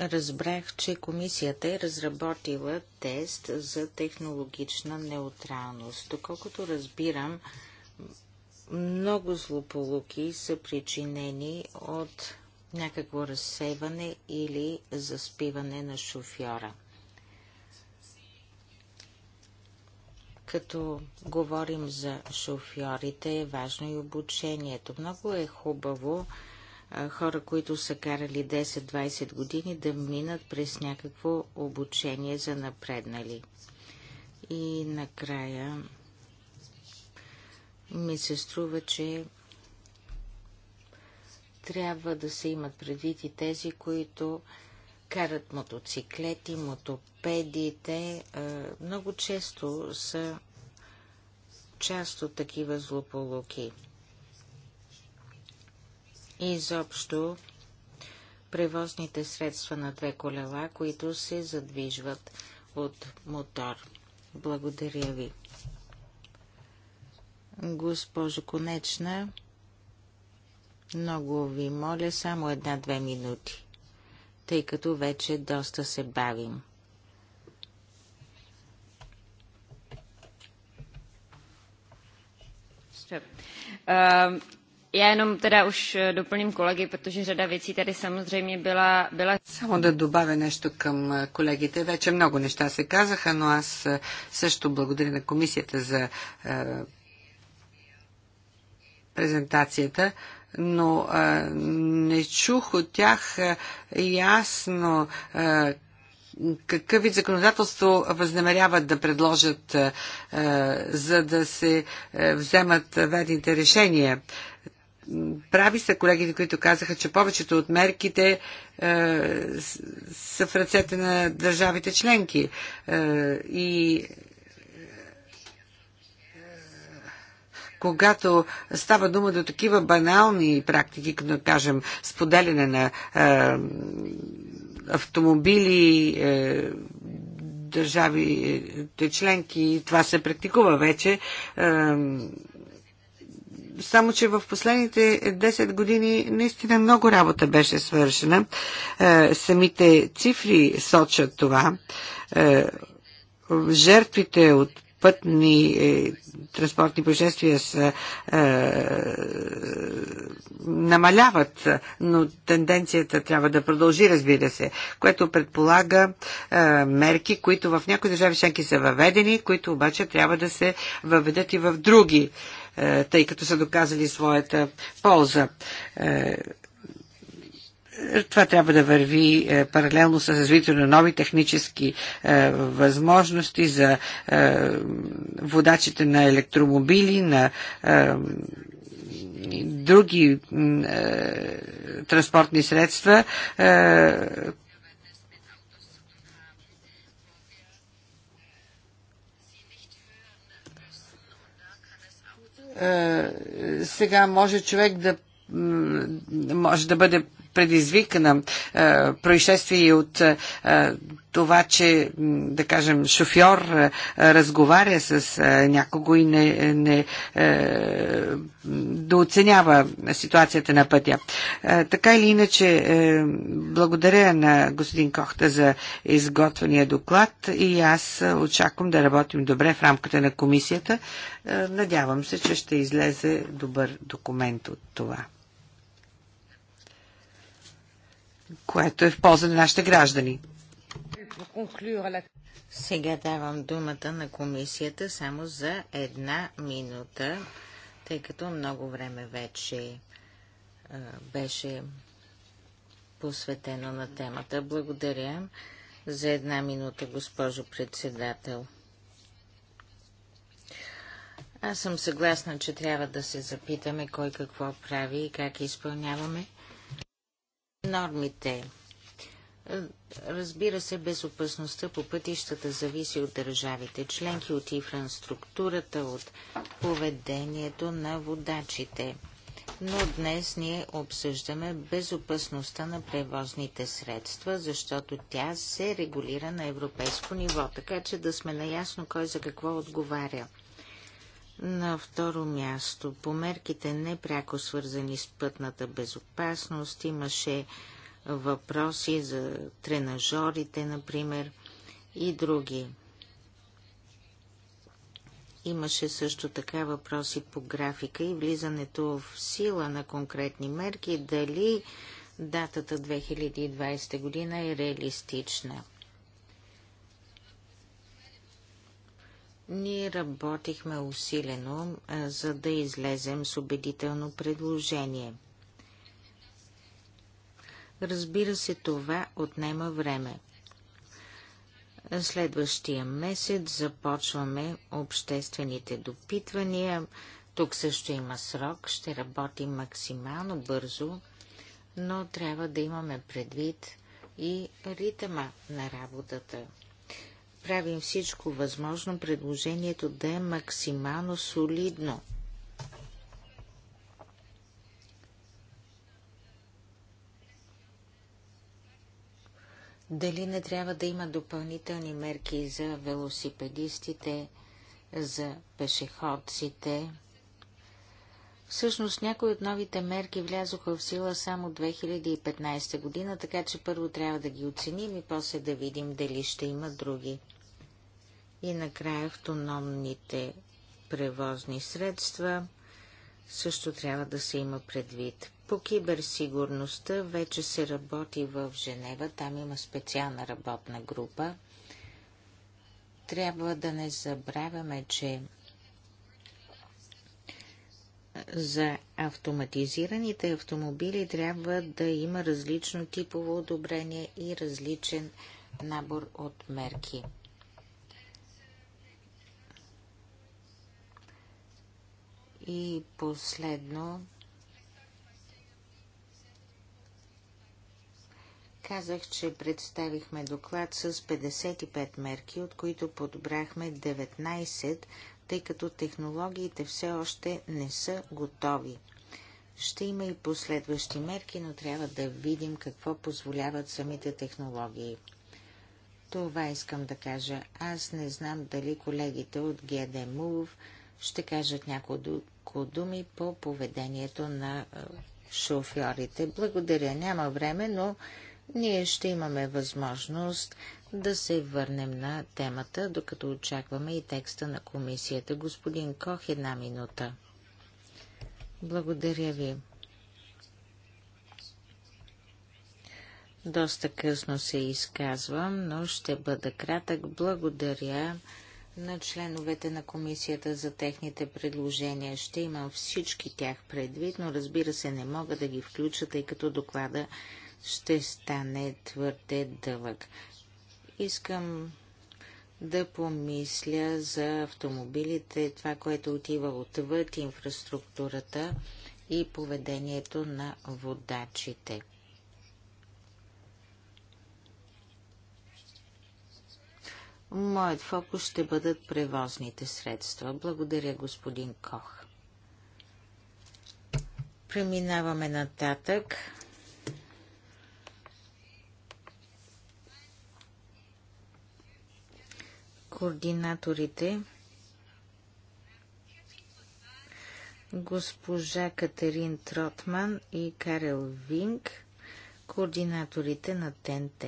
разбрах, че комисията е разработила тест за технологична неутралност. Доколкото разбирам, много злополуки са причинени от някакво разсейване или заспиване на шофьора. Като говорим за шофьорите, е важно и обучението. Много е хубаво хора, които са карали 10-20 години да минат през някакво обучение за напреднали. И накрая ми се струва, че трябва да се имат предвид и тези, които карат мотоциклети, мотопедите. Много често са част от такива злополуки изобщо превозните средства на две колела, които се задвижват от мотор. Благодаря ви. Госпожо Конечна, много ви моля само една-две минути, тъй като вече доста се бавим. Uh, Já jenom teda už eh, doplním kolegy, protože řada věcí tady samozřejmě byla... byla... Само да добавя нещо към е, колегите. Вече много неща се казаха, но аз е, също благодаря на комисията за е, презентацията, но не чух от тях ясно какъв вид законодателство възнамеряват да предложат, за да се вземат верните решения прави са колегите, които казаха, че повечето от мерките е, са в ръцете на държавите членки. Е, и е, когато става дума до такива банални практики, като да кажем споделяне на е, автомобили, е, държавите членки, това се практикува вече. Е, само, че в последните 10 години наистина много работа беше свършена. Е, самите цифри сочат това. Е, жертвите от пътни е, транспортни происшествия са, е, намаляват, но тенденцията трябва да продължи, разбира се, което предполага е, мерки, които в някои държави членки са въведени, които обаче трябва да се въведат и в други. Е, е, тъй като са доказали своята полза е, това трябва да върви е, паралелно с развитието на нови технически възможности за водачите на електромобили, на други транспортни средства, Е, сега може човек да може да бъде предизвикана е, происшествие от е, това, че, да кажем, шофьор е, разговаря с някого и не, не дооценява ситуацията на пътя. Така или иначе, благодаря на господин Кохта за изготвения доклад и аз очаквам да работим добре в рамката на комисията. Надявам се, че ще излезе добър документ от това. което е в полза на нашите граждани. Сега давам думата на комисията само за една минута, тъй като много време вече а, беше посветено на темата. Благодаря за една минута, госпожо председател. Аз съм съгласна, че трябва да се запитаме кой какво прави и как изпълняваме Нормите. Разбира се, безопасността по пътищата зависи от държавите членки, от инфраструктурата, от поведението на водачите. Но днес ние обсъждаме безопасността на превозните средства, защото тя се регулира на европейско ниво, така че да сме наясно кой за какво отговаря. На второ място, по мерките непряко свързани с пътната безопасност, имаше въпроси за тренажорите, например, и други. Имаше също така въпроси по графика и влизането в сила на конкретни мерки, дали датата 2020 година е реалистична. Ние работихме усилено, за да излезем с убедително предложение. Разбира се, това отнема време. Следващия месец започваме обществените допитвания. Тук също има срок, ще работим максимално бързо, но трябва да имаме предвид и ритъма на работата правим всичко възможно предложението да е максимално солидно. Дали не трябва да има допълнителни мерки за велосипедистите, за пешеходците? Всъщност някои от новите мерки влязоха в сила само 2015 година, така че първо трябва да ги оценим и после да видим дали ще има други. И накрая автономните превозни средства също трябва да се има предвид. По киберсигурността вече се работи в Женева, там има специална работна група. Трябва да не забравяме, че за автоматизираните автомобили трябва да има различно типово одобрение и различен набор от мерки. И последно, Казах, че представихме доклад с 55 мерки, от които подобрахме 19 тъй като технологиите все още не са готови. Ще има и последващи мерки, но трябва да видим какво позволяват самите технологии. Това искам да кажа. Аз не знам дали колегите от GD ще кажат няколко думи по поведението на шофьорите. Благодаря, няма време, но ние ще имаме възможност да се върнем на темата, докато очакваме и текста на комисията. Господин Кох, една минута. Благодаря ви. Доста късно се изказвам, но ще бъда кратък. Благодаря на членовете на комисията за техните предложения. Ще имам всички тях предвид, но разбира се не мога да ги включа, тъй като доклада ще стане твърде дълъг. Искам да помисля за автомобилите, това, което отива отвъд инфраструктурата и поведението на водачите. Моят фокус ще бъдат превозните средства. Благодаря, господин Кох. Преминаваме нататък. координаторите госпожа Катерин Тротман и Карел Винг, координаторите на ТНТ.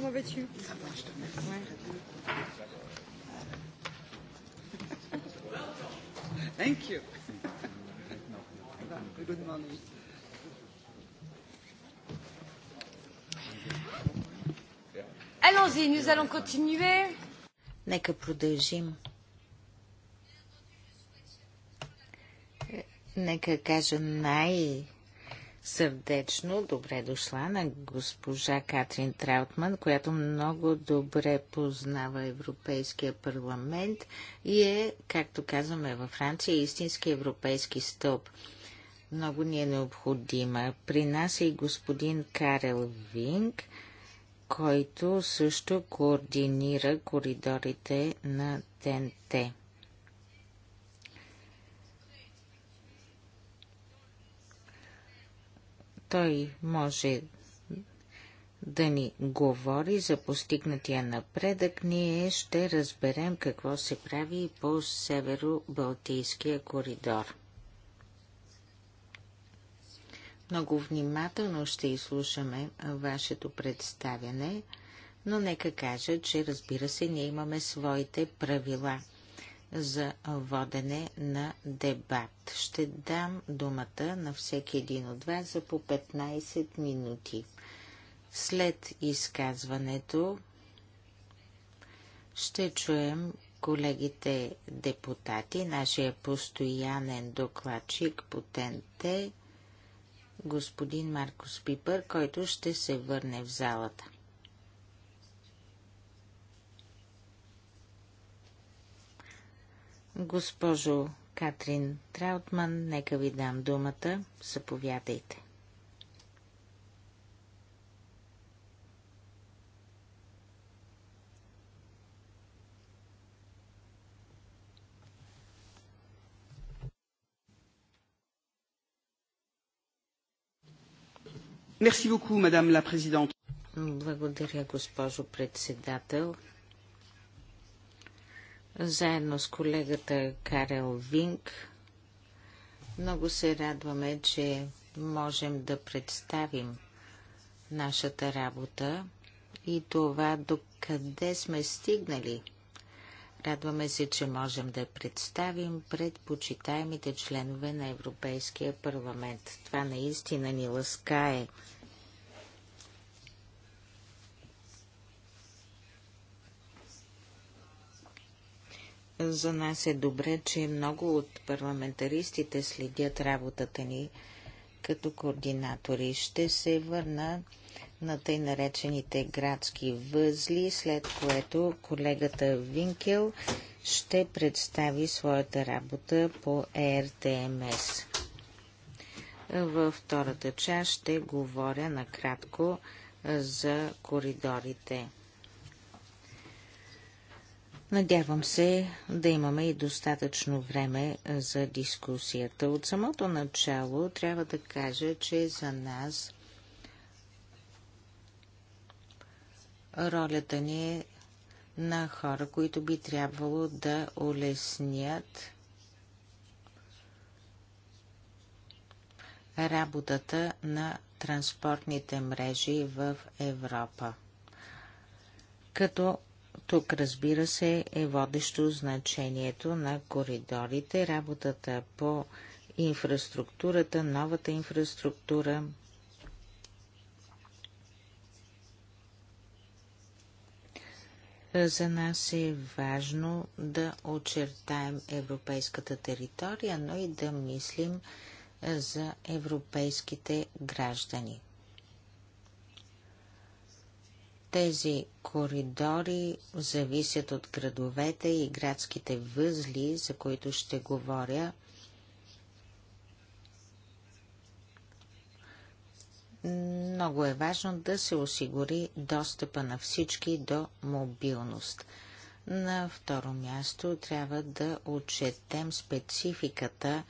Comment vas-tu Ça va, je te Ouais. Thank you. Good morning. Allons-y, nous allons continuer. Нека продължим. Нека кажа най- сърдечно добре дошла на госпожа Катрин Траутман, която много добре познава Европейския парламент и е, както казваме във Франция, истински европейски стълб. Много ни е необходима. При нас е и господин Карел Винг, който също координира коридорите на ТНТ. Той може да ни говори за постигнатия напредък, ние ще разберем какво се прави по Северо-Балтийския коридор. Много внимателно ще изслушаме вашето представяне, но нека кажа, че разбира се, ние имаме своите правила за водене на дебат. Ще дам думата на всеки един от вас за по 15 минути. След изказването ще чуем колегите депутати, нашия постоянен докладчик по ТНТ, господин Маркос Пипър, който ще се върне в залата. Госпожо Катрин Траутман, нека ви дам думата. Заповядайте. Благодаря, госпожо председател заедно с колегата Карел Винк. Много се радваме, че можем да представим нашата работа и това до къде сме стигнали. Радваме се, че можем да представим пред почитаемите членове на Европейския парламент. Това наистина ни лъскае. За нас е добре, че много от парламентаристите следят работата ни като координатори. Ще се върна на тъй наречените градски възли, след което колегата Винкел ще представи своята работа по ЕРТМС. Във втората част ще говоря накратко за коридорите. Надявам се да имаме и достатъчно време е, за дискусията. От самото начало трябва да кажа, че за нас ролята ни е на хора, които би трябвало да улеснят работата на транспортните мрежи в Европа. Като тук, разбира се, е водещо значението на коридорите, работата по инфраструктурата, новата инфраструктура. За нас е важно да очертаем европейската територия, но и да мислим за европейските граждани. Тези коридори зависят от градовете и градските възли, за които ще говоря. Много е важно да се осигури достъпа на всички до мобилност. На второ място трябва да отчетем спецификата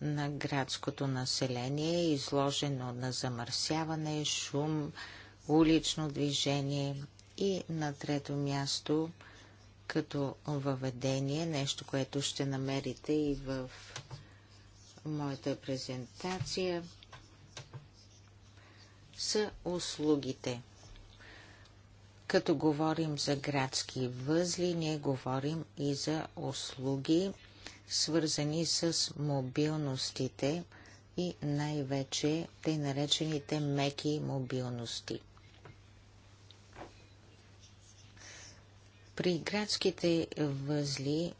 на градското население, изложено на замърсяване, шум, улично движение. И на трето място, като въведение, нещо, което ще намерите и в моята презентация, са услугите. Като говорим за градски възли, ние говорим и за услуги, свързани с мобилностите и най-вече те наречените меки мобилности – При градските възли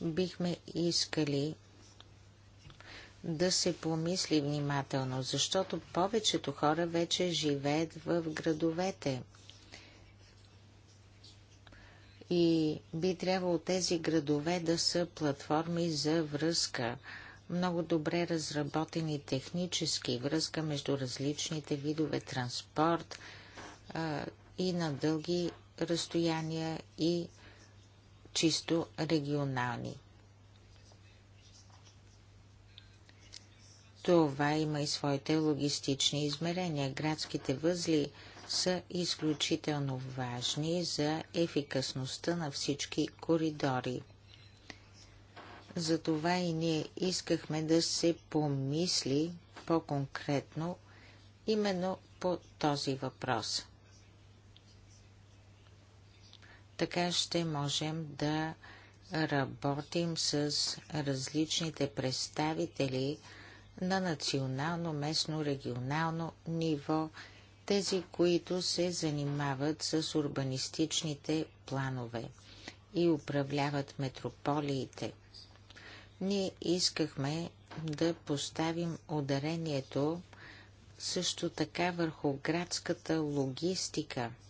бихме искали да се помисли внимателно, защото повечето хора вече живеят в градовете. И би трябвало тези градове да са платформи за връзка, много добре разработени технически връзка между различните видове транспорт а, и на дълги разстояния и чисто регионални. Това има и своите логистични измерения. Градските възли са изключително важни за ефикасността на всички коридори. Затова и ние искахме да се помисли по-конкретно именно по този въпрос. Така ще можем да работим с различните представители на национално, местно, регионално ниво, тези, които се занимават с урбанистичните планове и управляват метрополиите. Ние искахме да поставим ударението също така върху градската логистика –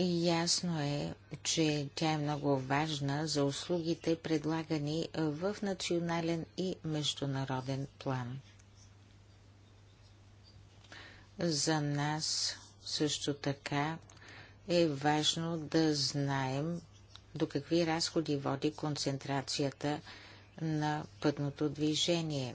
Ясно е, че тя е много важна за услугите, предлагани в национален и международен план. За нас също така е важно да знаем до какви разходи води концентрацията на пътното движение.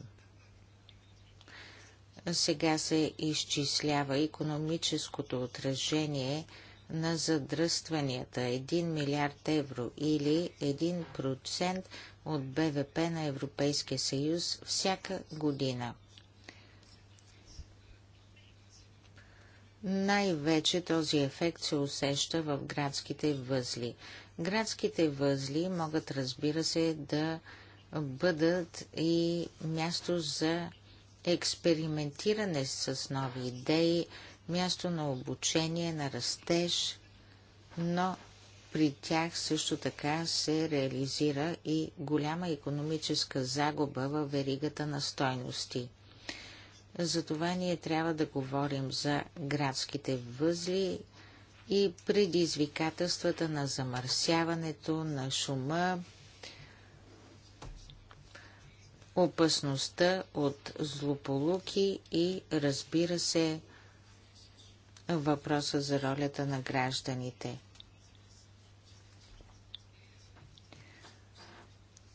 Сега се изчислява економическото отражение – на задръстванията 1 милиард евро или 1% от БВП на Европейския съюз всяка година. Най-вече този ефект се усеща в градските възли. Градските възли могат, разбира се, да бъдат и място за експериментиране с нови идеи, място на обучение, на растеж, но при тях също така се реализира и голяма економическа загуба във веригата на стойности. Затова ние трябва да говорим за градските възли и предизвикателствата на замърсяването, на шума, опасността от злополуки и, разбира се, въпроса за ролята на гражданите.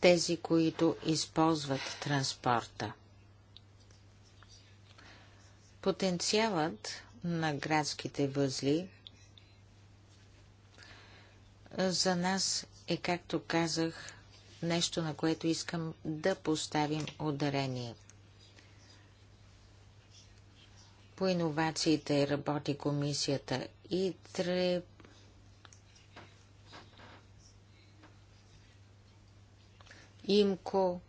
Тези, които използват транспорта. Потенциалът на градските възли за нас е, както казах, нещо, на което искам да поставим ударение – По иновациите работи комисията и тре... ИМКО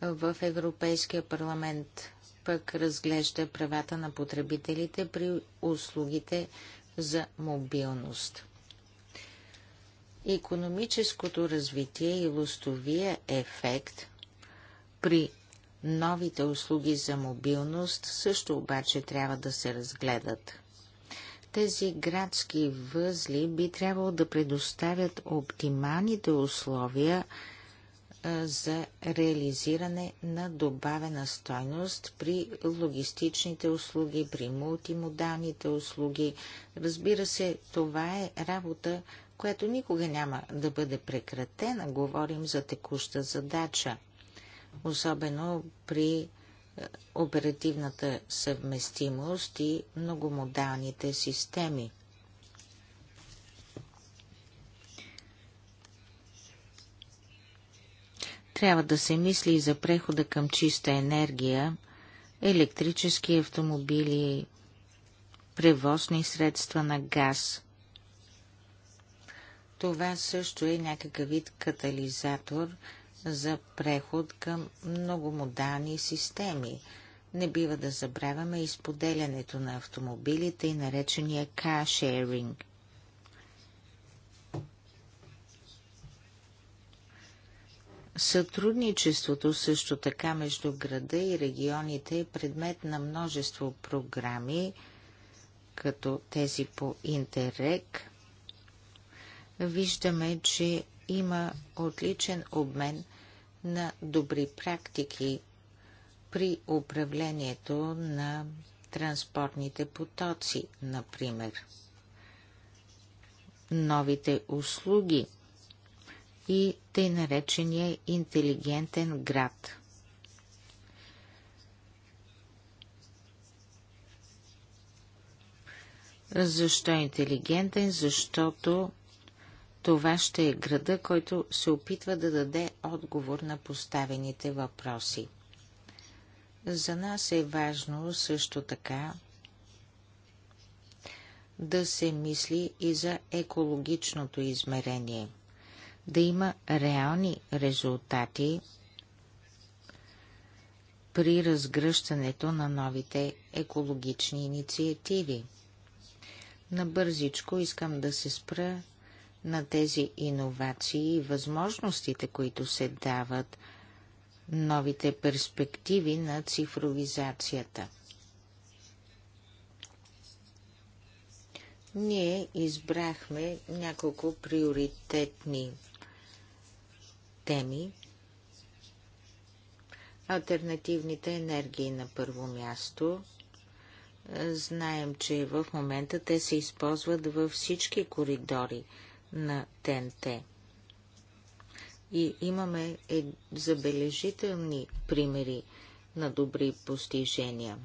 в Европейския парламент пък разглежда правата на потребителите при услугите за мобилност. Економическото развитие и лостовия ефект при Новите услуги за мобилност също обаче трябва да се разгледат. Тези градски възли би трябвало да предоставят оптималните условия за реализиране на добавена стойност при логистичните услуги, при мултимодалните услуги. Разбира се, това е работа, която никога няма да бъде прекратена. Говорим за текуща задача – особено при е, оперативната съвместимост и многомодалните системи. Трябва да се мисли и за прехода към чиста енергия, електрически автомобили, превозни средства на газ. Това също е някакъв вид катализатор – за преход към многомодални системи. Не бива да забравяме изподелянето на автомобилите и наречения каршеринг. Сътрудничеството също така между града и регионите е предмет на множество програми, като тези по Интеррек. Виждаме, че има отличен обмен на добри практики при управлението на транспортните потоци, например. Новите услуги и тъй наречения интелигентен град. Защо е интелигентен? Защото това ще е града, който се опитва да даде отговор на поставените въпроси. За нас е важно също така да се мисли и за екологичното измерение, да има реални резултати при разгръщането на новите екологични инициативи. Набързичко искам да се спра на тези иновации и възможностите, които се дават, новите перспективи на цифровизацията. Ние избрахме няколко приоритетни теми. Альтернативните енергии на първо място. Знаем, че в момента те се използват във всички коридори на ТНТ. И имаме е забележителни примери на добри постижения.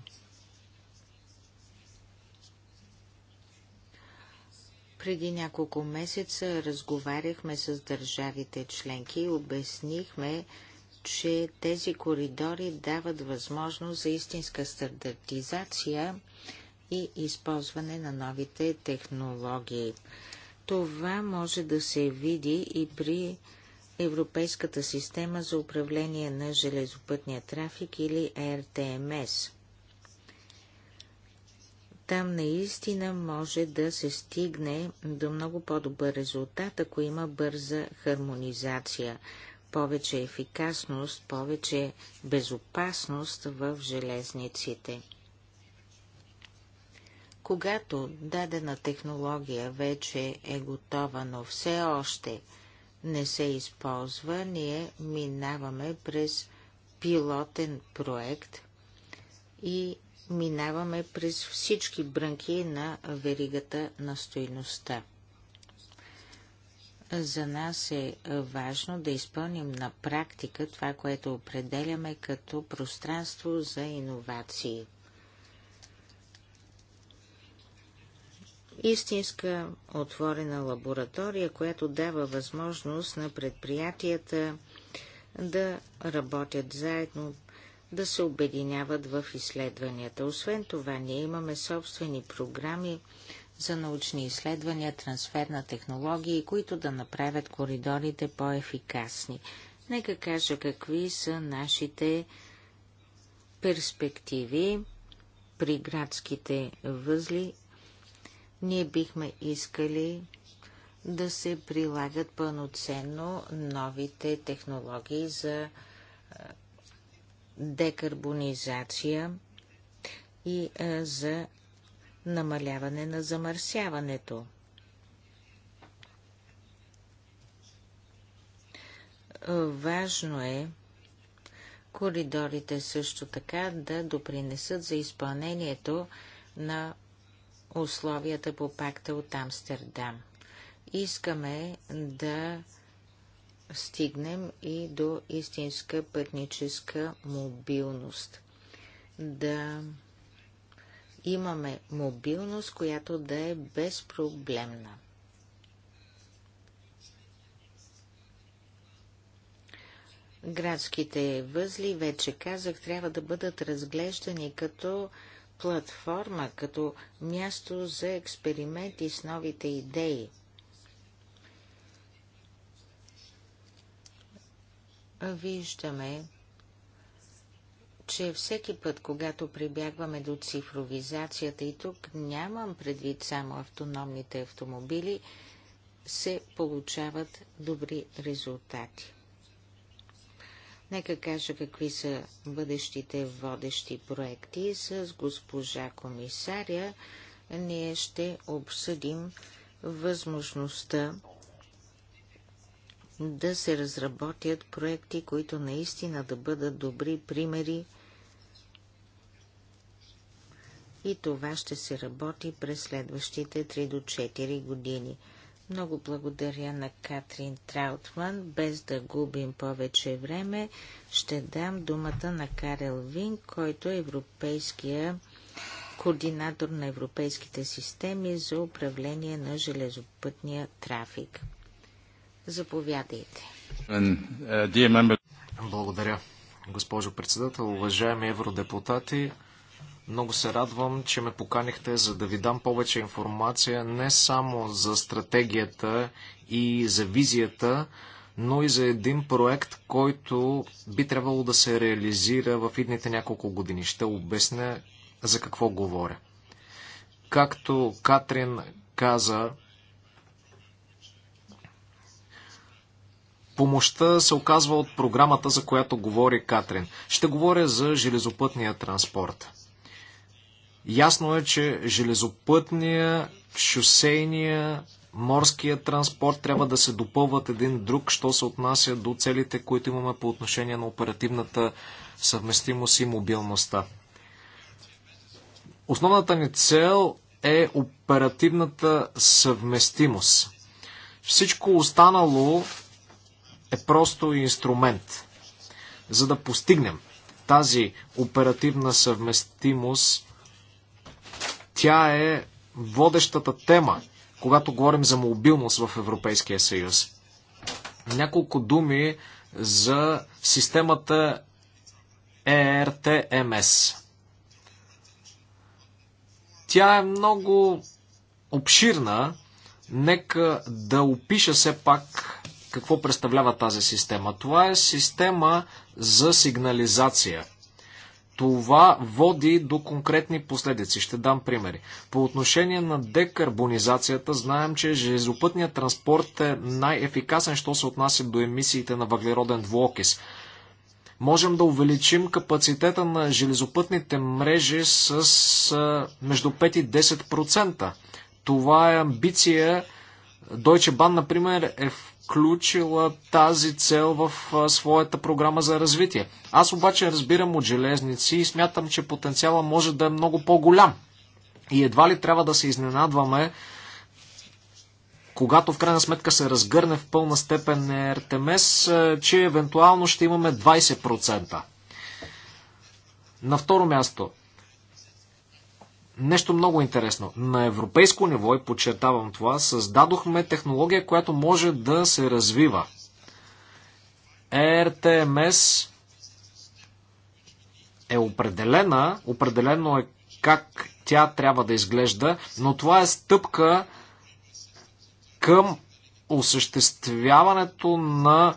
Преди няколко месеца разговаряхме с държавите членки и обяснихме, че тези коридори дават възможност за истинска стандартизация и използване на новите технологии. Това може да се види и при Европейската система за управление на железопътния трафик или РТМС. Там наистина може да се стигне до много по-добър резултат, ако има бърза хармонизация, повече ефикасност, повече безопасност в железниците. Когато дадена технология вече е готова, но все още не се използва, ние минаваме през пилотен проект и минаваме през всички брънки на веригата на стойността. За нас е важно да изпълним на практика това, което определяме като пространство за иновации. истинска отворена лаборатория, която дава възможност на предприятията да работят заедно, да се обединяват в изследванията. Освен това, ние имаме собствени програми за научни изследвания, трансфер на технологии, които да направят коридорите по-ефикасни. Нека кажа какви са нашите перспективи при градските възли ние бихме искали да се прилагат пълноценно новите технологии за декарбонизация и за намаляване на замърсяването. Важно е коридорите също така да допринесат за изпълнението на условията по пакта от Амстердам. Искаме да стигнем и до истинска пътническа мобилност. Да имаме мобилност, която да е безпроблемна. Градските възли, вече казах, трябва да бъдат разглеждани като платформа, като място за експерименти с новите идеи. Виждаме, че всеки път, когато прибягваме до цифровизацията и тук нямам предвид само автономните автомобили, се получават добри резултати. Нека кажа какви са бъдещите водещи проекти. С госпожа комисаря ние ще обсъдим възможността да се разработят проекти, които наистина да бъдат добри примери и това ще се работи през следващите 3 до 4 години. Много благодаря на Катрин Траутман. Без да губим повече време, ще дам думата на Карел Вин, който е европейския координатор на европейските системи за управление на железопътния трафик. Заповядайте. Uh, благодаря, госпожо председател, уважаеми евродепутати. Много се радвам, че ме поканихте, за да ви дам повече информация не само за стратегията и за визията, но и за един проект, който би трябвало да се реализира в идните няколко години. Ще обясня за какво говоря. Както Катрин каза, помощта се оказва от програмата, за която говори Катрин. Ще говоря за железопътния транспорт. Ясно е, че железопътния, шосейния, морския транспорт трябва да се допълват един друг, що се отнася до целите, които имаме по отношение на оперативната съвместимост и мобилността. Основната ни цел е оперативната съвместимост. Всичко останало е просто инструмент. За да постигнем тази оперативна съвместимост, тя е водещата тема, когато говорим за мобилност в Европейския съюз. Няколко думи за системата ERTMS. Тя е много обширна. Нека да опиша все пак какво представлява тази система. Това е система за сигнализация – това води до конкретни последици. Ще дам примери. По отношение на декарбонизацията, знаем, че железопътният транспорт е най-ефикасен, що се отнася до емисиите на въглероден двуокис. Можем да увеличим капацитета на железопътните мрежи с между 5 и 10%. Това е амбиция. Deutsche Bahn, например, е в включила тази цел в своята програма за развитие. Аз обаче разбирам от железници и смятам, че потенциала може да е много по-голям. И едва ли трябва да се изненадваме, когато в крайна сметка се разгърне в пълна степен РТМС, че евентуално ще имаме 20%. На второ място, нещо много интересно. На европейско ниво, и подчертавам това, създадохме технология, която може да се развива. Е РТМС е определена, определено е как тя трябва да изглежда, но това е стъпка към осъществяването на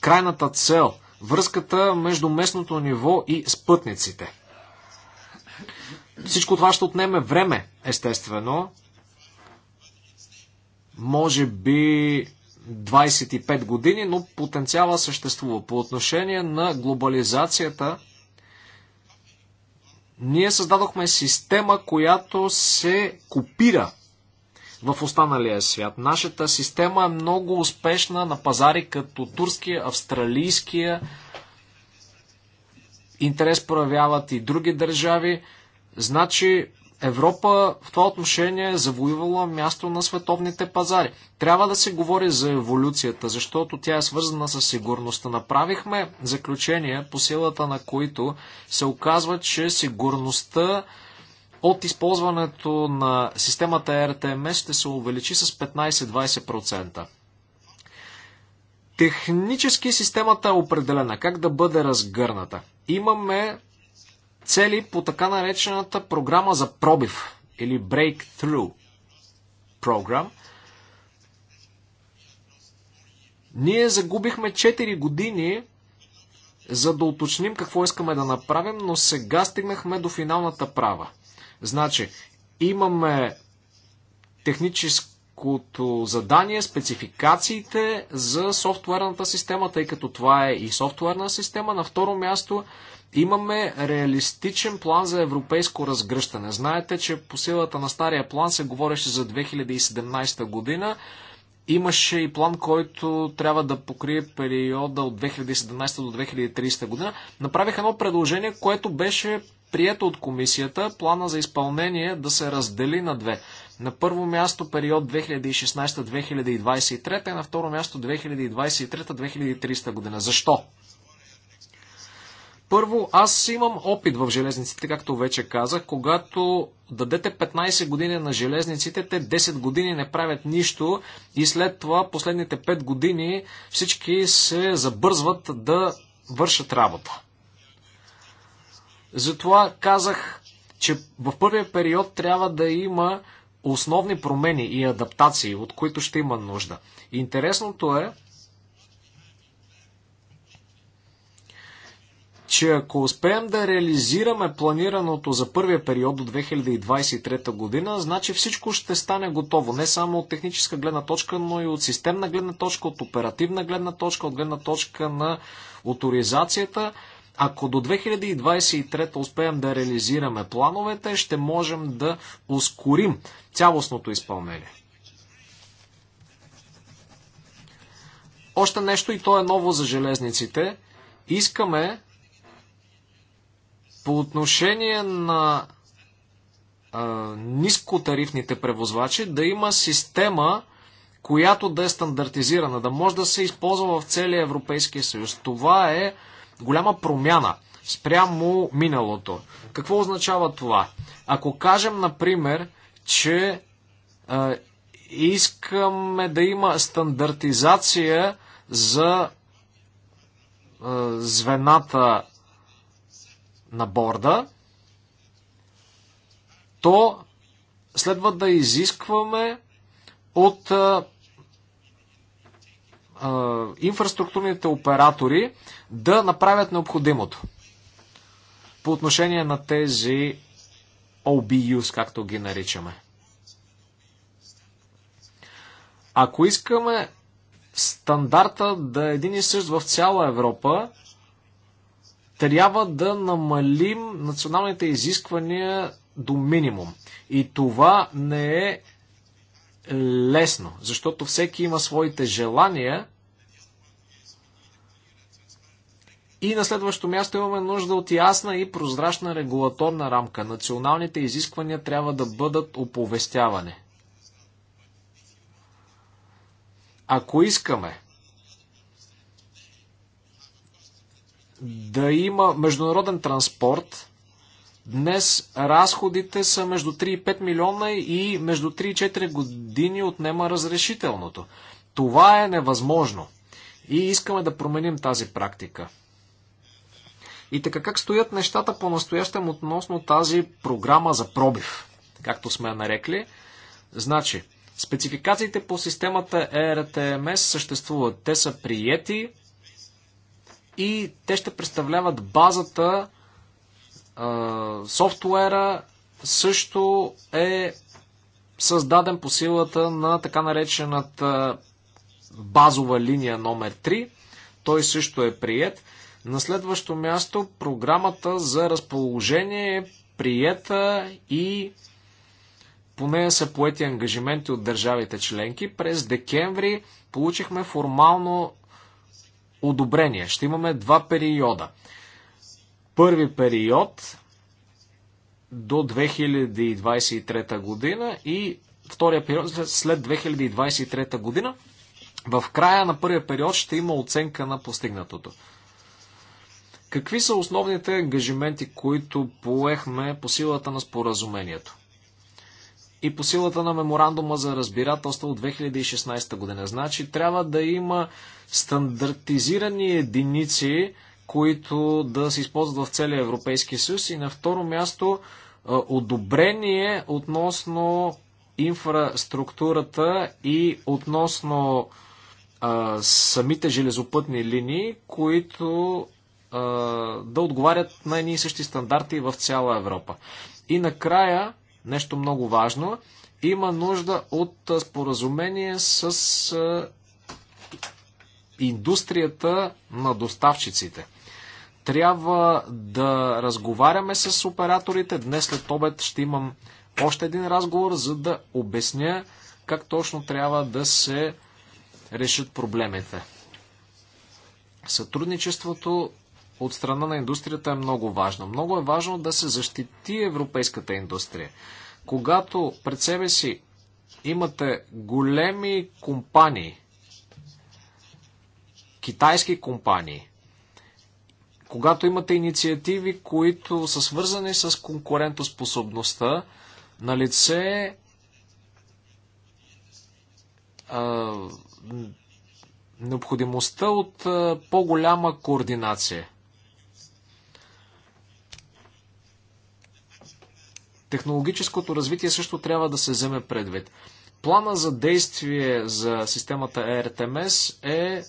крайната цел, връзката между местното ниво и спътниците. Всичко това ще отнеме време, естествено. Може би 25 години, но потенциала съществува. По отношение на глобализацията, ние създадохме система, която се копира в останалия свят. Нашата система е много успешна на пазари като турския, австралийския. Интерес проявяват и други държави. Значи Европа в това отношение е завоювала място на световните пазари. Трябва да се говори за еволюцията, защото тя е свързана с сигурността. Направихме заключения, по силата на които се оказва, че сигурността от използването на системата РТМС ще се увеличи с 15-20%. Технически системата е определена, как да бъде разгърната. Имаме цели по така наречената програма за пробив или Breakthrough Program. Ние загубихме 4 години за да уточним какво искаме да направим, но сега стигнахме до финалната права. Значи, имаме техническото задание, спецификациите за софтуерната система, тъй като това е и софтуерна система. На второ място Имаме реалистичен план за европейско разгръщане. Знаете, че по силата на стария план се говореше за 2017 година. Имаше и план, който трябва да покрие периода от 2017 до 2030 година. Направих едно предложение, което беше прието от комисията, плана за изпълнение да се раздели на две. На първо място период 2016-2023 и на второ място 2023-2030 година. Защо? Първо, аз имам опит в железниците, както вече казах. Когато дадете 15 години на железниците, те 10 години не правят нищо и след това последните 5 години всички се забързват да вършат работа. Затова казах, че в първия период трябва да има основни промени и адаптации, от които ще има нужда. Интересното е, че ако успеем да реализираме планираното за първия период до 2023 година, значи всичко ще стане готово. Не само от техническа гледна точка, но и от системна гледна точка, от оперативна гледна точка, от гледна точка на авторизацията. Ако до 2023 успеем да реализираме плановете, ще можем да ускорим цялостното изпълнение. Още нещо и то е ново за железниците. Искаме по отношение на а, нискотарифните превозвачи, да има система, която да е стандартизирана, да може да се използва в целия Европейския съюз. Това е голяма промяна спрямо миналото. Какво означава това? Ако кажем, например, че а, искаме да има стандартизация за а, звената на борда, то следва да изискваме от а, а, инфраструктурните оператори да направят необходимото по отношение на тези OBUs, както ги наричаме. Ако искаме стандарта да е един и същ в цяла Европа, трябва да намалим националните изисквания до минимум. И това не е лесно, защото всеки има своите желания. И на следващо място имаме нужда от ясна и прозрачна регулаторна рамка. Националните изисквания трябва да бъдат оповестявани. Ако искаме да има международен транспорт. Днес разходите са между 3 и 5 милиона и между 3 и 4 години отнема разрешителното. Това е невъзможно. И искаме да променим тази практика. И така как стоят нещата по-настоящем относно тази програма за пробив, както сме я нарекли. Значи, спецификациите по системата ERTMS съществуват. Те са приети, и те ще представляват базата, софтуера също е създаден по силата на така наречената базова линия номер 3. Той също е прият. На следващо място програмата за разположение е приета и по нея са поети ангажименти от държавите членки. През декември получихме формално одобрение. Ще имаме два периода. Първи период до 2023 година и втория период след 2023 година. В края на първия период ще има оценка на постигнатото. Какви са основните ангажименти, които поехме по силата на споразумението? и по силата на меморандума за разбирателство от 2016 година. Значи трябва да има стандартизирани единици, които да се използват в целия Европейски съюз и на второ място е, одобрение относно инфраструктурата и относно а, е, самите железопътни линии, които а, е, да отговарят на едни и същи стандарти в цяла Европа. И накрая нещо много важно. Има нужда от споразумение с индустрията на доставчиците. Трябва да разговаряме с операторите. Днес след обед ще имам още един разговор, за да обясня как точно трябва да се решат проблемите. Сътрудничеството от страна на индустрията е много важно. Много е важно да се защити европейската индустрия. Когато пред себе си имате големи компании, китайски компании, когато имате инициативи, които са свързани с конкурентоспособността, на лице необходимостта от по-голяма координация. Технологическото развитие също трябва да се вземе предвид. Плана за действие за системата ERTMS е,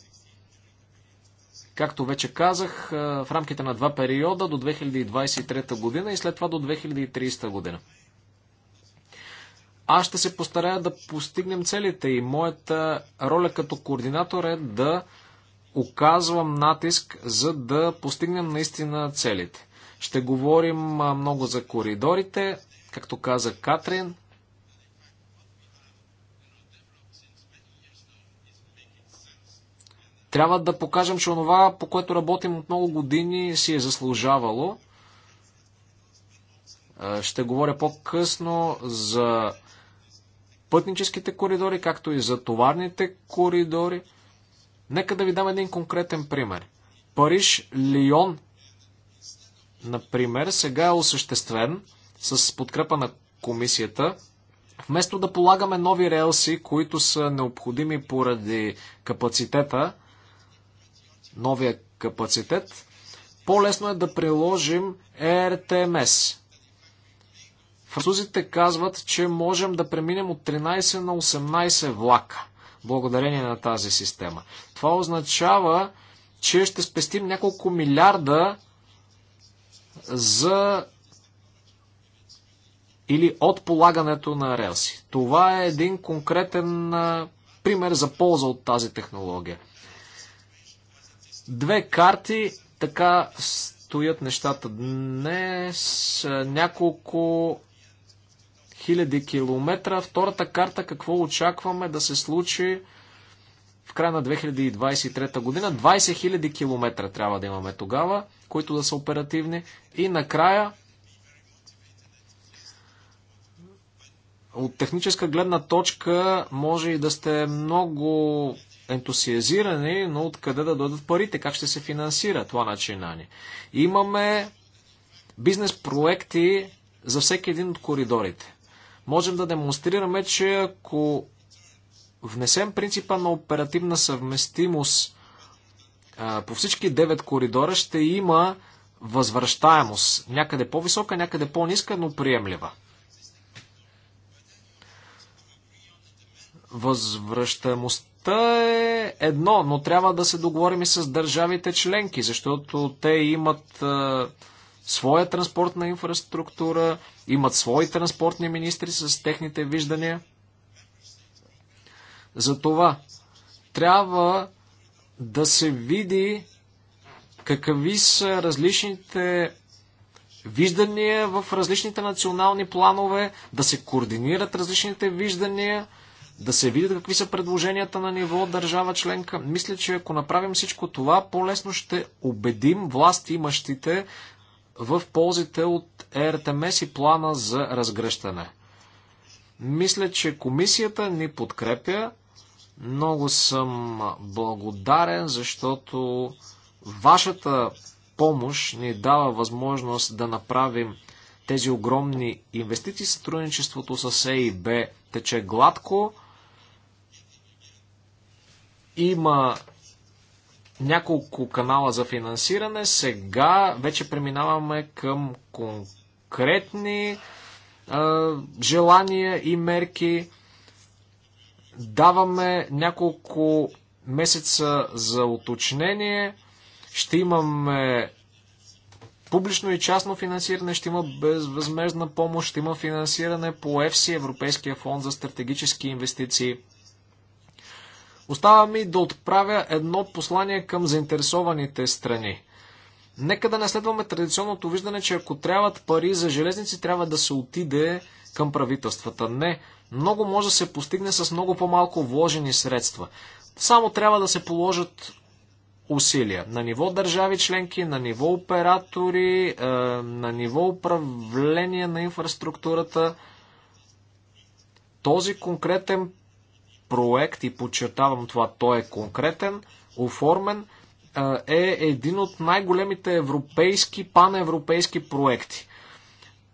както вече казах, е, в рамките на два периода до 2023 година и след това до 2030 година. Аз ще се постарая да постигнем целите и моята роля като координатор е да оказвам натиск, за да постигнем наистина целите. Ще говорим много за коридорите. Както каза Катрин, трябва да покажем, че онова, по което работим от много години, си е заслужавало. Ще говоря по-късно за пътническите коридори, както и за товарните коридори. Нека да ви дам един конкретен пример. Париж, Лион, например, сега е осъществен с подкрепа на комисията, вместо да полагаме нови релси, които са необходими поради капацитета, новия капацитет, по-лесно е да приложим RTMS. Французите казват, че можем да преминем от 13 на 18 влака, благодарение на тази система. Това означава, че ще спестим няколко милиарда за или от полагането на релси. Това е един конкретен пример за полза от тази технология. Две карти, така стоят нещата днес. Няколко хиляди километра. Втората карта, какво очакваме да се случи в края на 2023 година. 20 000 километра трябва да имаме тогава, които да са оперативни. И накрая От техническа гледна точка може и да сте много ентусиазирани, но откъде да дойдат парите, как ще се финансира това начинание. Имаме бизнес проекти за всеки един от коридорите. Можем да демонстрираме, че ако внесем принципа на оперативна съвместимост по всички 9 коридора, ще има възвръщаемост. Някъде по-висока, някъде по-ниска, но приемлива. Възвръщаемостта е едно, но трябва да се договорим и с държавите членки, защото те имат а, е, своя транспортна инфраструктура, имат свои транспортни министри с техните виждания. Затова трябва да се види какви са различните виждания в различните национални планове, да се координират различните виждания – да се видят какви са предложенията на ниво държава членка. Мисля, че ако направим всичко това, по-лесно ще убедим власт имащите в ползите от РТМС и плана за разгръщане. Мисля, че комисията ни подкрепя. Много съм благодарен, защото вашата помощ ни дава възможност да направим тези огромни инвестиции. Сътрудничеството с ЕИБ тече гладко има няколко канала за финансиране. Сега вече преминаваме към конкретни е, желания и мерки. Даваме няколко месеца за уточнение. Ще имаме публично и частно финансиране, ще има безвъзмезна помощ, ще има финансиране по ЕФСИ, Европейския фонд за стратегически инвестиции – Остава ми да отправя едно послание към заинтересованите страни. Нека да не следваме традиционното виждане, че ако трябват пари за железници, трябва да се отиде към правителствата. Не, много може да се постигне с много по-малко вложени средства. Само трябва да се положат усилия на ниво държави членки, на ниво оператори, е, на ниво управление на инфраструктурата. Този конкретен проект, и подчертавам това, той е конкретен, оформен, е един от най-големите европейски, паневропейски проекти.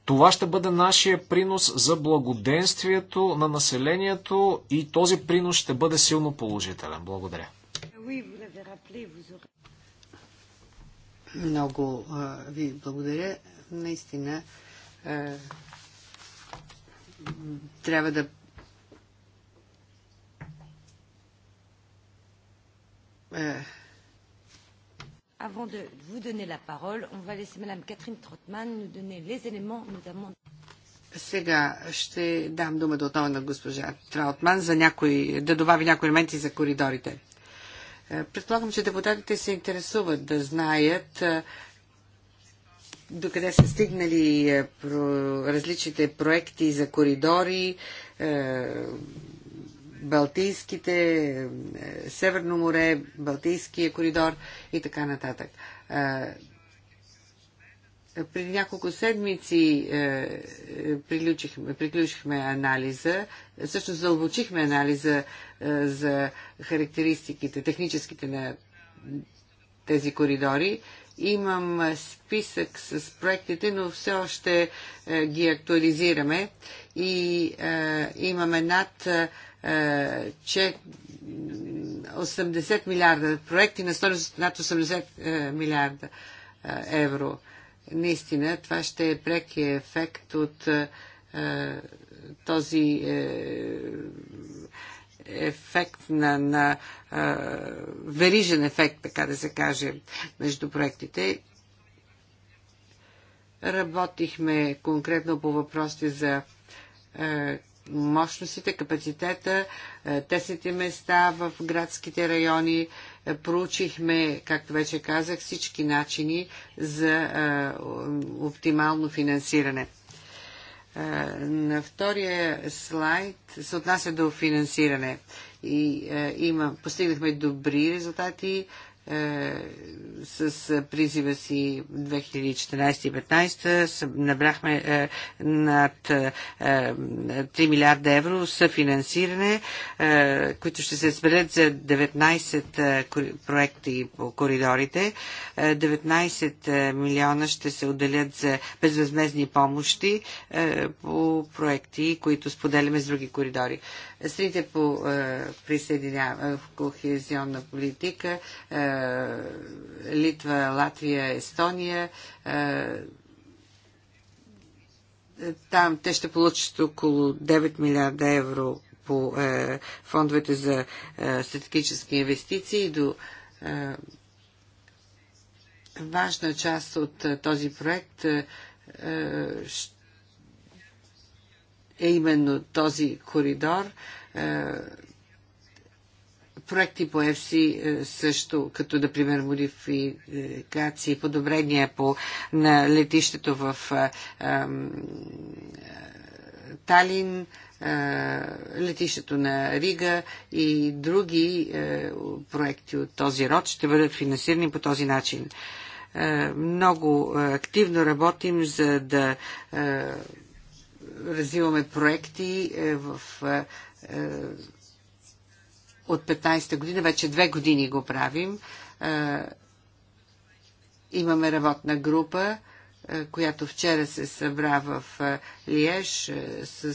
Това ще бъде нашия принос за благоденствието на населението и този принос ще бъде силно положителен. Благодаря. Много ви благодаря. Наистина трябва да Euh. Avant de vous donner la parole, on va laisser Madame Catherine Trottmann nous donner les éléments, notamment. Сега ще дам думата отново на госпожа Траутман за някои, да добави някои елементи за коридорите. Е, предполагам, че депутатите се интересуват да знаят е, докъде са стигнали е, различните проекти за коридори, Балтийските, е, Северно море, Балтийския коридор и така нататък. Е, преди няколко седмици е, приключихме, приключихме анализа, всъщност задълбочихме анализа за характеристиките, техническите на тези коридори. Имам списък с проектите, но все още ги актуализираме и имаме над е, че 80 милиарда, проекти на стоеност над 80 е, милиарда е, евро. Наистина, това ще е преки ефект от този ефект на, на верижен ефект, така да се каже, между проектите. Работихме конкретно по въпросите за мощностите, капацитета, е, тесните места в градските райони. Е, проучихме, както вече казах, всички начини за е, оптимално финансиране. На втория слайд се отнася до финансиране и има, постигнахме добри резултати е, с е, призива си 2014-2015 набрахме е, над 3 милиарда евро съфинансиране, които ще се сберат за 19 проекти по коридорите. 19 милиона ще се отделят за безвъзмезни помощи по проекти, които споделяме с други коридори. Срите по е, в кохезионна политика е, Литва, Латвия, Естония. Е, там те ще получат около 9 милиарда евро по е, фондовете за е, стратегически инвестиции до е, важна част от е, този проект е, ще е именно този коридор. Е, проекти по ЕФСИ е, също, като например модификации, подобрения по, на летището в е, Талин, летището на Рига и други проекти от този род ще бъдат финансирани по този начин. Много активно работим за да развиваме проекти е, в е, е, от 15-та година, вече две години го правим. Имаме работна група, която вчера се събра в Лиеш с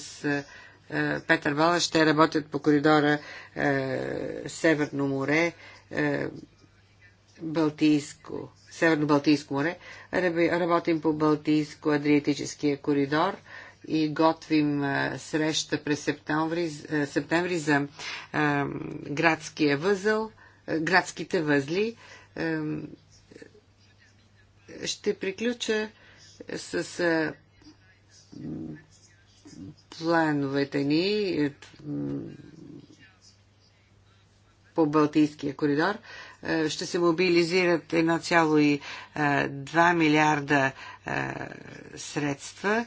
Петър Вала. Ще работят по коридора Северно море, Балтийско, Северно-Балтийско море. Работим по Балтийско-Адриатическия коридор – и готвим среща през септември, септември за градския възъл, градските възли. Ще приключа с плановете ни е, по Балтийския коридор ще се мобилизират 1,2 милиарда средства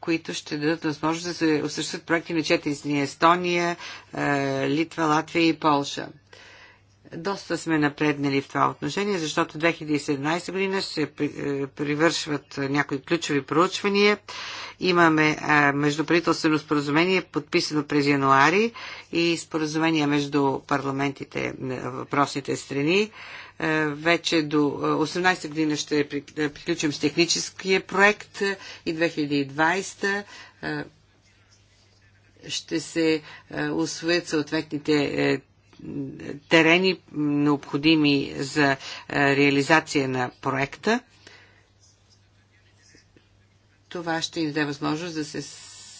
които ще дадат възможност да се осъществят проекти на четири страни Естония, е, Литва, Латвия и Полша. Доста сме напреднали в това отношение, защото 2017 година ще се привършват някои ключови проучвания. Имаме е, междуправителствено споразумение, подписано през януари и споразумение между парламентите на въпросните страни. Вече до 18 е, година ще е, приключим с техническия проект е, и 2020 ще се освоят съответните терени, необходими за реализация на проекта. Това ще ни даде възможност да се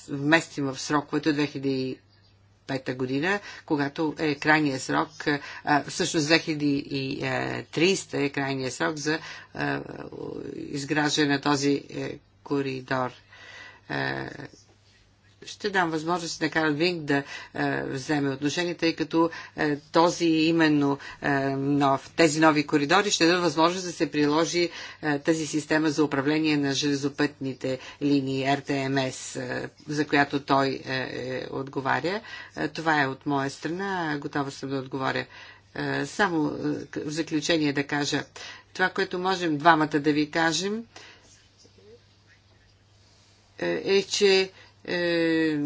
вместим в сроковете 2020 2025 година, когато е крайния срок, всъщност 2030 е крайния срок за изграждане на този е, коридор ще дам възможност на Карл Винг да е, вземе отношение, тъй като е, този именно е, нов, тези нови коридори ще дадат възможност да се приложи е, тази система за управление на железопътните линии РТМС, е, за която той е, е, отговаря. Е, това е от моя страна. Готова съм да отговоря. Е, само е, в заключение да кажа това, което можем двамата да ви кажем е, е че е,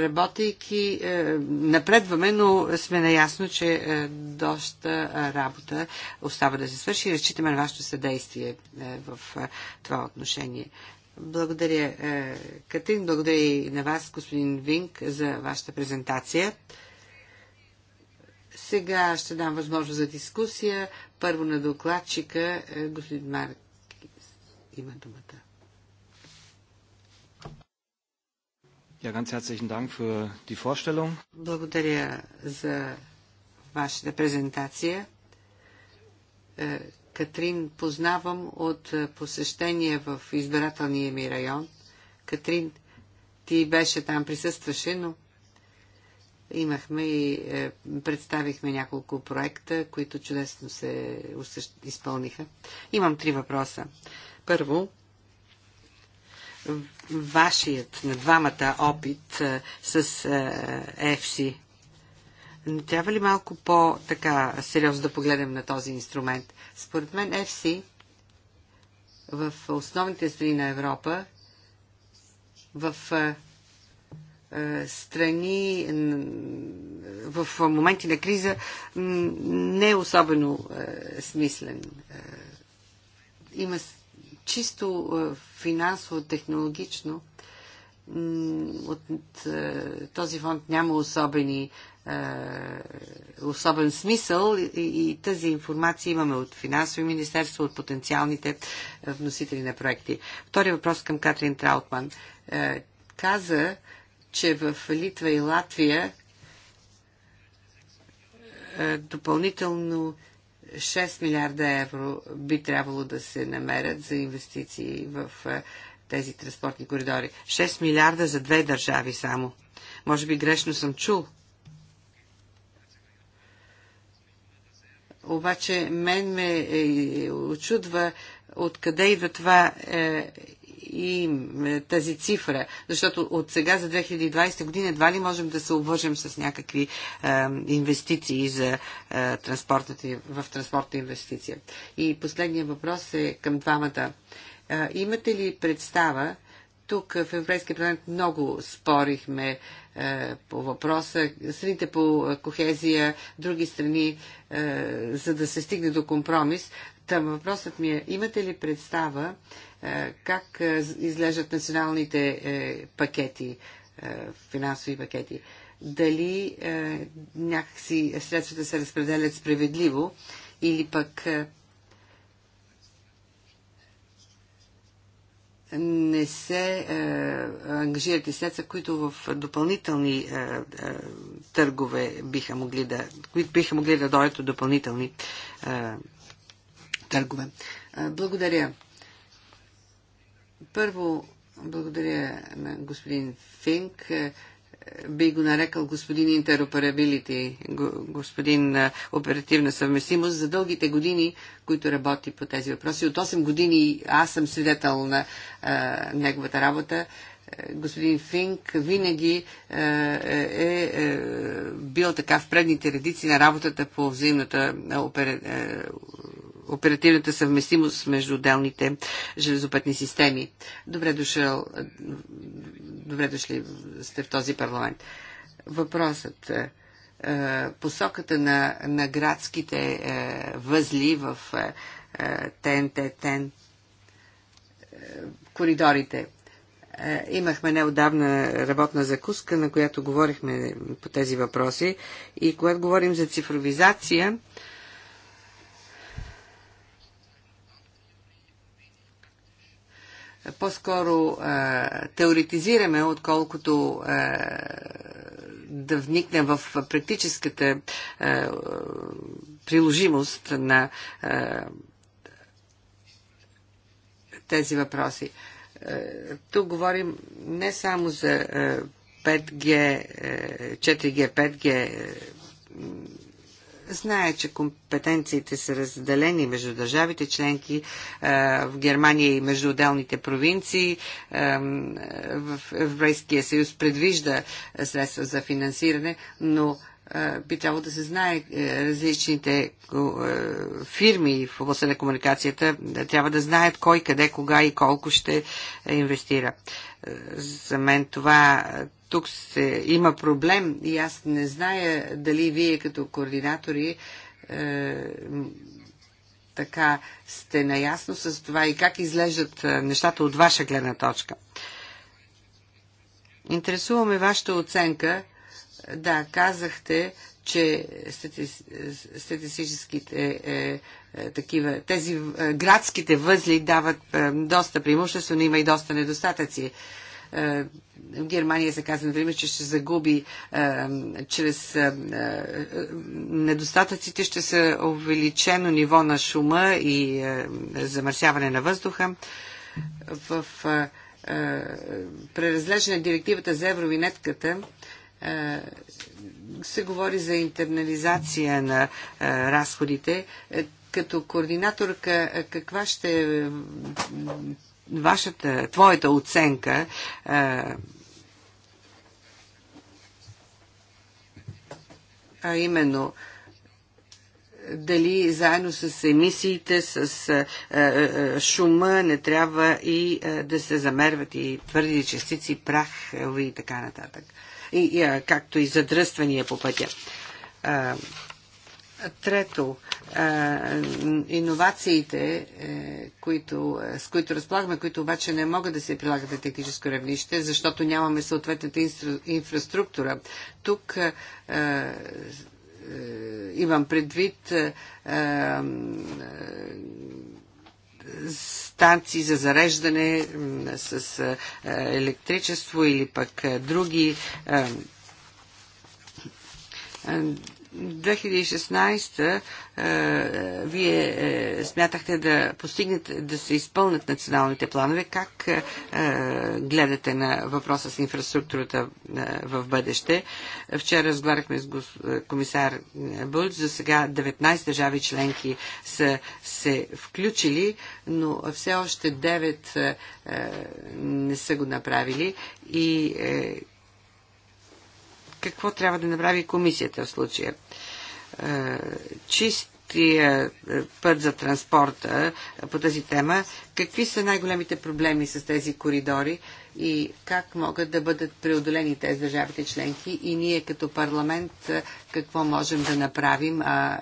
работейки, е, напредваме, но сме наясно, че е, доста работа остава да се свърши и разчитаме на вашето съдействие в това отношение. Благодаря, Катрин. Благодаря и на вас, господин Винк, за вашата презентация. Сега ще дам възможност за дискусия. Първо на докладчика, господин Марк има думата. Ja, ganz herzlichen Dank für die Vorstellung. Благодаря за вашата презентация. Е, Катрин познавам от е, посещение в избирателния ми район. Катрин, ти беше там, присъстваше, но имахме и е, представихме няколко проекта, които чудесно се изпълниха. Имам три въпроса. Първо, вашият, на двамата опит с ЕФСИ? Не трябва ли малко по-така сериозно да погледнем на този инструмент? Според мен ЕФСИ в основните страни на Европа, в страни в моменти на криза не е особено смислен. Има чисто финансово-технологично от този фонд няма особени, особен смисъл и, тази информация имаме от финансови министерство, от потенциалните вносители на проекти. Втори въпрос към Катрин Траутман. Каза, че в Литва и Латвия допълнително 6 милиарда евро би трябвало да се намерят за инвестиции в тези транспортни коридори. 6 милиарда за две държави само. Може би грешно съм чул. Обаче мен ме е, е, очудва откъде идва това е, и е, тази цифра, защото от сега за 2020 година едва ли можем да се обвържем с някакви е, инвестиции за, е, транспортната, в транспортна инвестиция. И последният въпрос е към двамата. Е, имате ли представа, тук в Европейския парламент много спорихме е, по въпроса, страните по кохезия, други страни, е, за да се стигне до компромис. Там въпросът ми е, имате ли представа е, как е, излежат националните е, пакети, финансови пакети. Дали някакси средствата се разпределят справедливо или пък не се ангажират и средства, които в допълнителни търгове биха могли да, които биха могли да дойдат от допълнителни търгове. благодаря. Първо, благодаря на господин Финк. Е, би го нарекал господин интероперабилити, господин е, оперативна съвместимост. За дългите години, които работи по тези въпроси, от 8 години аз съм свидетел на а, е, неговата работа господин Финк винаги е, е, е бил така в предните редици на работата по взаимната опера, оперативната съвместимост между отделните железопътни системи. Добре, дошъл, добре дошли сте в този парламент. Въпросът е, е, посоката на, на градските е, възли в ТНТ, ТН, коридорите. Имахме неодавна работна закуска, на която говорихме по тези въпроси. И когато говорим за цифровизация, по-скоро е, теоретизираме, отколкото е, да вникнем в практическата е, приложимост на тези въпроси. Тук говорим не само за 5G, 4G, 5G Знае, че компетенциите са разделени между държавите членки е, в Германия и между отделните провинции. Е, в Европейския съюз предвижда средства за финансиране, но е, би трябвало да се знае различните фирми в областта на комуникацията трябва да знаят кой, къде, кога и колко ще инвестира. За мен това тук се, има проблем и аз не зная дали вие като координатори е, така сте наясно с това и как излежат е, нещата от ваша гледна точка. Интересуваме вашата оценка. Да, казахте, че статистическите е, е, е, такива, тези е, градските възли дават е, доста преимущество, но има и доста недостатъци. Е, в е, Германия се казва, време, че ще загуби е, чрез е, недостатъците, ще се увеличено ниво на шума и замърсяване на въздуха. В преразлежане преразглеждане директивата за евровинетката се говори за интернализация на разходите. Като координаторка, каква ще е вашата, твоята оценка е, а именно дали заедно с емисиите, с а, е, а, е, шума не трябва и а, да се замерват и твърди частици, прах и така нататък. И, и, а, както и задръствания по пътя. А, Трето, иновациите, е, които, е, с които разполагаме, които обаче не могат да се прилагат на техническо равнище, защото нямаме съответната инфраструктура. Тук е, имам предвид станции за зареждане с електричество или пък други 2016 е, вие е, смятахте да постигнете, да се изпълнят националните планове. Как е, гледате на въпроса с инфраструктурата в бъдеще? Вчера разговаряхме с комисар Бълч. За сега 19 държави членки са се включили, но все още 9 не са го направили. И какво трябва да направи комисията в случая? чистия е, път за транспорта е, по тази тема, какви са най-големите проблеми с тези коридори и как могат да бъдат преодолени тези държавите членки и ние като парламент е, какво можем да направим а,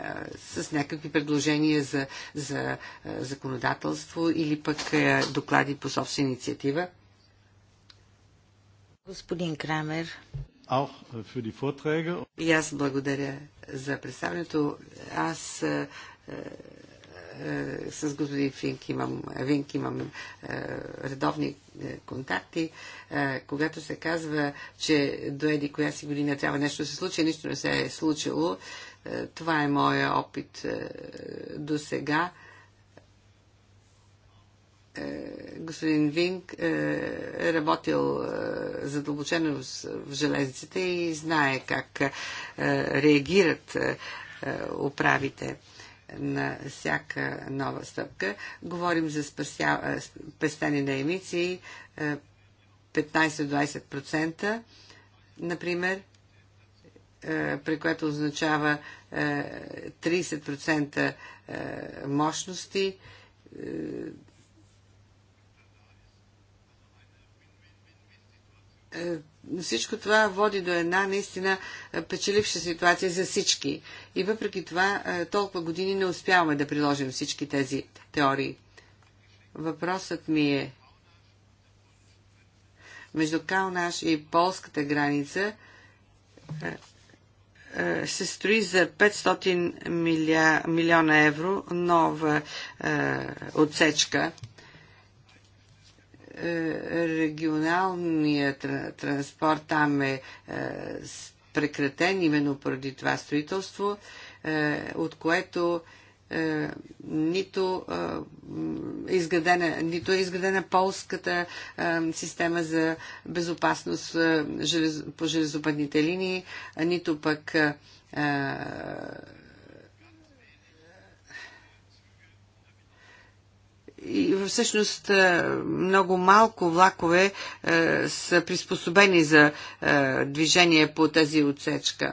с някакви предложения за, за законодателство или пък доклади по собствена инициатива? Господин Крамер. Äh, И аз благодаря за представянето. Аз е, е, с господин Финк имам, Винк имам е, редовни е, контакти. Е, когато се казва, че до еди коя си година трябва нещо да се случи, нищо не се е случило, е, това е моя опит до сега е, господин Винг е, е работил е, задълбочено в железниците и знае как реагират управите на всяка нова стъпка. Говорим за спася... пестени на емиции, 15-20%, например, при което означава 30% мощности, Е, всичко това води до една наистина печеливша ситуация за всички. И въпреки това е, толкова години не успяваме да приложим всички тези теории. Въпросът ми е между Калнаш и полската граница е, се строи за 500 милиона евро нова отсечка регионалният транспорт там е, е прекратен именно поради това строителство, е, от което е, нито, е изградена, нито е изградена полската система за безопасност по железопътните линии, нито пък И всъщност е, много малко влакове е, са приспособени за е, движение по тази отсечка.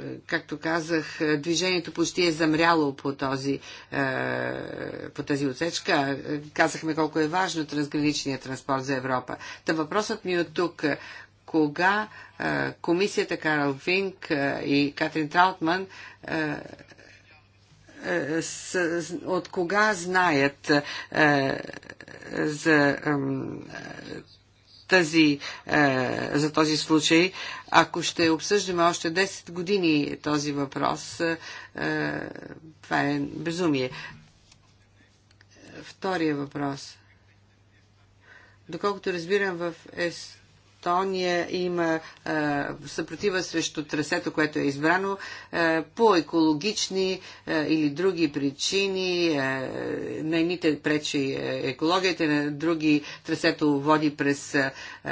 Е, както казах, е, движението почти е замряло по, този, е, по тази отсечка. Казахме колко е важно трансграничният транспорт за Европа. Та въпросът ми от тук кога комисията Карл Винк и Катрин Траутман е, с, от кога знаят е, за е, тази, е, за този случай. Ако ще обсъждаме още 10 години този въпрос, е, е, това е безумие. Втория въпрос. Доколкото разбирам в Ест Естония има е, съпротива срещу трасето, което е избрано е, по екологични е, или други причини. Е, на едните пречи екологията, на други трасето води през. Е, е,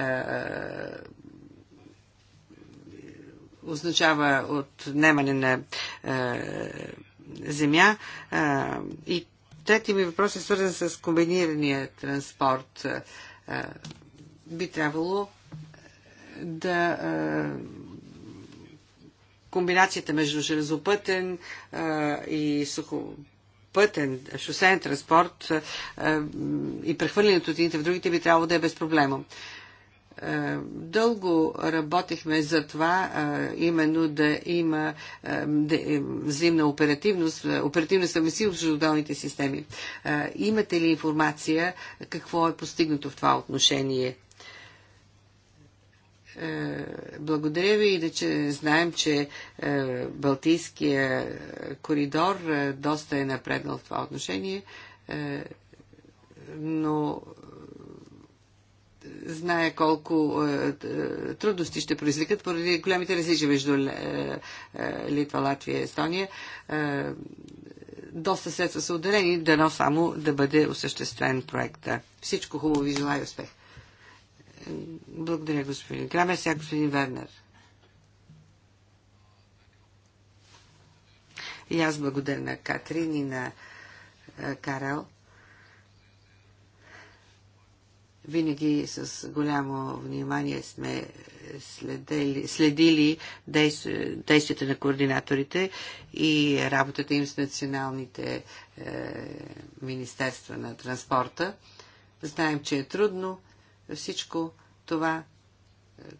означава отнемане на е, земя. Е, и трети ми въпрос е свързан с комбинирания транспорт. Е, би трябвало да е, комбинацията между железопътен е, и сухопътен шосеен транспорт е, и прехвърлянето от едните в другите би трябвало да е без проблема. Дълго работихме за това, именно да има да, взаимна оперативност, оперативна съвместимост между отделните системи. Имате ли информация какво е постигнато в това отношение? Е, благодаря ви, и да, че знаем, че е, Балтийския коридор е, доста е напреднал в това отношение, но знае колко трудности ще произликат поради големите различия между Литва, Латвия и Естония. Доста средства са отделени, дано само да бъде осъществен проекта. Всичко хубаво ви желая успех! Благодаря, господин Крамер. Сега господин Вернер. И аз благодаря на Катрин и на е, Карел. Винаги с голямо внимание сме следили, следили действията на координаторите и работата им с националните е, Министерства на транспорта. Знаем, че е трудно всичко това е,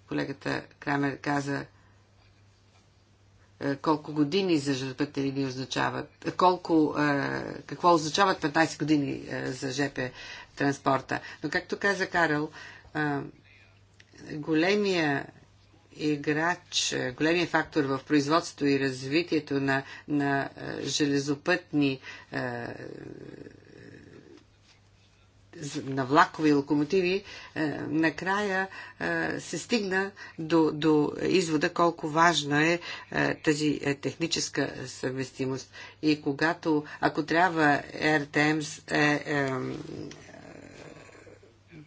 колегата Крамер каза е, колко години за жертвите ни означават, е, колко, какво означават 15 години за ЖП транспорта. Но както каза Карл, големия играч, големия фактор в производството и развитието на, на железопътни на влакове и локомотиви, е, накрая е, се стигна до, до извода колко важна е, е тази техническа съвместимост. И когато, ако трябва РТМ, е, е,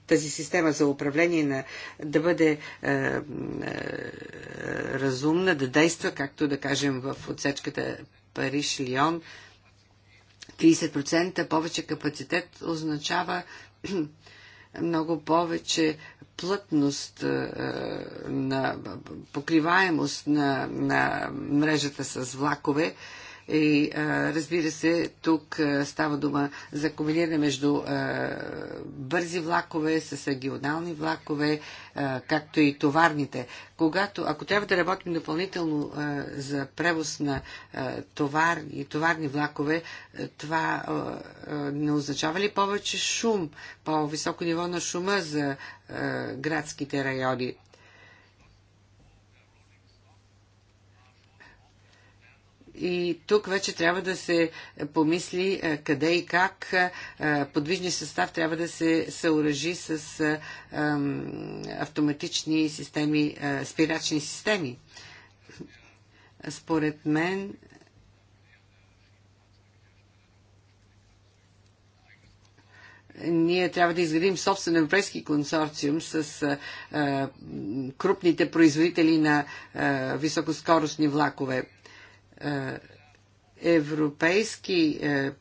тази система за управление на, да бъде е, е, разумна, да действа, както да кажем в отсечката Париж-Лион, 30% повече капацитет означава много повече плътност на покриваемост на, на мрежата с влакове, и разбира се, тук става дума за комбиниране между бързи влакове с регионални влакове, както и товарните. Когато, ако трябва да работим допълнително за превоз на товар и товарни влакове, това не означава ли повече шум, по-високо ниво на шума за градските райони? И тук вече трябва да се помисли е, къде и как е, е, подвижния състав трябва да се съоръжи с автоматични системи, спирачни системи. Според мен ние трябва да изградим собствен европейски консорциум с а, крупните производители на а, високоскоростни влакове. Е, европейски е,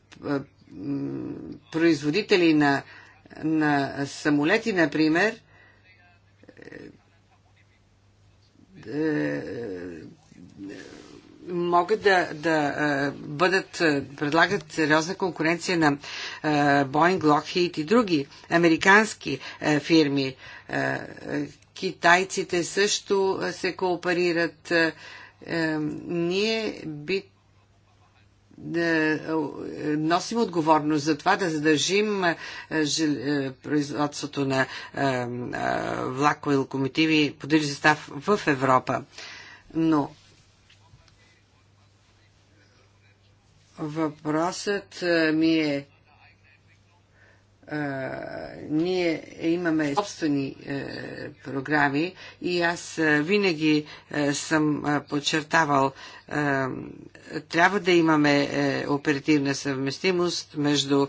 производители на, на самолети, например, е, могат да, да бъдат, предлагат сериозна конкуренция на Boeing, Lockheed и други американски фирми. Китайците също се кооперират ние би да е, носим отговорност за това да задържим е, е, производството на влакови локомотиви по движен състав в Европа. Но въпросът ми е ние имаме собствени е, програми и аз е, винаги е, съм подчертавал, трябва да имаме оперативна съвместимост между,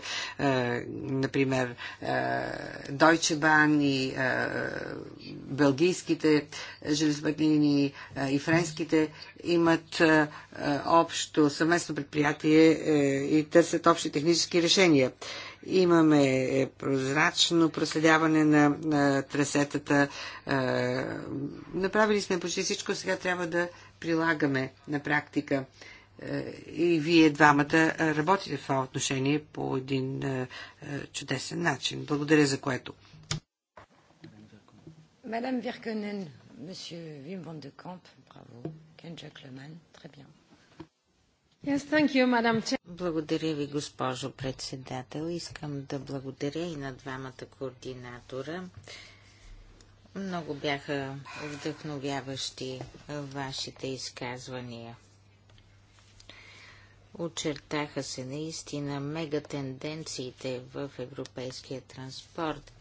например, Deutsche Bahn и белгийските железопътни и френските имат общо съвместно предприятие и търсят общи технически решения. Имаме е, прозрачно проследяване на, на трасетата. Е, направили сме почти всичко, сега трябва да прилагаме на практика. Е, и вие двамата е, работите в това отношение по един е, е, чудесен начин. Благодаря за което. Мадам Вирконен, месье Вим Ван де Камп, браво. Ken Jacquelman, très bien благодаря ви, госпожо председател. Искам да благодаря и на двамата координатора. Много бяха вдъхновяващи вашите изказвания. Очертаха се наистина мегатенденциите в европейския транспорт.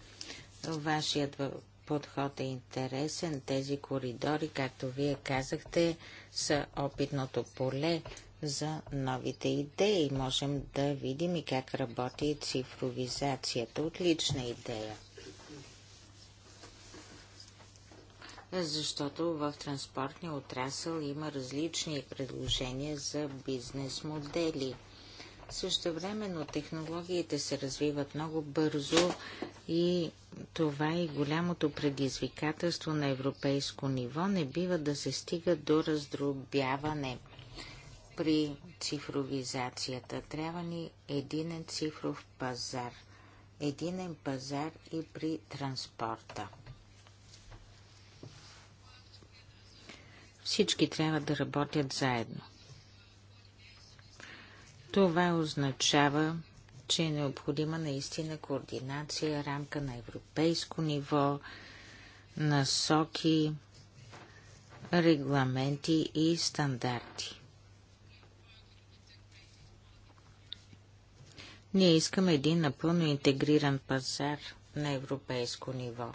Вашият подход е интересен. Тези коридори, както вие казахте, са опитното поле за новите идеи. Можем да видим и как работи цифровизацията. Отлична идея. Защото в транспортния отрасъл има различни предложения за бизнес модели. Също Същевременно технологиите се развиват много бързо и това е голямото предизвикателство на европейско ниво. Не бива да се стига до раздробяване – при цифровизацията. Трябва ни единен цифров пазар. Единен пазар и при транспорта. Всички трябва да работят заедно. Това означава, че е необходима наистина координация, рамка на европейско ниво, насоки, регламенти и стандарти. Ние искаме един напълно интегриран пазар на европейско ниво.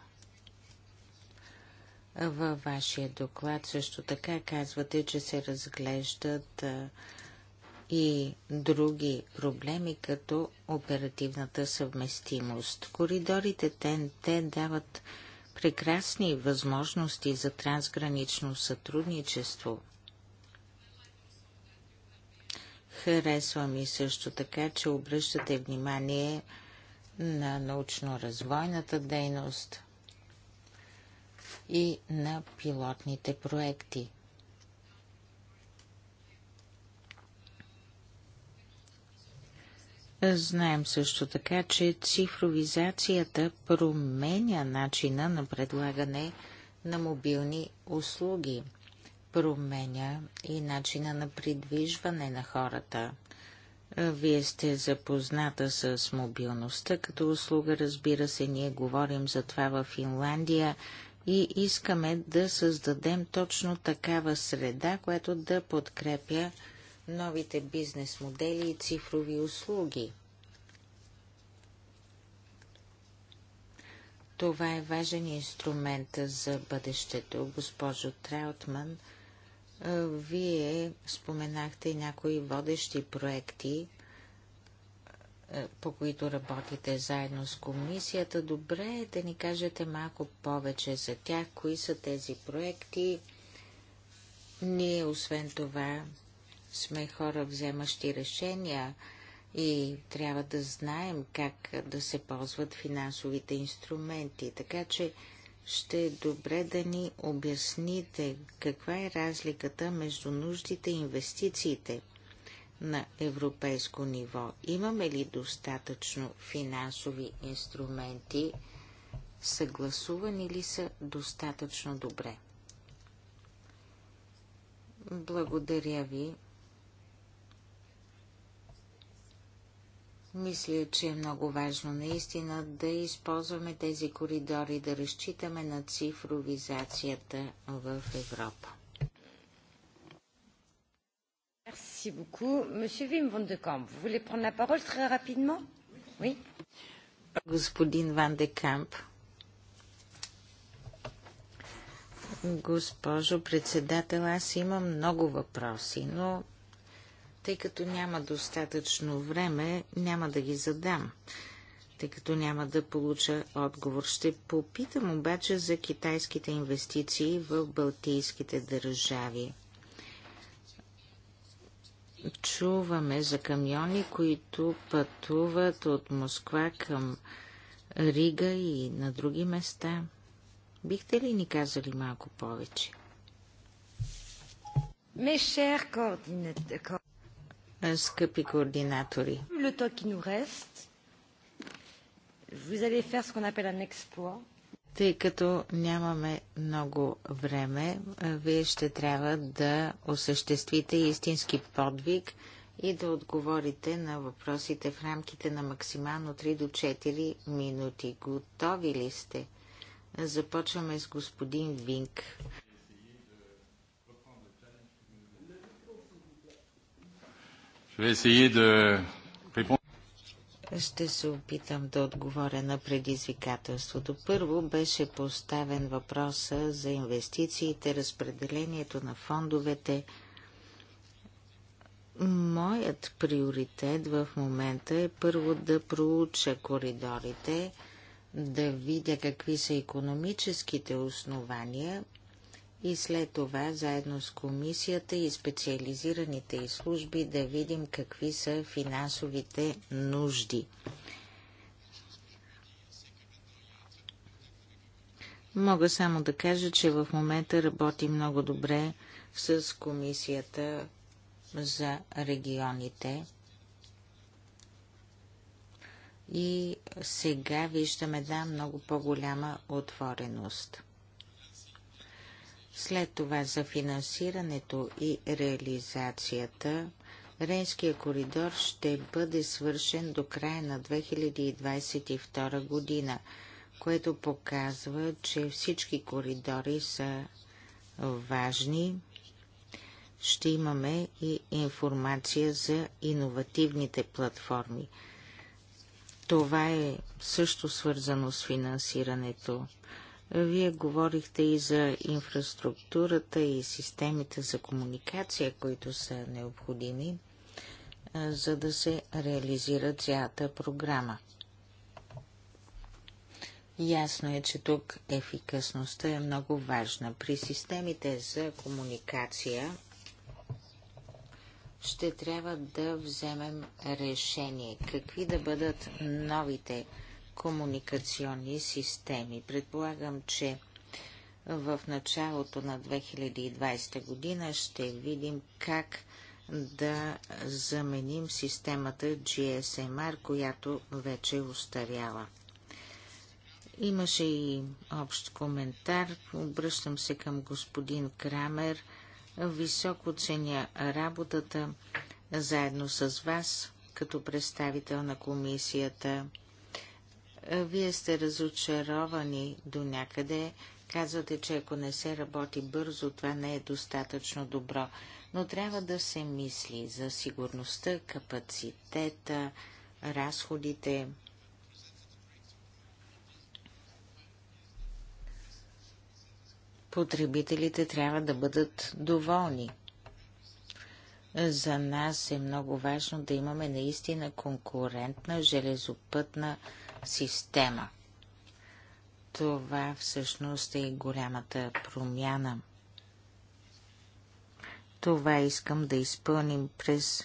Във вашия доклад също така казвате, че се разглеждат и други проблеми, като оперативната съвместимост. Коридорите ТНТ дават прекрасни възможности за трансгранично сътрудничество – харесва ми също така, че обръщате внимание на научно-развойната дейност и на пилотните проекти. Знаем също така, че цифровизацията променя начина на предлагане на мобилни услуги – променя и начина на придвижване на хората. Вие сте запозната с мобилността като услуга, разбира се, ние говорим за това в Финландия и искаме да създадем точно такава среда, която да подкрепя новите бизнес модели и цифрови услуги. Това е важен инструмент за бъдещето, госпожо Траутман – вие споменахте някои водещи проекти, по които работите заедно с комисията. Добре е да ни кажете малко повече за тях. Кои са тези проекти? Ние, освен това, сме хора вземащи решения и трябва да знаем как да се ползват финансовите инструменти. Така че ще е добре да ни обясните каква е разликата между нуждите и инвестициите на европейско ниво. Имаме ли достатъчно финансови инструменти? Съгласувани ли са достатъчно добре? Благодаря ви Мисля, че е много важно наистина да използваме тези коридори, да разчитаме на цифровизацията в Европа. Merci beaucoup. Monsieur Wim van de Kamp, vous voulez prendre la parole très rapidement Oui. Господин Ван де Камп. Госпожо председател, аз имам много въпроси, но тъй като няма достатъчно време, няма да ги задам, тъй като няма да получа отговор. Ще попитам обаче за китайските инвестиции в балтийските държави. Чуваме за камиони, които пътуват от Москва към Рига и на други места. Бихте ли ни казали малко повече? Е, скъпи координатори. Тъй като нямаме много време, е, вие ще трябва да осъществите истински подвиг и да отговорите на въпросите в рамките на максимално 3 до 4 минути. Готови ли сте? Започваме с господин Винк. Ще се опитам да отговоря на предизвикателството. Първо беше поставен въпроса за инвестициите, разпределението на фондовете. Моят приоритет в момента е първо да проуча коридорите, да видя какви са економическите основания и след това заедно с комисията и специализираните и служби да видим какви са финансовите нужди. Мога само да кажа, че в момента работи много добре с комисията за регионите. И сега виждам една много по-голяма отвореност. След това за финансирането и реализацията Рейнския коридор ще бъде свършен до края на 2022 година, което показва, че всички коридори са важни. Ще имаме и информация за иновативните платформи. Това е също свързано с финансирането. Вие говорихте и за инфраструктурата и системите за комуникация, които са необходими, за да се реализира цялата програма. Ясно е, че тук ефикасността е много важна. При системите за комуникация ще трябва да вземем решение какви да бъдат новите комуникационни системи. Предполагам, че в началото на 2020 година ще видим как да заменим системата GSMR, която вече е устаряла. Имаше и общ коментар. Обръщам се към господин Крамер. Високо ценя работата заедно с вас като представител на комисията. Е, вие сте разочаровани до някъде. Казвате, че ако не се работи бързо, това не е достатъчно добро. Но трябва да се мисли за сигурността, капацитета, разходите. Потребителите трябва да бъдат доволни. За нас е много важно да имаме наистина конкурентна железопътна система. Това всъщност е голямата промяна. Това искам да изпълним през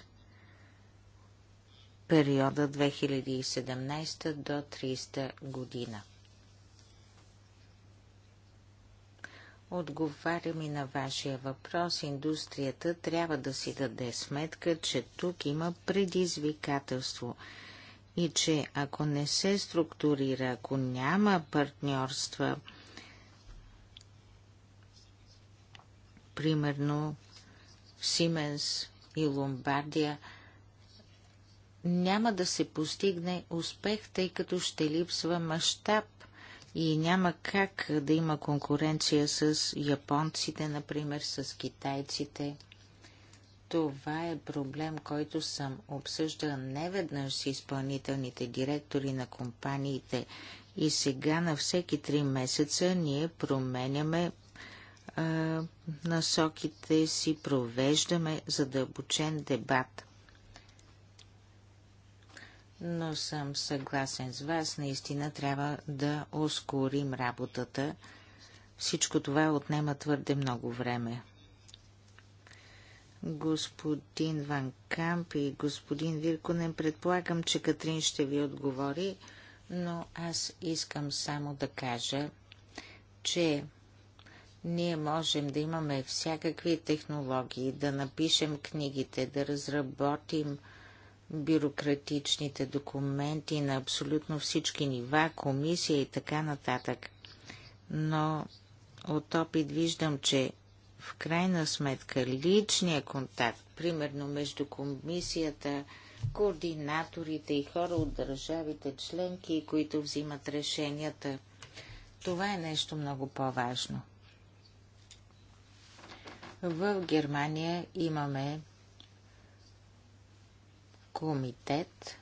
периода 2017 до 30 година. Отговарям и на вашия въпрос. Индустрията трябва да си даде сметка, че тук има предизвикателство – и че ако не се структурира, ако няма партньорства, примерно Сименс и Ломбардия, няма да се постигне успех, тъй като ще липсва мащаб и няма как да има конкуренция с японците, например, с китайците – това е проблем, който съм обсъждал неведнъж с изпълнителните директори на компаниите и сега на всеки три месеца ние променяме а, насоките си, провеждаме задълбочен дебат. Но съм съгласен с вас, наистина трябва да ускорим работата. Всичко това отнема твърде много време господин Ван Камп и господин Вирконен. Предполагам, че Катрин ще ви отговори, но аз искам само да кажа, че ние можем да имаме всякакви технологии, да напишем книгите, да разработим бюрократичните документи на абсолютно всички нива, комисия и така нататък. Но от опит виждам, че в крайна сметка личния контакт, примерно между комисията, координаторите и хора от държавите членки, които взимат решенията, това е нещо много по-важно. В Германия имаме комитет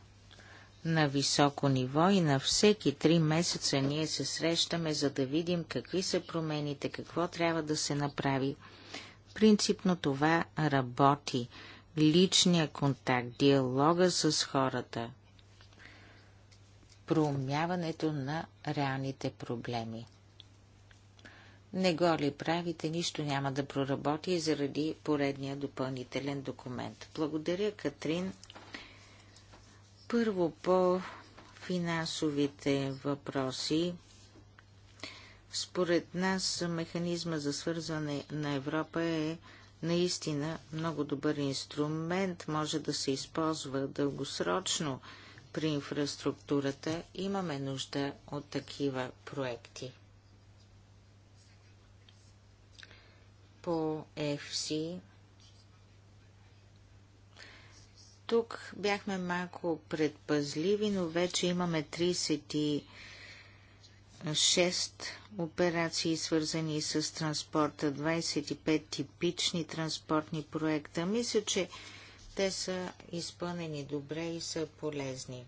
на високо ниво и на всеки три месеца ние се срещаме, за да видим какви са промените, какво трябва да се направи. Принципно това работи. Личния контакт, диалога с хората, проумяването на реалните проблеми. Не го ли правите, нищо няма да проработи заради поредния допълнителен документ. Благодаря, Катрин. Първо по финансовите въпроси. Според нас механизма за свързване на Европа е наистина много добър инструмент, може да се използва дългосрочно при инфраструктурата. Имаме нужда от такива проекти. По EFSI Тук бяхме малко предпазливи, но вече имаме 36 операции, свързани с транспорта, 25 типични транспортни проекта. Мисля, че те са изпълнени добре и са полезни.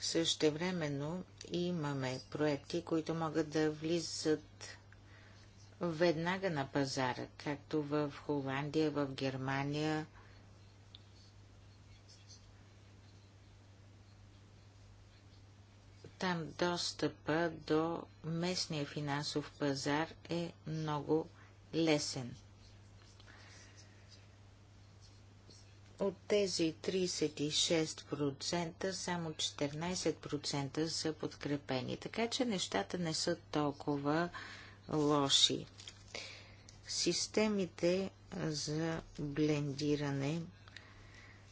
Същевременно имаме проекти, които могат да влизат веднага на пазара, както в Холандия, в Германия – Там достъпа до местния финансов пазар е много лесен. От тези 36% само 14% са подкрепени, така че нещата не са толкова лоши. Системите за блендиране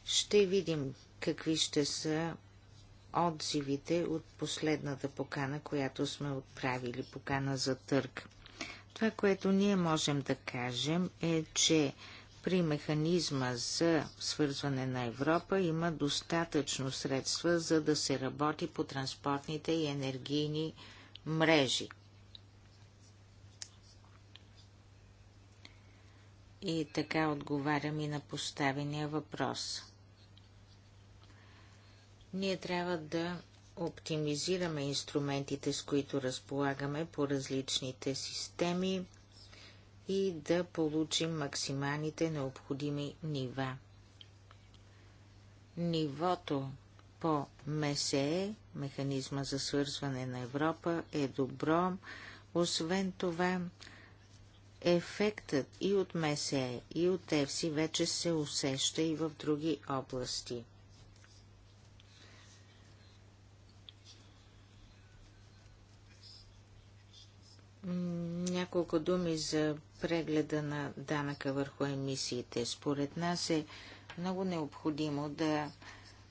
ще видим какви ще са отзивите от последната покана, която сме отправили, покана за търг. Това, което ние можем да кажем е, че при механизма за свързване на Европа има достатъчно средства, за да се работи по транспортните и енергийни мрежи. И така отговарям и на поставения въпрос. Ние трябва да оптимизираме инструментите, с които разполагаме по различните системи и да получим максималните необходими нива. Нивото по МСЕ, механизма за свързване на Европа, е добро. Освен това, ефектът и от МСЕ, и от ЕФСИ вече се усеща и в други области. няколко думи за прегледа на данъка върху емисиите. Според нас е много необходимо да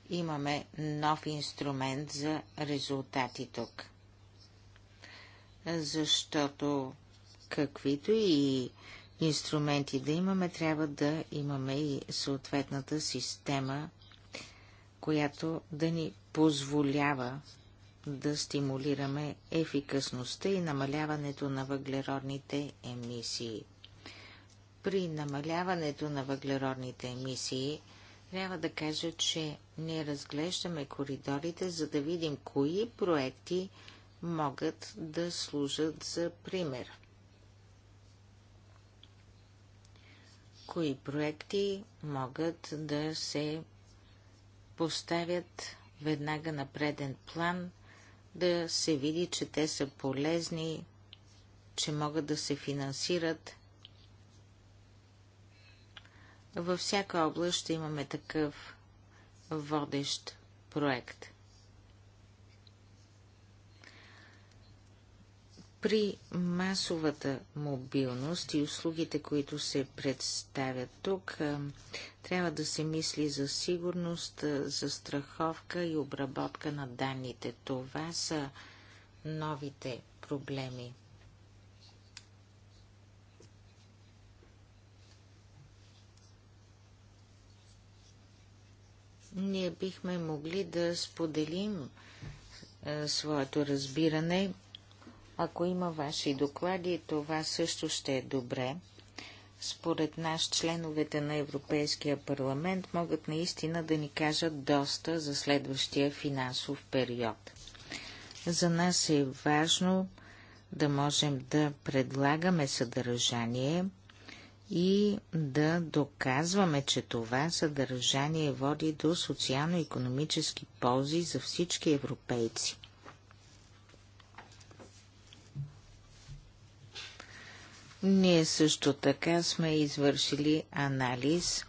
имаме нов инструмент за резултати тук. Защото каквито и инструменти да имаме, трябва да имаме и съответната система, която да ни позволява да стимулираме ефикасността и намаляването на въглеродните емисии. При намаляването на въглеродните емисии трябва да кажа, че не разглеждаме коридорите, за да видим кои проекти могат да служат за пример. Кои проекти могат да се поставят веднага на преден план да се види, че те са полезни, че могат да се финансират. Във всяка област ще имаме такъв водещ проект – При масовата мобилност и услугите, които се представят тук, е, трябва да се мисли за сигурност, е, за страховка и обработка на данните. Това са новите проблеми. Ние бихме могли да споделим е, своето разбиране ако има ваши доклади, това също ще е добре. Според нас, членовете на Европейския парламент могат наистина да ни кажат доста за следващия финансов период. За нас е важно да можем да предлагаме съдържание и да доказваме, че това съдържание води до социално-економически ползи за всички европейци. Ние също така сме извършили анализ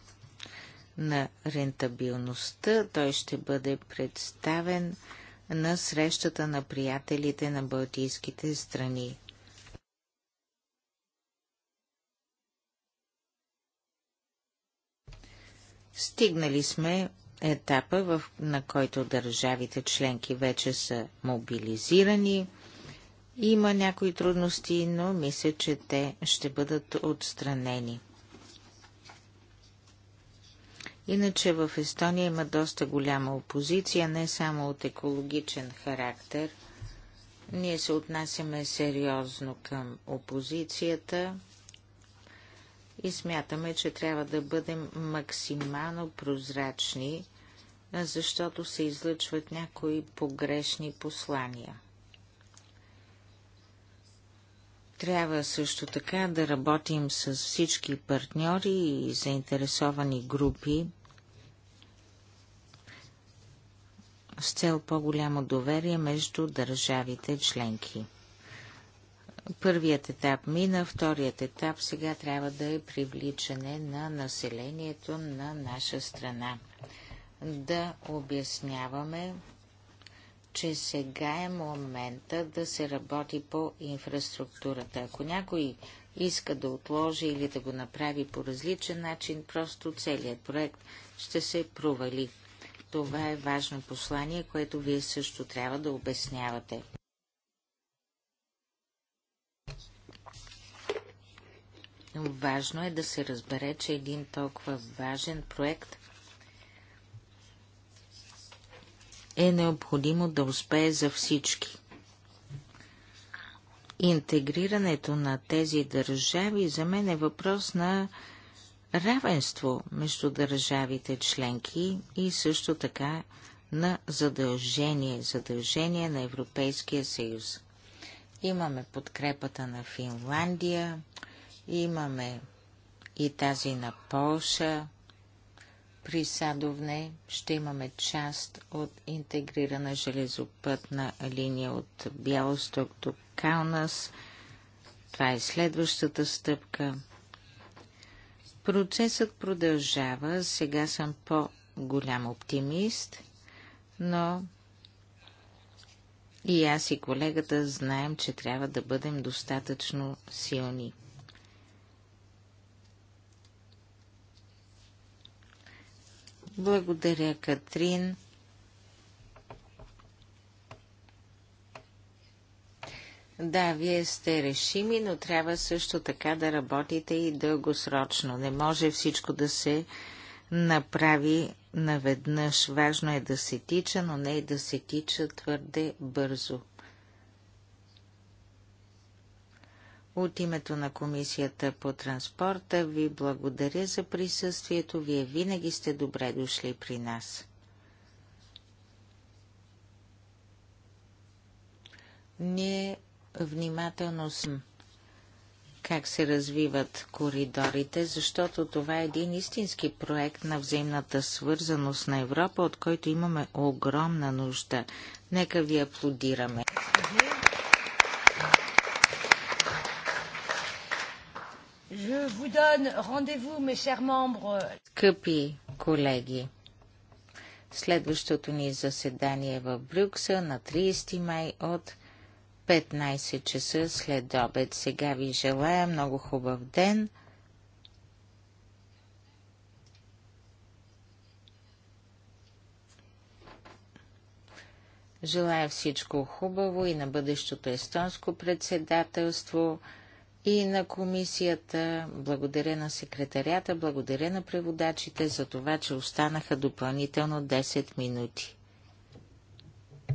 на рентабилността. Той ще бъде представен на срещата на приятелите на балтийските страни. Стигнали сме етапа, в, на който държавите членки вече са мобилизирани – има някои трудности, но мисля, че те ще бъдат отстранени. Иначе в Естония има доста голяма опозиция, не само от екологичен характер. Ние се отнасяме сериозно към опозицията и смятаме, че трябва да бъдем максимално прозрачни, защото се излъчват някои погрешни послания. Трябва също така да работим с всички партньори и заинтересовани групи с цел по-голямо доверие между държавите членки. Първият етап мина, вторият етап сега трябва да е привличане на населението на наша страна. Да обясняваме че сега е момента да се работи по инфраструктурата. Ако някой иска да отложи или да го направи по различен начин, просто целият проект ще се провали. Това е важно послание, което вие също трябва да обяснявате. Важно е да се разбере, че един толкова важен проект е необходимо да успее за всички. Интегрирането на тези държави за мен е въпрос на равенство между държавите членки и също така на задължение, задължение на Европейския съюз. Имаме подкрепата на Финландия, имаме и тази на Полша, при Садовне ще имаме част от интегрирана железопътна линия от Бялосток до Каунас. Това е следващата стъпка. Процесът продължава. Сега съм по-голям оптимист, но и аз и колегата знаем, че трябва да бъдем достатъчно силни. Благодаря, Катрин. Да, вие сте решими, но трябва също така да работите и дългосрочно. Не може всичко да се направи наведнъж. Важно е да се тича, но не и да се тича твърде бързо. От името на Комисията по транспорта ви благодаря за присъствието. Вие винаги сте добре дошли при нас. Ние внимателно сме как се развиват коридорите, защото това е един истински проект на взаимната свързаност на Европа, от който имаме огромна нужда. Нека ви аплодираме. vous donne rendez-vous, mes chers membres. Скъпи колеги, следващото ни заседание в Брюксел на 30 май от 15 часа след обед. Сега ви желая много хубав ден. Желая всичко хубаво и на бъдещото естонско председателство и на комисията, благодаря на секретарята, благодаря на преводачите за това, че останаха допълнително 10 минути.